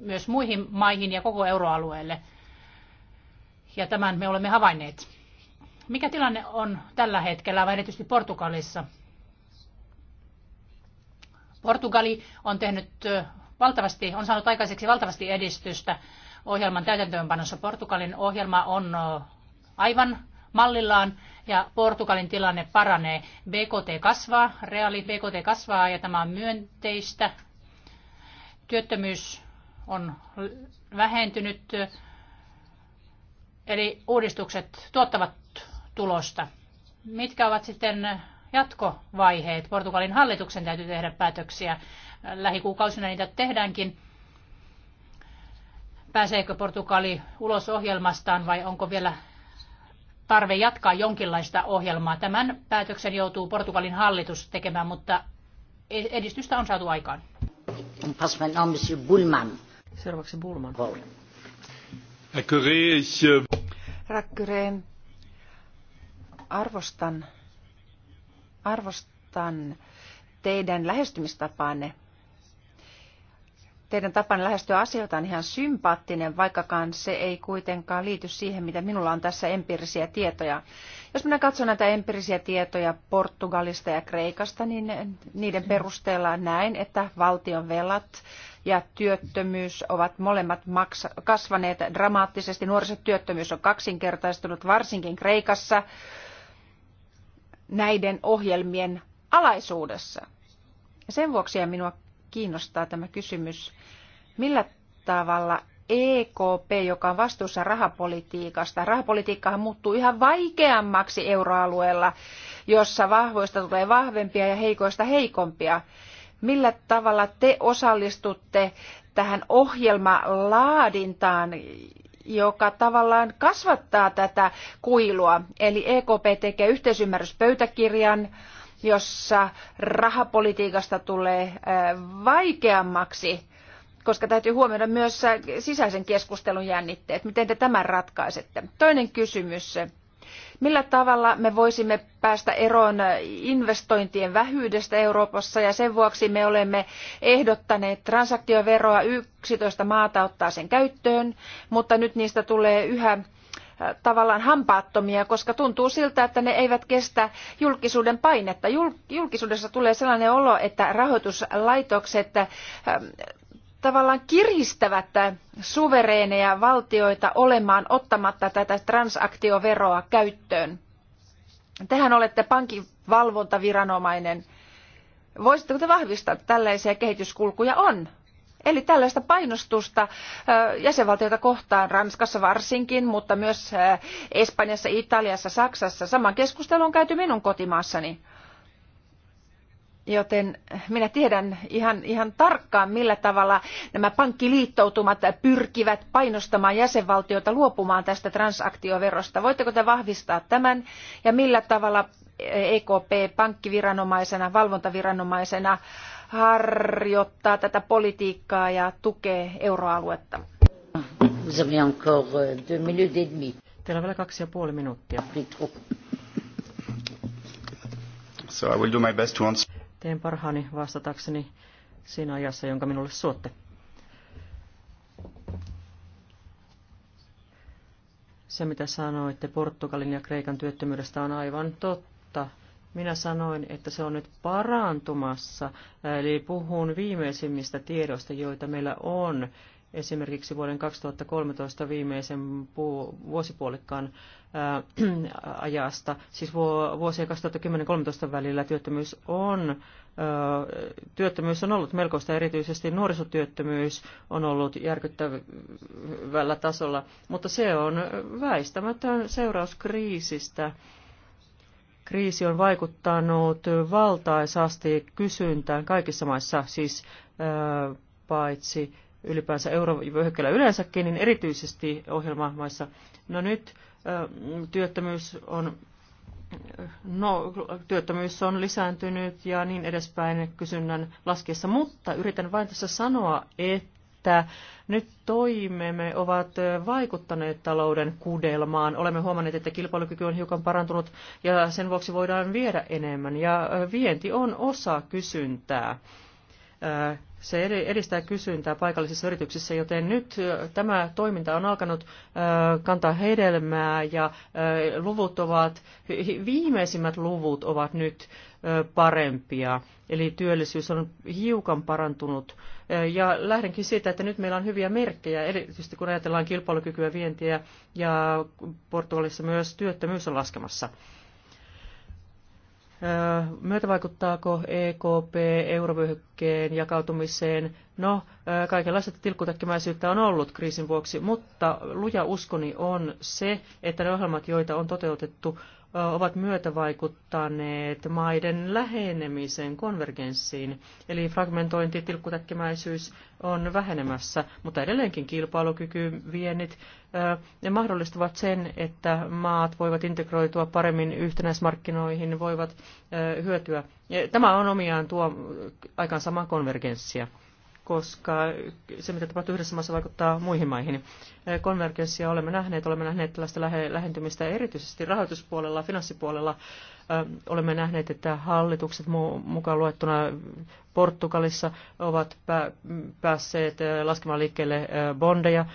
myös muihin maihin ja koko euroalueelle. Ja tämän me olemme havainneet. Mikä tilanne on tällä hetkellä, vai erityisesti Portugalissa? Portugali on tehnyt valtavasti, on saanut aikaiseksi valtavasti edistystä ohjelman täytäntöönpanossa. Portugalin ohjelma on aivan mallillaan ja Portugalin tilanne paranee. BKT kasvaa, reaali BKT kasvaa ja tämä on myönteistä. Työttömyys on vähentynyt, eli uudistukset tuottavat tulosta. Mitkä ovat sitten jatkovaiheet. Portugalin hallituksen täytyy tehdä päätöksiä. Lähikuukausina niitä tehdäänkin. Pääseekö Portugali ulos ohjelmastaan vai onko vielä tarve jatkaa jonkinlaista ohjelmaa? Tämän päätöksen joutuu Portugalin hallitus tekemään, mutta edistystä on saatu aikaan. No, Seuraavaksi Bulman. Äh, Rakkyreen. arvostan arvostan teidän lähestymistapaanne. Teidän tapanne lähestyä asioita on ihan sympaattinen, vaikkakaan se ei kuitenkaan liity siihen, mitä minulla on tässä empiirisiä tietoja. Jos minä katson näitä empiirisiä tietoja Portugalista ja Kreikasta, niin niiden perusteella näin, että valtion velat ja työttömyys ovat molemmat kasvaneet dramaattisesti. Nuorisotyöttömyys on kaksinkertaistunut, varsinkin Kreikassa näiden ohjelmien alaisuudessa. Ja sen vuoksi minua kiinnostaa tämä kysymys, millä tavalla EKP, joka on vastuussa rahapolitiikasta. Rahapolitiikkahan muuttuu yhä vaikeammaksi euroalueella, jossa vahvoista tulee vahvempia ja heikoista heikompia. Millä tavalla te osallistutte tähän ohjelmalaadintaan, joka tavallaan kasvattaa tätä kuilua. Eli EKP tekee yhteisymmärryspöytäkirjan, jossa rahapolitiikasta tulee äh, vaikeammaksi, koska täytyy huomioida myös äh, sisäisen keskustelun jännitteet. Miten te tämän ratkaisette? Toinen kysymys Millä tavalla me voisimme päästä eroon investointien vähyydestä Euroopassa ja sen vuoksi me olemme ehdottaneet transaktioveroa yksitoista maata ottaa sen käyttöön, mutta nyt niistä tulee yhä äh, tavallaan hampaattomia, koska tuntuu siltä, että ne eivät kestä julkisuuden painetta. Julkisuudessa tulee sellainen olo, että rahoituslaitokset äh, tavallaan kiristävät suvereeneja valtioita olemaan ottamatta tätä transaktioveroa käyttöön. Tähän olette pankin valvontaviranomainen. Voisitteko te vahvistaa, että tällaisia kehityskulkuja on? Eli tällaista painostusta jäsenvaltioita kohtaan, Ranskassa varsinkin, mutta myös Espanjassa, Italiassa, Saksassa. Saman keskustelun on käyty minun kotimaassani joten minä tiedän ihan, ihan tarkkaan, millä tavalla nämä pankkiliittoutumat pyrkivät painostamaan jäsenvaltioita luopumaan tästä transaktioverosta. Voitteko te vahvistaa tämän ja millä tavalla EKP pankkiviranomaisena, valvontaviranomaisena harjoittaa tätä politiikkaa ja tukee euroaluetta? Euh, Teillä on vielä kaksi ja puoli minuuttia. So I will do my best to answer. Teen parhaani vastatakseni siinä ajassa, jonka minulle suotte. Se, mitä sanoitte Portugalin ja Kreikan työttömyydestä, on aivan totta. Minä sanoin, että se on nyt parantumassa, eli puhun viimeisimmistä tiedoista, joita meillä on esimerkiksi vuoden 2013 viimeisen vuosipuolikkaan äh, ajasta, siis vuosien 2010-2013 välillä työttömyys on, äh, työttömyys on ollut melkoista, erityisesti nuorisotyöttömyys on ollut järkyttävällä tasolla, mutta se on väistämätön seuraus kriisistä. Kriisi on vaikuttanut valtaisasti kysyntään kaikissa maissa, siis äh, paitsi ylipäänsä eurovyöhykkeellä yleensäkin, niin erityisesti ohjelmamaissa. No nyt työttömyys on, no, työttömyys on lisääntynyt ja niin edespäin kysynnän laskeessa, mutta yritän vain tässä sanoa, että nyt toimemme ovat vaikuttaneet talouden kudelmaan. Olemme huomanneet, että kilpailukyky on hiukan parantunut ja sen vuoksi voidaan viedä enemmän. Ja vienti on osa kysyntää se edistää kysyntää paikallisissa yrityksissä, joten nyt tämä toiminta on alkanut kantaa hedelmää ja luvut ovat, viimeisimmät luvut ovat nyt parempia. Eli työllisyys on hiukan parantunut. Ja lähdenkin siitä, että nyt meillä on hyviä merkkejä, erityisesti kun ajatellaan kilpailukykyä, vientiä ja Portugalissa myös työttömyys on laskemassa. Myötävaikuttaako EKP eurovyöhykkeen jakautumiseen? No, kaikenlaista tilkkutäkkimäisyyttä on ollut kriisin vuoksi, mutta luja uskoni on se, että ne ohjelmat, joita on toteutettu, ovat myötävaikuttaneet maiden lähenemiseen, konvergenssiin. Eli fragmentointi, tilkkutäkkimäisyys on vähenemässä, mutta edelleenkin kilpailukyky, viennit ne mahdollistavat sen, että maat voivat integroitua paremmin yhtenäismarkkinoihin, voivat hyötyä. Tämä on omiaan tuo aikaan samaa konvergenssia koska se, mitä tapahtuu yhdessä maassa, vaikuttaa muihin maihin. Konvergenssia olemme nähneet, olemme nähneet tällaista lähentymistä erityisesti rahoituspuolella, finanssipuolella. Olemme nähneet, että hallitukset mukaan luettuna Portugalissa ovat päässeet laskemaan liikkeelle bondeja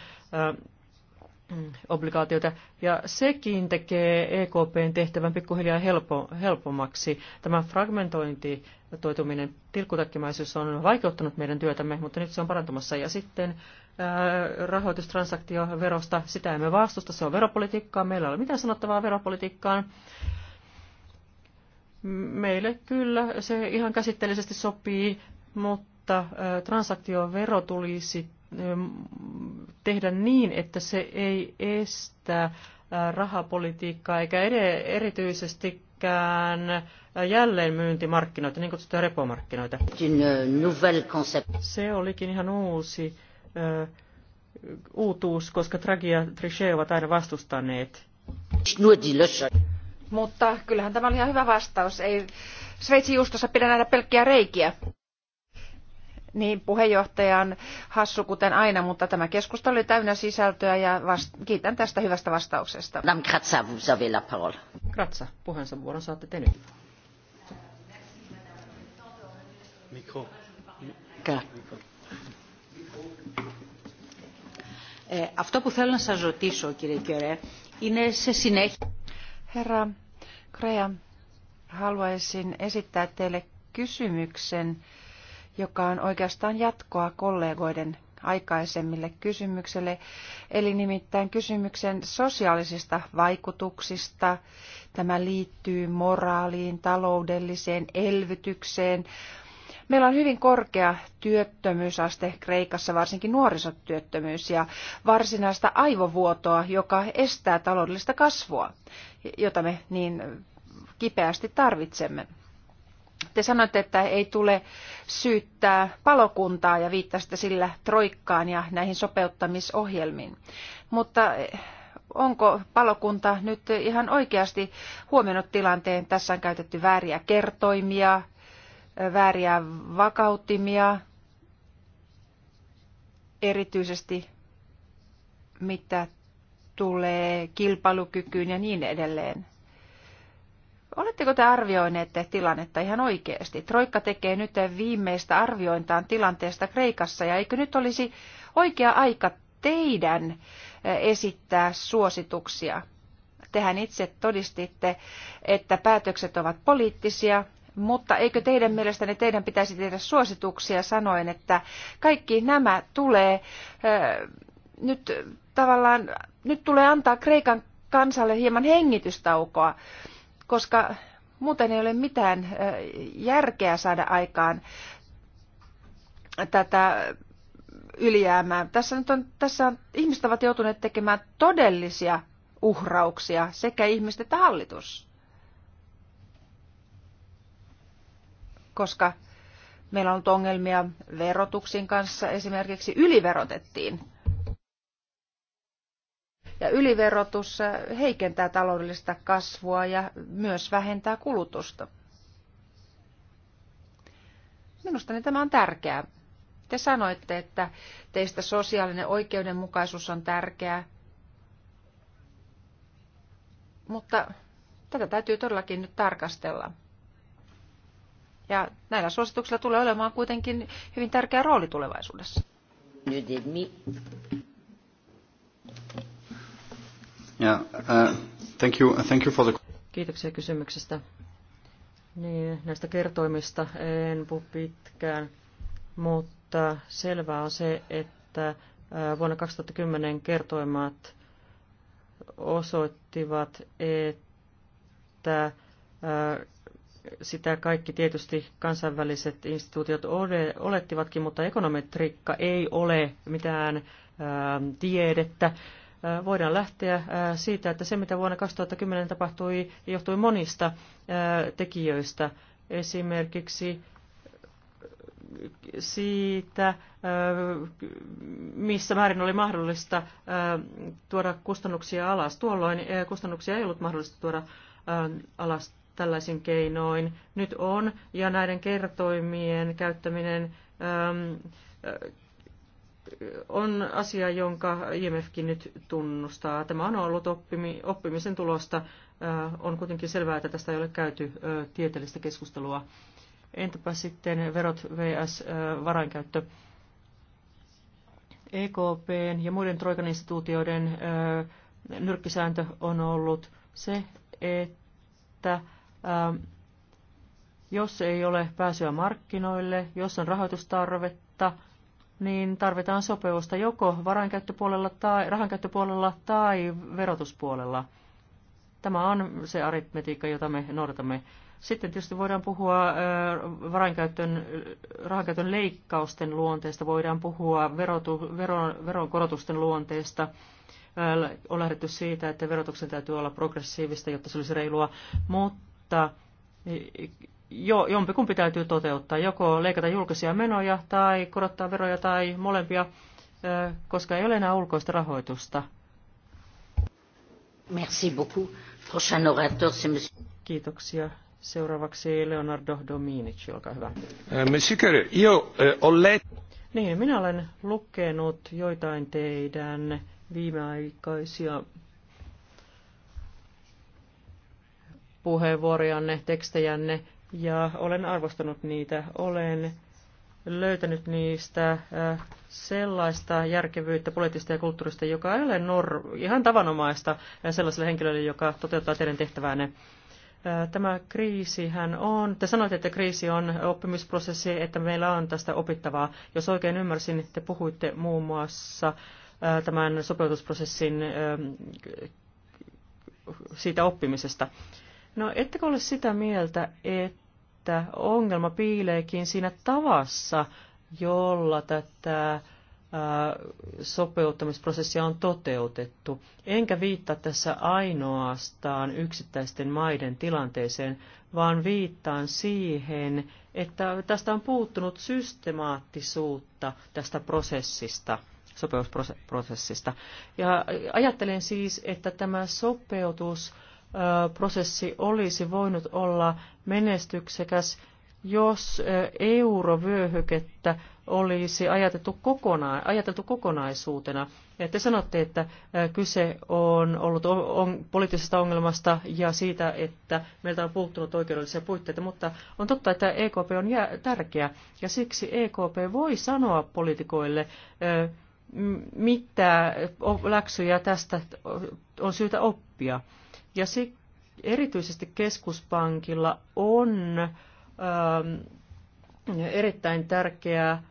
obligaatioita. Ja sekin tekee EKPn tehtävän pikkuhiljaa helpo, helpommaksi. Tämä fragmentointi, toituminen, tilkkutakkimaisuus on vaikeuttanut meidän työtämme, mutta nyt se on parantumassa. Ja sitten ää, rahoitustransaktioverosta, sitä emme vastusta, se on veropolitiikkaa, meillä ei ole mitään sanottavaa veropolitiikkaan. Meille kyllä se ihan käsitteellisesti sopii, mutta ää, transaktiovero tulisi tehdä niin, että se ei estä rahapolitiikkaa eikä erityisestikään jälleenmyyntimarkkinoita, niin kutsuttuja repomarkkinoita. Se olikin ihan uusi uutuus, koska Draghi ja Trichet ovat aina vastustaneet. Mutta kyllähän tämä oli ihan hyvä vastaus. Ei Sveitsin juustossa pidä nähdä pelkkiä reikiä. Niin, puheenjohtajan hassu kuten aina, mutta tämä keskustelu oli täynnä sisältöä ja vast- kiitän tästä hyvästä vastauksesta. Madame Kratsa, vous avez la parole. Kratsa, puheensa vuoron saatte te nyt. Mikro. Mikro. Ε, eh, αυτό που θέλω να σας ρωτήσω, κύριε Κιωρέ, είναι σε συνέχεια... Herra Krea, haluaisin esittää teille kysymyksen joka on oikeastaan jatkoa kollegoiden aikaisemmille kysymykselle, eli nimittäin kysymyksen sosiaalisista vaikutuksista. Tämä liittyy moraaliin, taloudelliseen elvytykseen. Meillä on hyvin korkea työttömyysaste Kreikassa, varsinkin nuorisotyöttömyys ja varsinaista aivovuotoa, joka estää taloudellista kasvua, jota me niin kipeästi tarvitsemme. Te sanoitte, että ei tule syyttää palokuntaa ja viittasitte sillä troikkaan ja näihin sopeuttamisohjelmiin. Mutta eh, onko palokunta nyt ihan oikeasti huomioinut tilanteen? Tässä on käytetty vääriä kertoimia, eh, vääriä vakauttimia, erityisesti mitä tulee kilpailukykyyn ja niin edelleen. Oletteko te arvioineet tilannetta ihan oikeasti? Troikka tekee nyt viimeistä arviointaan tilanteesta Kreikassa ja eikö nyt olisi oikea aika teidän eh, esittää suosituksia? Tehän itse todistitte, että päätökset ovat poliittisia, mutta eikö teidän mielestänne teidän pitäisi tehdä suosituksia sanoen, että kaikki nämä tulee äh, nyt tavallaan, nyt tulee antaa Kreikan kansalle hieman hengitystaukoa. Äh, koska muuten ei ole mitään järkeä saada aikaan tätä ylijäämää. Tässä, nyt on, tässä on, ihmiset ovat joutuneet tekemään todellisia uhrauksia, sekä ihmiset että hallitus. Koska meillä on ollut ongelmia verotuksin kanssa, esimerkiksi yliverotettiin ja yliverotus heikentää taloudellista kasvua ja myös vähentää kulutusta. Minusta tämä on tärkeää. Te sanoitte, että teistä sosiaalinen oikeudenmukaisuus on tärkeää, mutta tätä täytyy todellakin nyt tarkastella. Ja näillä suosituksilla tulee olemaan kuitenkin hyvin tärkeä rooli tulevaisuudessa. Nyt Uh, Kiitoksia kysymyksestä. Niin, näistä kertoimista en puhu pitkään, mutta selvää on se, että uh, vuonna 2010 kertoimat osoittivat, että uh, sitä kaikki tietysti kansainväliset instituutiot olettivatkin, mutta ekonometriikka ei ole mitään tiedettä voidaan lähteä siitä, että se mitä vuonna 2010 tapahtui, johtui monista tekijöistä. Esimerkiksi siitä, missä määrin oli mahdollista tuoda kustannuksia alas. Tuolloin kustannuksia ei ollut mahdollista tuoda alas tällaisin keinoin. Nyt on, ja näiden kertoimien käyttäminen on asia, jonka IMFkin nyt tunnustaa. Tämä on ollut oppimisen tulosta. Äh, on kuitenkin selvää, että tästä ei ole käyty äh, tieteellistä keskustelua. Entäpä sitten verot vs. Äh, varainkäyttö? EKPn ja muiden Troikan instituutioiden nyrkkisääntö on ollut se, että ähm, jos ei ole pääsyä markkinoille, jos on rahoitustarvetta, niin tarvitaan sopeusta joko varainkäyttöpuolella tai, rahankäyttöpuolella tai verotuspuolella. Tämä on se aritmetiikka, jota me noudatamme. Sitten tietysti voidaan puhua varainkäytön, rahankäytön leikkausten luonteesta, voidaan puhua verotu, veron, veronkorotusten luonteesta. On lähdetty siitä, että verotuksen täytyy olla progressiivista, jotta se olisi reilua, mutta jo, jompikumpi täytyy toteuttaa, joko leikata julkisia menoja tai korottaa veroja tai molempia, koska ei ole enää ulkoista rahoitusta. Merci beaucoup. Prochain orateur, Kiitoksia. Seuraavaksi Leonardo Dominici, olkaa hyvä. Äh, monsieur io ho äh, Niin, minä olen lukenut joitain teidän viimeaikaisia puheenvuorojanne, tekstejänne ja olen arvostanut niitä. Olen löytänyt niistä äh, sellaista järkevyyttä poliittista ja kulttuurista, joka ei ole nor- ihan tavanomaista äh, sellaiselle henkilölle, joka toteuttaa teidän tehtäväänne. Äh, tämä kriisihän on, te sanoitte, että kriisi on oppimisprosessi, että meillä on tästä opittavaa. Jos oikein ymmärsin, te puhuitte muun muassa tämän sopeutusprosessin siitä oppimisesta. No ettekö ole sitä mieltä, että että ongelma piileekin siinä tavassa, jolla tätä sopeuttamisprosessia on toteutettu. Enkä viittaa tässä ainoastaan yksittäisten maiden tilanteeseen, vaan viittaan siihen, että tästä on puuttunut systemaattisuutta tästä prosessista, sopeutusprosessista. Ja ajattelen siis, että tämä sopeutus prosessi olisi voinut olla menestyksekäs, jos eurovyöhykettä olisi ajateltu, kokona- ajateltu kokonaisuutena. Te sanotte, että kyse on ollut on, poliittisesta ongelmasta ja siitä, että meiltä on puuttunut oikeudellisia puitteita, mutta on totta, että EKP on tärkeä ja siksi EKP voi sanoa poliitikoille, mitä läksyjä tästä on syytä oppia. Ja se, erityisesti keskuspankilla on ähm, erittäin tärkeä äh,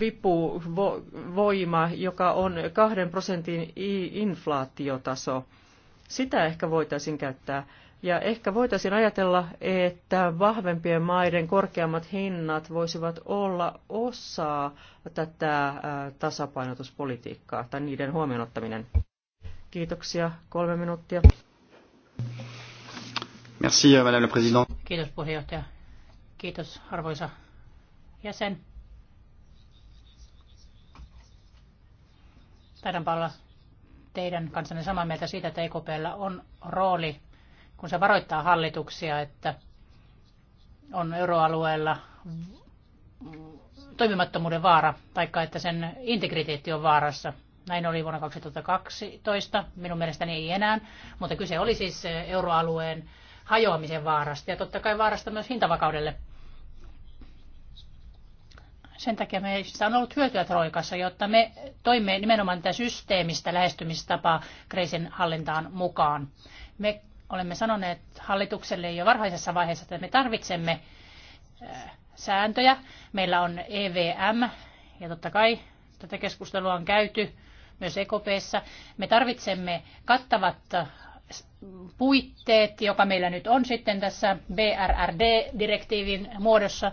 vipuvoima, joka on kahden prosentin inflaatiotaso. Sitä ehkä voitaisiin käyttää. Ja ehkä voitaisiin ajatella, että vahvempien maiden korkeammat hinnat voisivat olla osa tätä äh, tasapainotuspolitiikkaa tai niiden huomioon ottaminen. Kiitoksia. Kolme minuuttia. Merci, madame la présidente. Kiitos puheenjohtaja. Kiitos arvoisa jäsen. Taidanpa olla teidän kanssanne samaa mieltä siitä, että EKPllä on rooli, kun se varoittaa hallituksia, että on euroalueella toimimattomuuden vaara, taikka että sen integriteetti on vaarassa näin oli vuonna 2012. Minun mielestäni ei enää, mutta kyse oli siis eh, euroalueen hajoamisen vaarasta ja totta kai vaarasta myös hintavakaudelle. Sen takia meistä on ollut hyötyä Troikassa, jotta me toimme nimenomaan tätä systeemistä lähestymistapaa Kreisin hallintaan mukaan. Me olemme sanoneet hallitukselle jo varhaisessa vaiheessa, että me tarvitsemme eh, sääntöjä. Meillä on EVM ja totta kai tätä keskustelua on käyty myös EKPssä. Me tarvitsemme kattavat puitteet, joka meillä nyt on sitten tässä BRRD-direktiivin muodossa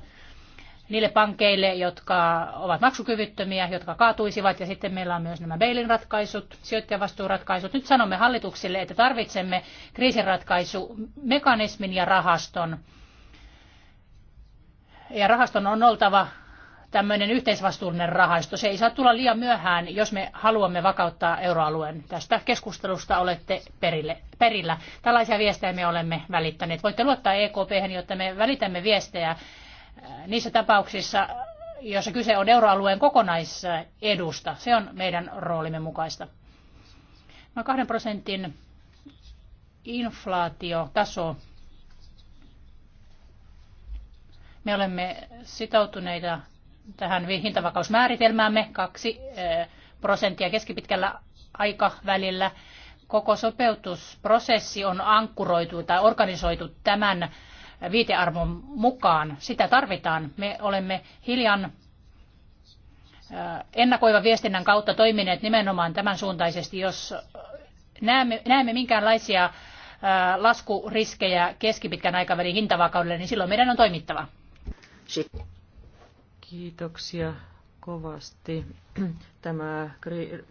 niille pankeille, jotka ovat maksukyvyttömiä, jotka kaatuisivat, ja sitten meillä on myös nämä bailin ratkaisut, sijoittajavastuuratkaisut. Nyt sanomme hallituksille, että tarvitsemme kriisinratkaisumekanismin ja rahaston. Ja rahaston on oltava tämmöinen yhteisvastuullinen rahasto. Se ei saa tulla liian myöhään, jos me haluamme vakauttaa euroalueen. Tästä keskustelusta olette perille, perillä. Tällaisia viestejä me olemme välittäneet. Voitte luottaa EKP, jotta me välitämme viestejä äh, niissä tapauksissa, jossa kyse on euroalueen kokonaisedusta. Se on meidän roolimme mukaista. No kahden prosentin inflaatiotaso. Me olemme sitoutuneita tähän hintavakausmääritelmäämme kaksi eh, prosenttia keskipitkällä aikavälillä. Koko sopeutusprosessi on ankkuroitu tai organisoitu tämän viitearvon mukaan. Sitä tarvitaan. Me olemme hiljan eh, ennakoiva viestinnän kautta toimineet nimenomaan tämän suuntaisesti. Jos näemme, näemme minkäänlaisia eh, laskuriskejä keskipitkän aikavälin hintavakaudelle, niin silloin meidän on toimittava. Sitten. Kiitoksia kovasti. Tämä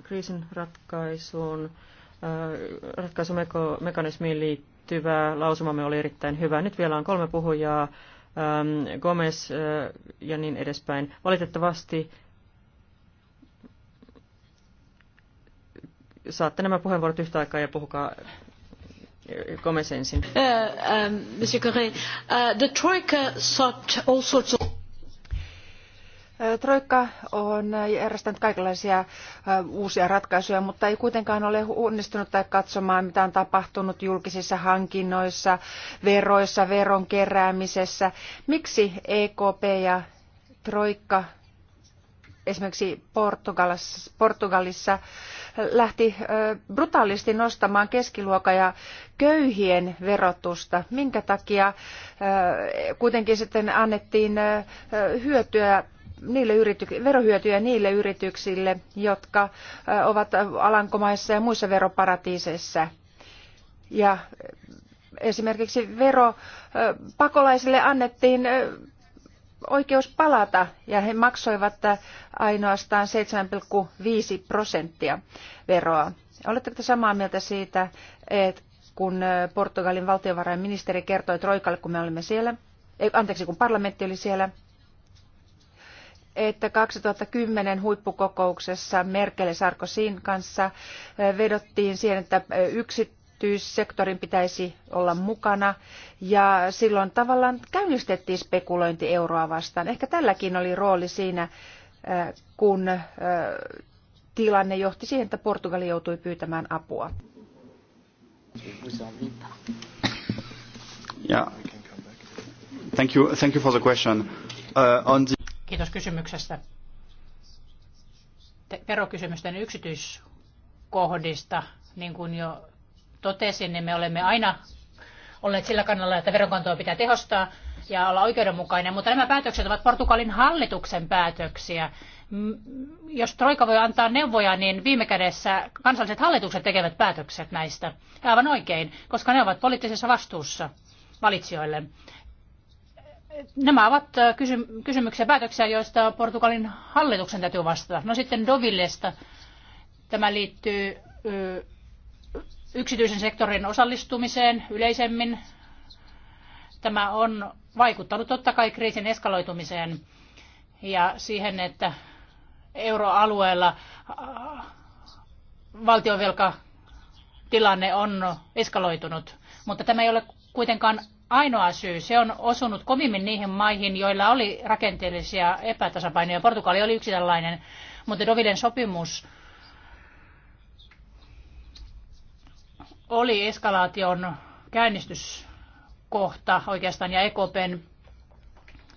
kriisin ratkaisuun, äh, ratkaisumekanismiin liittyvä lausumamme oli erittäin hyvä. Nyt vielä on kolme puhujaa, ähm, Gomez äh, ja niin edespäin. Valitettavasti saatte nämä puheenvuorot yhtä aikaa ja puhukaa äh, Gomez ensin. Uh, um, Monsieur Correa, uh, the Troika sought all sorts of... Troikka on järjestänyt kaikenlaisia uusia ratkaisuja, mutta ei kuitenkaan ole onnistunut tai katsomaan, mitä on tapahtunut julkisissa hankinnoissa, veroissa, veron keräämisessä. Miksi EKP ja Troikka esimerkiksi Portugalissa, Portugalissa lähti brutaalisti nostamaan keskiluokan ja köyhien verotusta, minkä takia kuitenkin sitten annettiin hyötyä niille yrity- verohyötyjä niille yrityksille, jotka ovat Alankomaissa ja muissa veroparatiiseissa. Ja esimerkiksi veropakolaisille annettiin oikeus palata ja he maksoivat ainoastaan 7,5 prosenttia veroa. Oletteko te samaa mieltä siitä, että kun Portugalin valtiovarainministeri kertoi Troikalle, kun me olimme siellä, anteeksi, kun parlamentti oli siellä, että 2010 huippukokouksessa Merkel Sarkozyn kanssa vedottiin siihen, että yksityissektorin pitäisi olla mukana ja silloin tavallaan käynnistettiin spekulointi euroa vastaan. Ehkä tälläkin oli rooli siinä, kun tilanne johti siihen, että Portugali joutui pyytämään apua. Yeah. Thank you, thank you for the question. Uh, on the Kiitos kysymyksestä. Verokysymysten yksityiskohdista, niin kuin jo totesin, niin me olemme aina olleet sillä kannalla, että veronkantoa pitää tehostaa ja olla oikeudenmukainen, mutta nämä päätökset ovat Portugalin hallituksen päätöksiä. Jos Troika voi antaa neuvoja, niin viime kädessä kansalliset hallitukset tekevät päätökset näistä. Aivan oikein, koska ne ovat poliittisessa vastuussa valitsijoille nämä ovat äh, kysymyksiä päätöksiä, joista Portugalin hallituksen täytyy vastata. No sitten Dovillesta. Tämä liittyy yksityisen sektorin osallistumiseen yleisemmin. Tämä on vaikuttanut totta kai kriisin eskaloitumiseen ja siihen, että euroalueella valtionvelkatilanne on eskaloitunut. Mutta tämä ei ole kuitenkaan ainoa syy. Se on osunut kovimmin niihin maihin, joilla oli rakenteellisia epätasapainoja. Portugali oli yksi tällainen, mutta Doviden sopimus oli eskalaation käynnistyskohta oikeastaan ja EKPn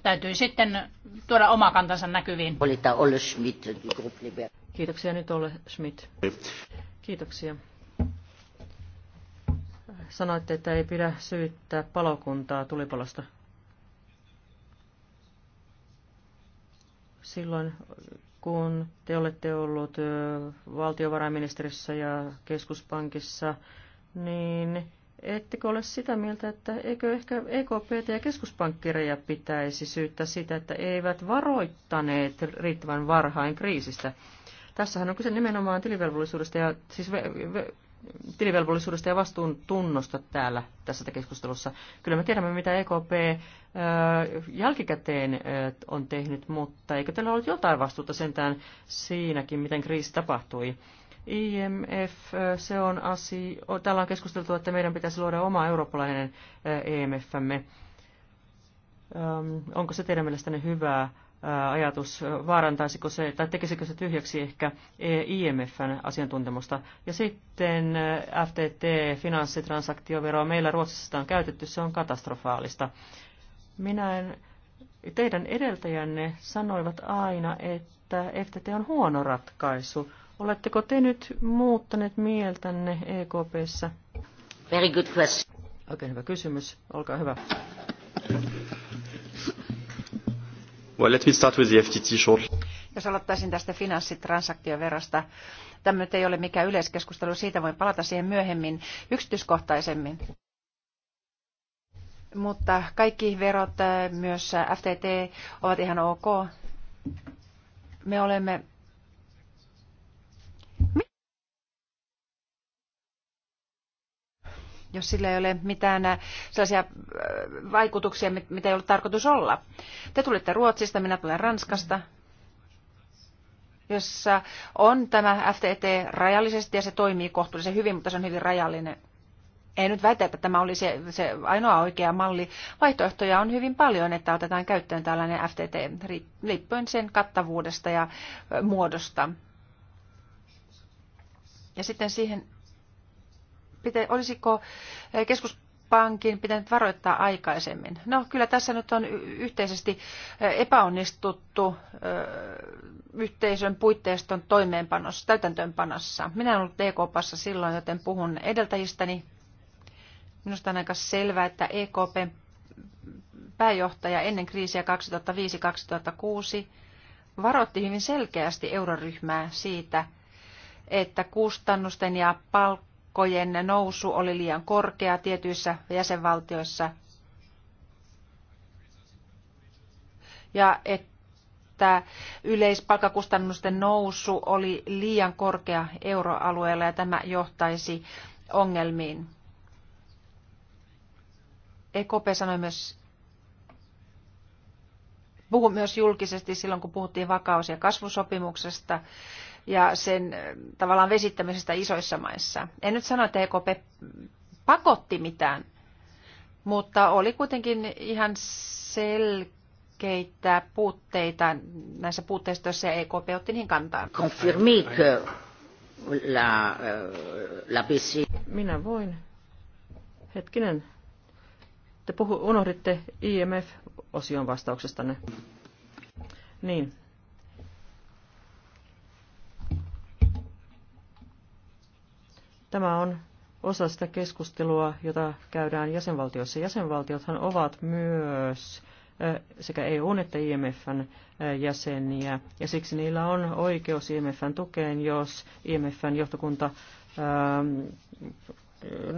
täytyy sitten tuoda oma kantansa näkyviin. Kiitoksia nyt Olle Schmidt. Kiitoksia sanoitte, että ei pidä syyttää palokuntaa tulipalosta. Silloin kun te olette ollut valtiovarainministerissä ja keskuspankissa, niin ettekö ole sitä mieltä, että eikö ehkä EKP ja keskuspankkireja pitäisi syyttää sitä, että eivät varoittaneet riittävän varhain kriisistä? Tässähän on kyse nimenomaan tilivelvollisuudesta ja siis tilivelvollisuudesta ja vastuun tunnosta täällä tässä keskustelussa. Kyllä me tiedämme, mitä EKP jälkikäteen on tehnyt, mutta eikö teillä ollut jotain vastuuta sentään siinäkin, miten kriisi tapahtui? IMF, se on asia, täällä on keskusteltu, että meidän pitäisi luoda oma eurooppalainen EMFmme. Onko se teidän mielestänne hyvää ajatus, vaarantaisiko se tai tekisikö se tyhjäksi ehkä IMFn asiantuntemusta. Ja sitten FTT, finanssitransaktiovero, meillä Ruotsissa sitä on käytetty, se on katastrofaalista. Minä en, teidän edeltäjänne sanoivat aina, että FTT on huono ratkaisu. Oletteko te nyt muuttaneet mieltänne EKPssä? Very good question. Oikein hyvä kysymys. Olkaa hyvä. Well, let me start with the FTT short. Jos aloittaisin tästä finanssitransaktioverosta. Tämä nyt ei ole mikään yleiskeskustelu, siitä voi palata siihen myöhemmin yksityiskohtaisemmin. Mutta kaikki verot, äh, myös FTT, ovat ihan ok. Me olemme jos sillä ei ole mitään äh, sellaisia äh, vaikutuksia, mitä ei ollut tarkoitus olla. Te tulitte Ruotsista, minä tulen Ranskasta, jossa on tämä FTT rajallisesti ja se toimii kohtuullisen hyvin, mutta se on hyvin rajallinen. Ei nyt väitä, että tämä oli se, se ainoa oikea malli. Vaihtoehtoja on hyvin paljon, että otetaan käyttöön tällainen FTT liippuen sen kattavuudesta ja muodosta. Ja sitten siihen pitä, olisiko eh, keskuspankin pitänyt varoittaa aikaisemmin? No kyllä tässä nyt on yhteisesti eh, epäonnistuttu eh, yhteisön puitteiston toimeenpanossa, täytäntöönpanossa. Minä olen ollut EKPassa silloin, joten puhun edeltäjistäni. Minusta on aika selvää, että EKP pääjohtaja ennen kriisiä 2005-2006 varoitti hyvin selkeästi euroryhmää siitä, että kustannusten ja palkkojen korkojen nousu oli liian korkea tietyissä jäsenvaltioissa ja että yleispalkkakustannusten nousu oli liian korkea euroalueella ja tämä johtaisi ongelmiin. EKP sanoi myös, puhui myös julkisesti silloin, kun puhuttiin vakaus- ja kasvusopimuksesta, ja sen tavallaan vesittämisestä isoissa maissa. En nyt sano, että EKP pakotti mitään, mutta oli kuitenkin ihan selkeitä puutteita näissä puutteistoissa ja e EKP otti niihin kantaa. la, la Minä voin. Hetkinen. Te puhu, unohditte IMF-osion vastauksestanne. Niin, Tämä on osa sitä keskustelua, jota käydään jäsenvaltioissa. Jäsenvaltiothan ovat myös sekä eu että IMFn jäseniä, ja siksi niillä on oikeus IMFn tukeen, jos IMFn johtokunta ää, ähm,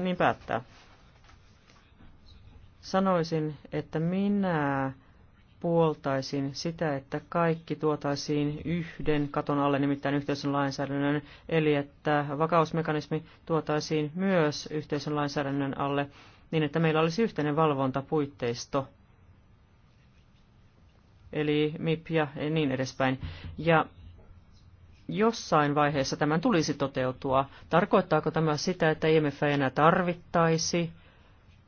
niin päättää. Sanoisin, että minä puoltaisin sitä, että kaikki tuotaisiin yhden katon alle, nimittäin yhteisön lainsäädännön, eli että vakausmekanismi tuotaisiin myös yhteisön lainsäädännön alle, niin että meillä olisi yhteinen valvontapuitteisto, eli MIP ja niin edespäin. Ja jossain vaiheessa tämän tulisi toteutua. Tarkoittaako tämä sitä, että IMF ei enää tarvittaisi?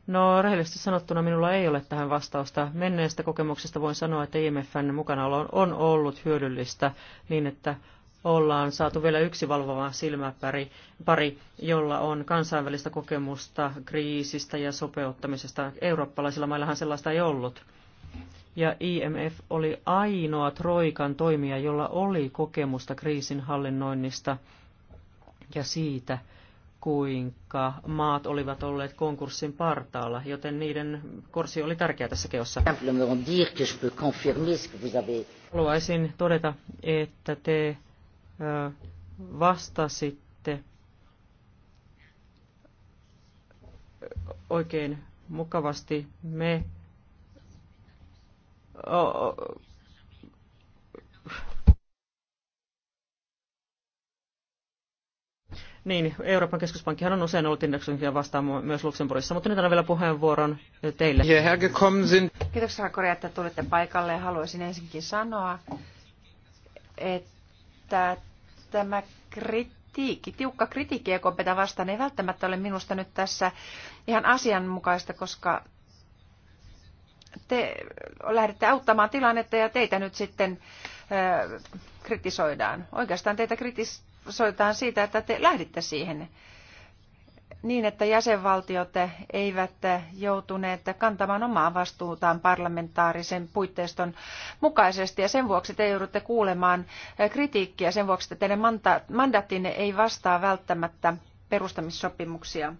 No rehellisesti sanottuna minulla ei ole tähän vastausta. Menneestä kokemuksesta voin sanoa, että IMFn mukanaolo on ollut hyödyllistä niin, että ollaan saatu vielä yksi valvova silmäpari, pari, jolla on kansainvälistä kokemusta kriisistä ja sopeuttamisesta. Eurooppalaisilla maillahan sellaista ei ollut. Ja IMF oli ainoa Troikan toimija, jolla oli kokemusta kriisin hallinnoinnista ja siitä, kuinka maat olivat olleet konkurssin partaalla, joten niiden korsi oli tärkeä tässä keossa. Haluaisin todeta, että te vastasitte oikein mukavasti. Me Niin, Euroopan keskuspankkihan on usein ollut indeksointia vastaan myös Luxemburgissa, mutta nyt annan vielä puheenvuoron teille. Kiitoksia Korea, että tulitte paikalle. Haluaisin ensinkin sanoa, että tämä kritiikki, tiukka kritiikki EKPtä vastaan ei välttämättä ole minusta nyt tässä ihan asianmukaista, koska te lähdette auttamaan tilannetta ja teitä nyt sitten kritisoidaan. Oikeastaan teitä kritisoidaan soitetaan siitä, että te lähditte siihen niin, että jäsenvaltiot eivät joutuneet kantamaan omaa vastuutaan parlamentaarisen puitteiston mukaisesti. Ja sen vuoksi te joudutte kuulemaan kritiikkiä, sen vuoksi, että teidän mandaattinne ei vastaa välttämättä perustamissopimuksia.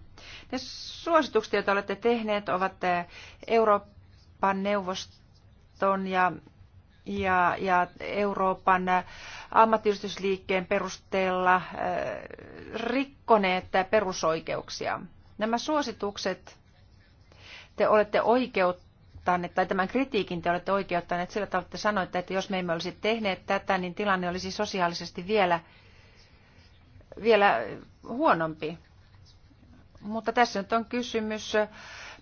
Ne suositukset, joita olette tehneet, ovat Euroopan neuvoston ja ja, ja Euroopan äh, ammattiyhdistysliikkeen perusteella äh, rikkoneet perusoikeuksia. Nämä suositukset te olette oikeuttaneet, tai tämän kritiikin te olette oikeuttaneet sillä tavalla, että sanoitte, että jos me emme olisi tehneet tätä, niin tilanne olisi sosiaalisesti vielä, vielä huonompi. Mutta tässä nyt on kysymys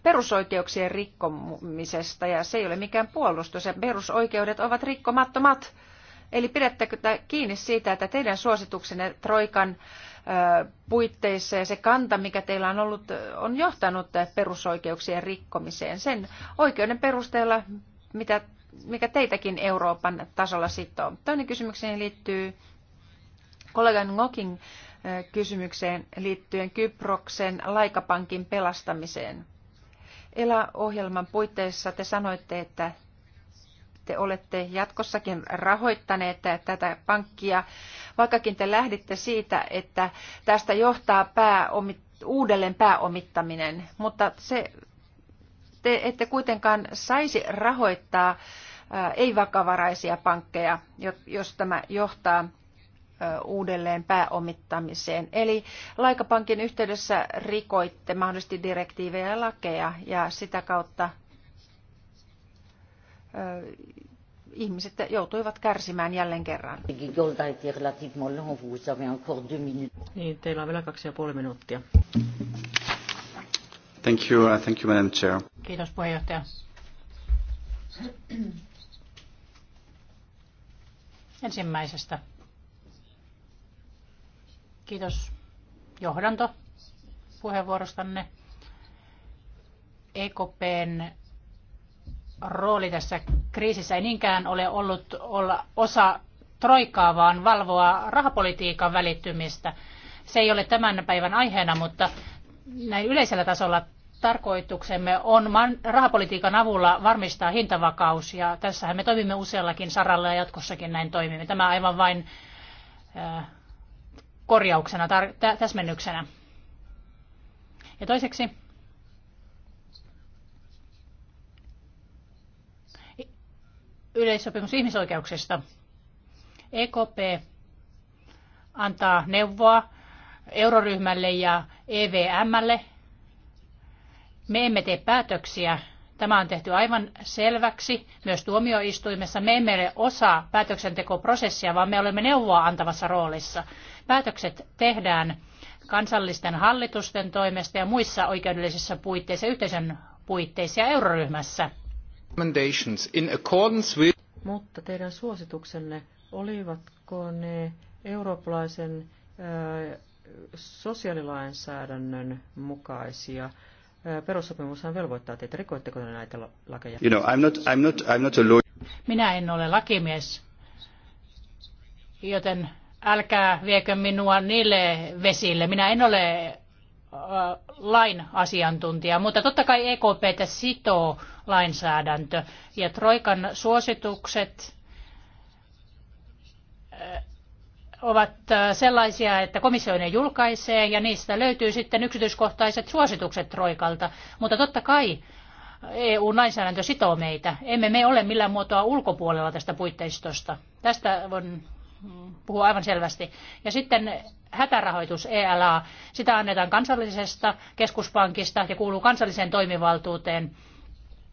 perusoikeuksien rikkomisesta ja se ei ole mikään puolustus ja perusoikeudet ovat rikkomattomat. Eli pidättekö kiinni siitä, että teidän suosituksenne Troikan puitteissa ja se kanta, mikä teillä on ollut, on johtanut perusoikeuksien rikkomiseen sen oikeuden perusteella, mitä, mikä teitäkin Euroopan tasolla sitoo. Toinen kysymykseni liittyy kollegan Ngokin kysymykseen liittyen Kyproksen laikapankin pelastamiseen. ELA-ohjelman puitteissa te sanoitte, että te olette jatkossakin rahoittaneet tätä pankkia, vaikkakin te lähditte siitä, että tästä johtaa pääomit, uudelleen pääomittaminen, mutta se, te ette kuitenkaan saisi rahoittaa ei-vakavaraisia pankkeja, jos tämä johtaa uudelleen pääomittamiseen. Eli Laikapankin yhteydessä rikoitte mahdollisesti direktiivejä ja lakeja ja sitä kautta ihmiset joutuivat kärsimään jälleen kerran. Niin, teillä on vielä kaksi ja puoli minuuttia. Thank you, uh, thank you, Madam Chair. Kiitos puheenjohtaja. Ensimmäisestä Kiitos johdanto puheenvuorostanne. EKPn rooli tässä kriisissä ei niinkään ole ollut olla osa troikaa, vaan valvoa rahapolitiikan välittymistä. Se ei ole tämän päivän aiheena, mutta näin yleisellä tasolla tarkoituksemme on rahapolitiikan avulla varmistaa hintavakaus ja tässähän me toimimme useallakin saralla ja jatkossakin näin toimimme. Tämä aivan vain äh, korjauksena, tar- täsmennyksenä. Ja toiseksi yleissopimus ihmisoikeuksista. EKP antaa neuvoa euroryhmälle ja EVMlle. Me emme tee päätöksiä. Tämä on tehty aivan selväksi myös tuomioistuimessa. Me emme ole osa päätöksentekoprosessia, vaan me olemme neuvoa antavassa roolissa. Päätökset tehdään kansallisten hallitusten toimesta ja muissa oikeudellisissa puitteissa, yhteisön puitteissa ja euroryhmässä. Mutta teidän suosituksenne, olivatko ne eurooppalaisen sosiaalilainsäädännön mukaisia? Perussopimushan velvoittaa teitä. Rikoitteko te näitä lakeja? You know, I'm not, I'm not, I'm not a lawyer. Minä en ole lakimies, joten älkää viekö minua niille vesille. Minä en ole lain asiantuntija, mutta totta kai EKP sitoo lainsäädäntö ja Troikan suositukset ovat sellaisia, että komissio ne julkaisee ja niistä löytyy sitten yksityiskohtaiset suositukset Troikalta, mutta totta kai EU-lainsäädäntö sitoo meitä. Emme me ole millään muotoa ulkopuolella tästä puitteistosta. Tästä voin puhuu aivan selvästi. Ja sitten hätärahoitus ELA, sitä annetaan kansallisesta keskuspankista ja kuuluu kansalliseen toimivaltuuteen.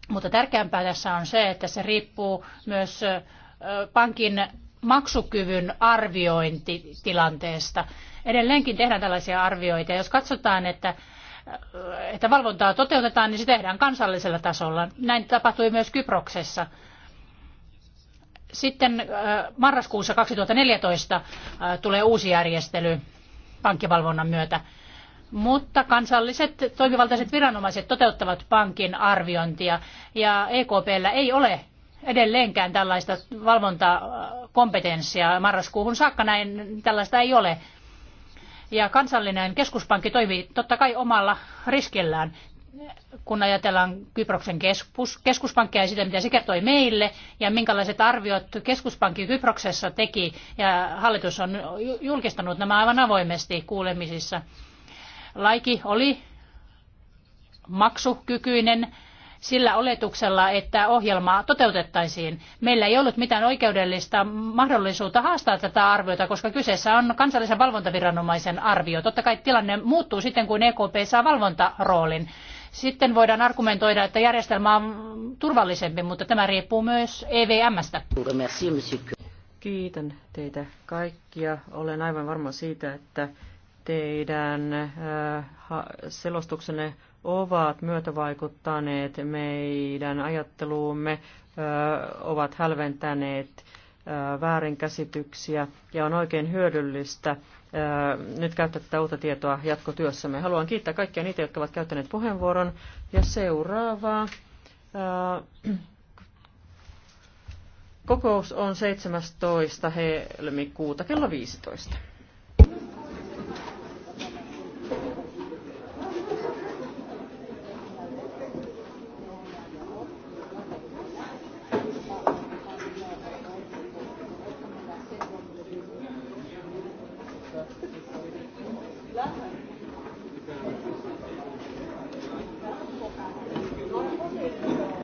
Mutta tärkeämpää tässä on se, että se riippuu myös pankin maksukyvyn arviointitilanteesta. Edelleenkin tehdään tällaisia arvioita. Jos katsotaan, että, että valvontaa toteutetaan, niin se tehdään kansallisella tasolla. Näin tapahtui myös Kyproksessa. Sitten äh, marraskuussa 2014 äh, tulee uusi järjestely pankkivalvonnan myötä, mutta kansalliset toimivaltaiset viranomaiset toteuttavat pankin arviointia ja EKPllä ei ole edelleenkään tällaista valvontakompetenssia. Marraskuuhun saakka näin tällaista ei ole. Ja kansallinen keskuspankki toimii totta kai omalla riskillään kun ajatellaan Kyproksen keskus, keskuspankkia ja sitä, mitä se kertoi meille, ja minkälaiset arviot keskuspankki Kyproksessa teki, ja hallitus on julkistanut nämä aivan avoimesti kuulemisissa. Laiki oli maksukykyinen sillä oletuksella, että ohjelmaa toteutettaisiin. Meillä ei ollut mitään oikeudellista mahdollisuutta haastaa tätä arviota, koska kyseessä on kansallisen valvontaviranomaisen arvio. Totta kai tilanne muuttuu sitten, kun EKP saa valvontaroolin. Sitten voidaan argumentoida, että järjestelmä on turvallisempi, mutta tämä riippuu myös EVMstä. Kiitän teitä kaikkia. Olen aivan varma siitä, että teidän äh, selostuksenne ovat myötävaikuttaneet meidän ajatteluumme, äh, ovat hälventäneet väärinkäsityksiä ja on oikein hyödyllistä nyt käyttää tätä uutta tietoa jatkotyössämme. Haluan kiittää kaikkia niitä, jotka ovat käyttäneet puheenvuoron. Ja seuraavaa. Kokous on 17. helmikuuta kello 15.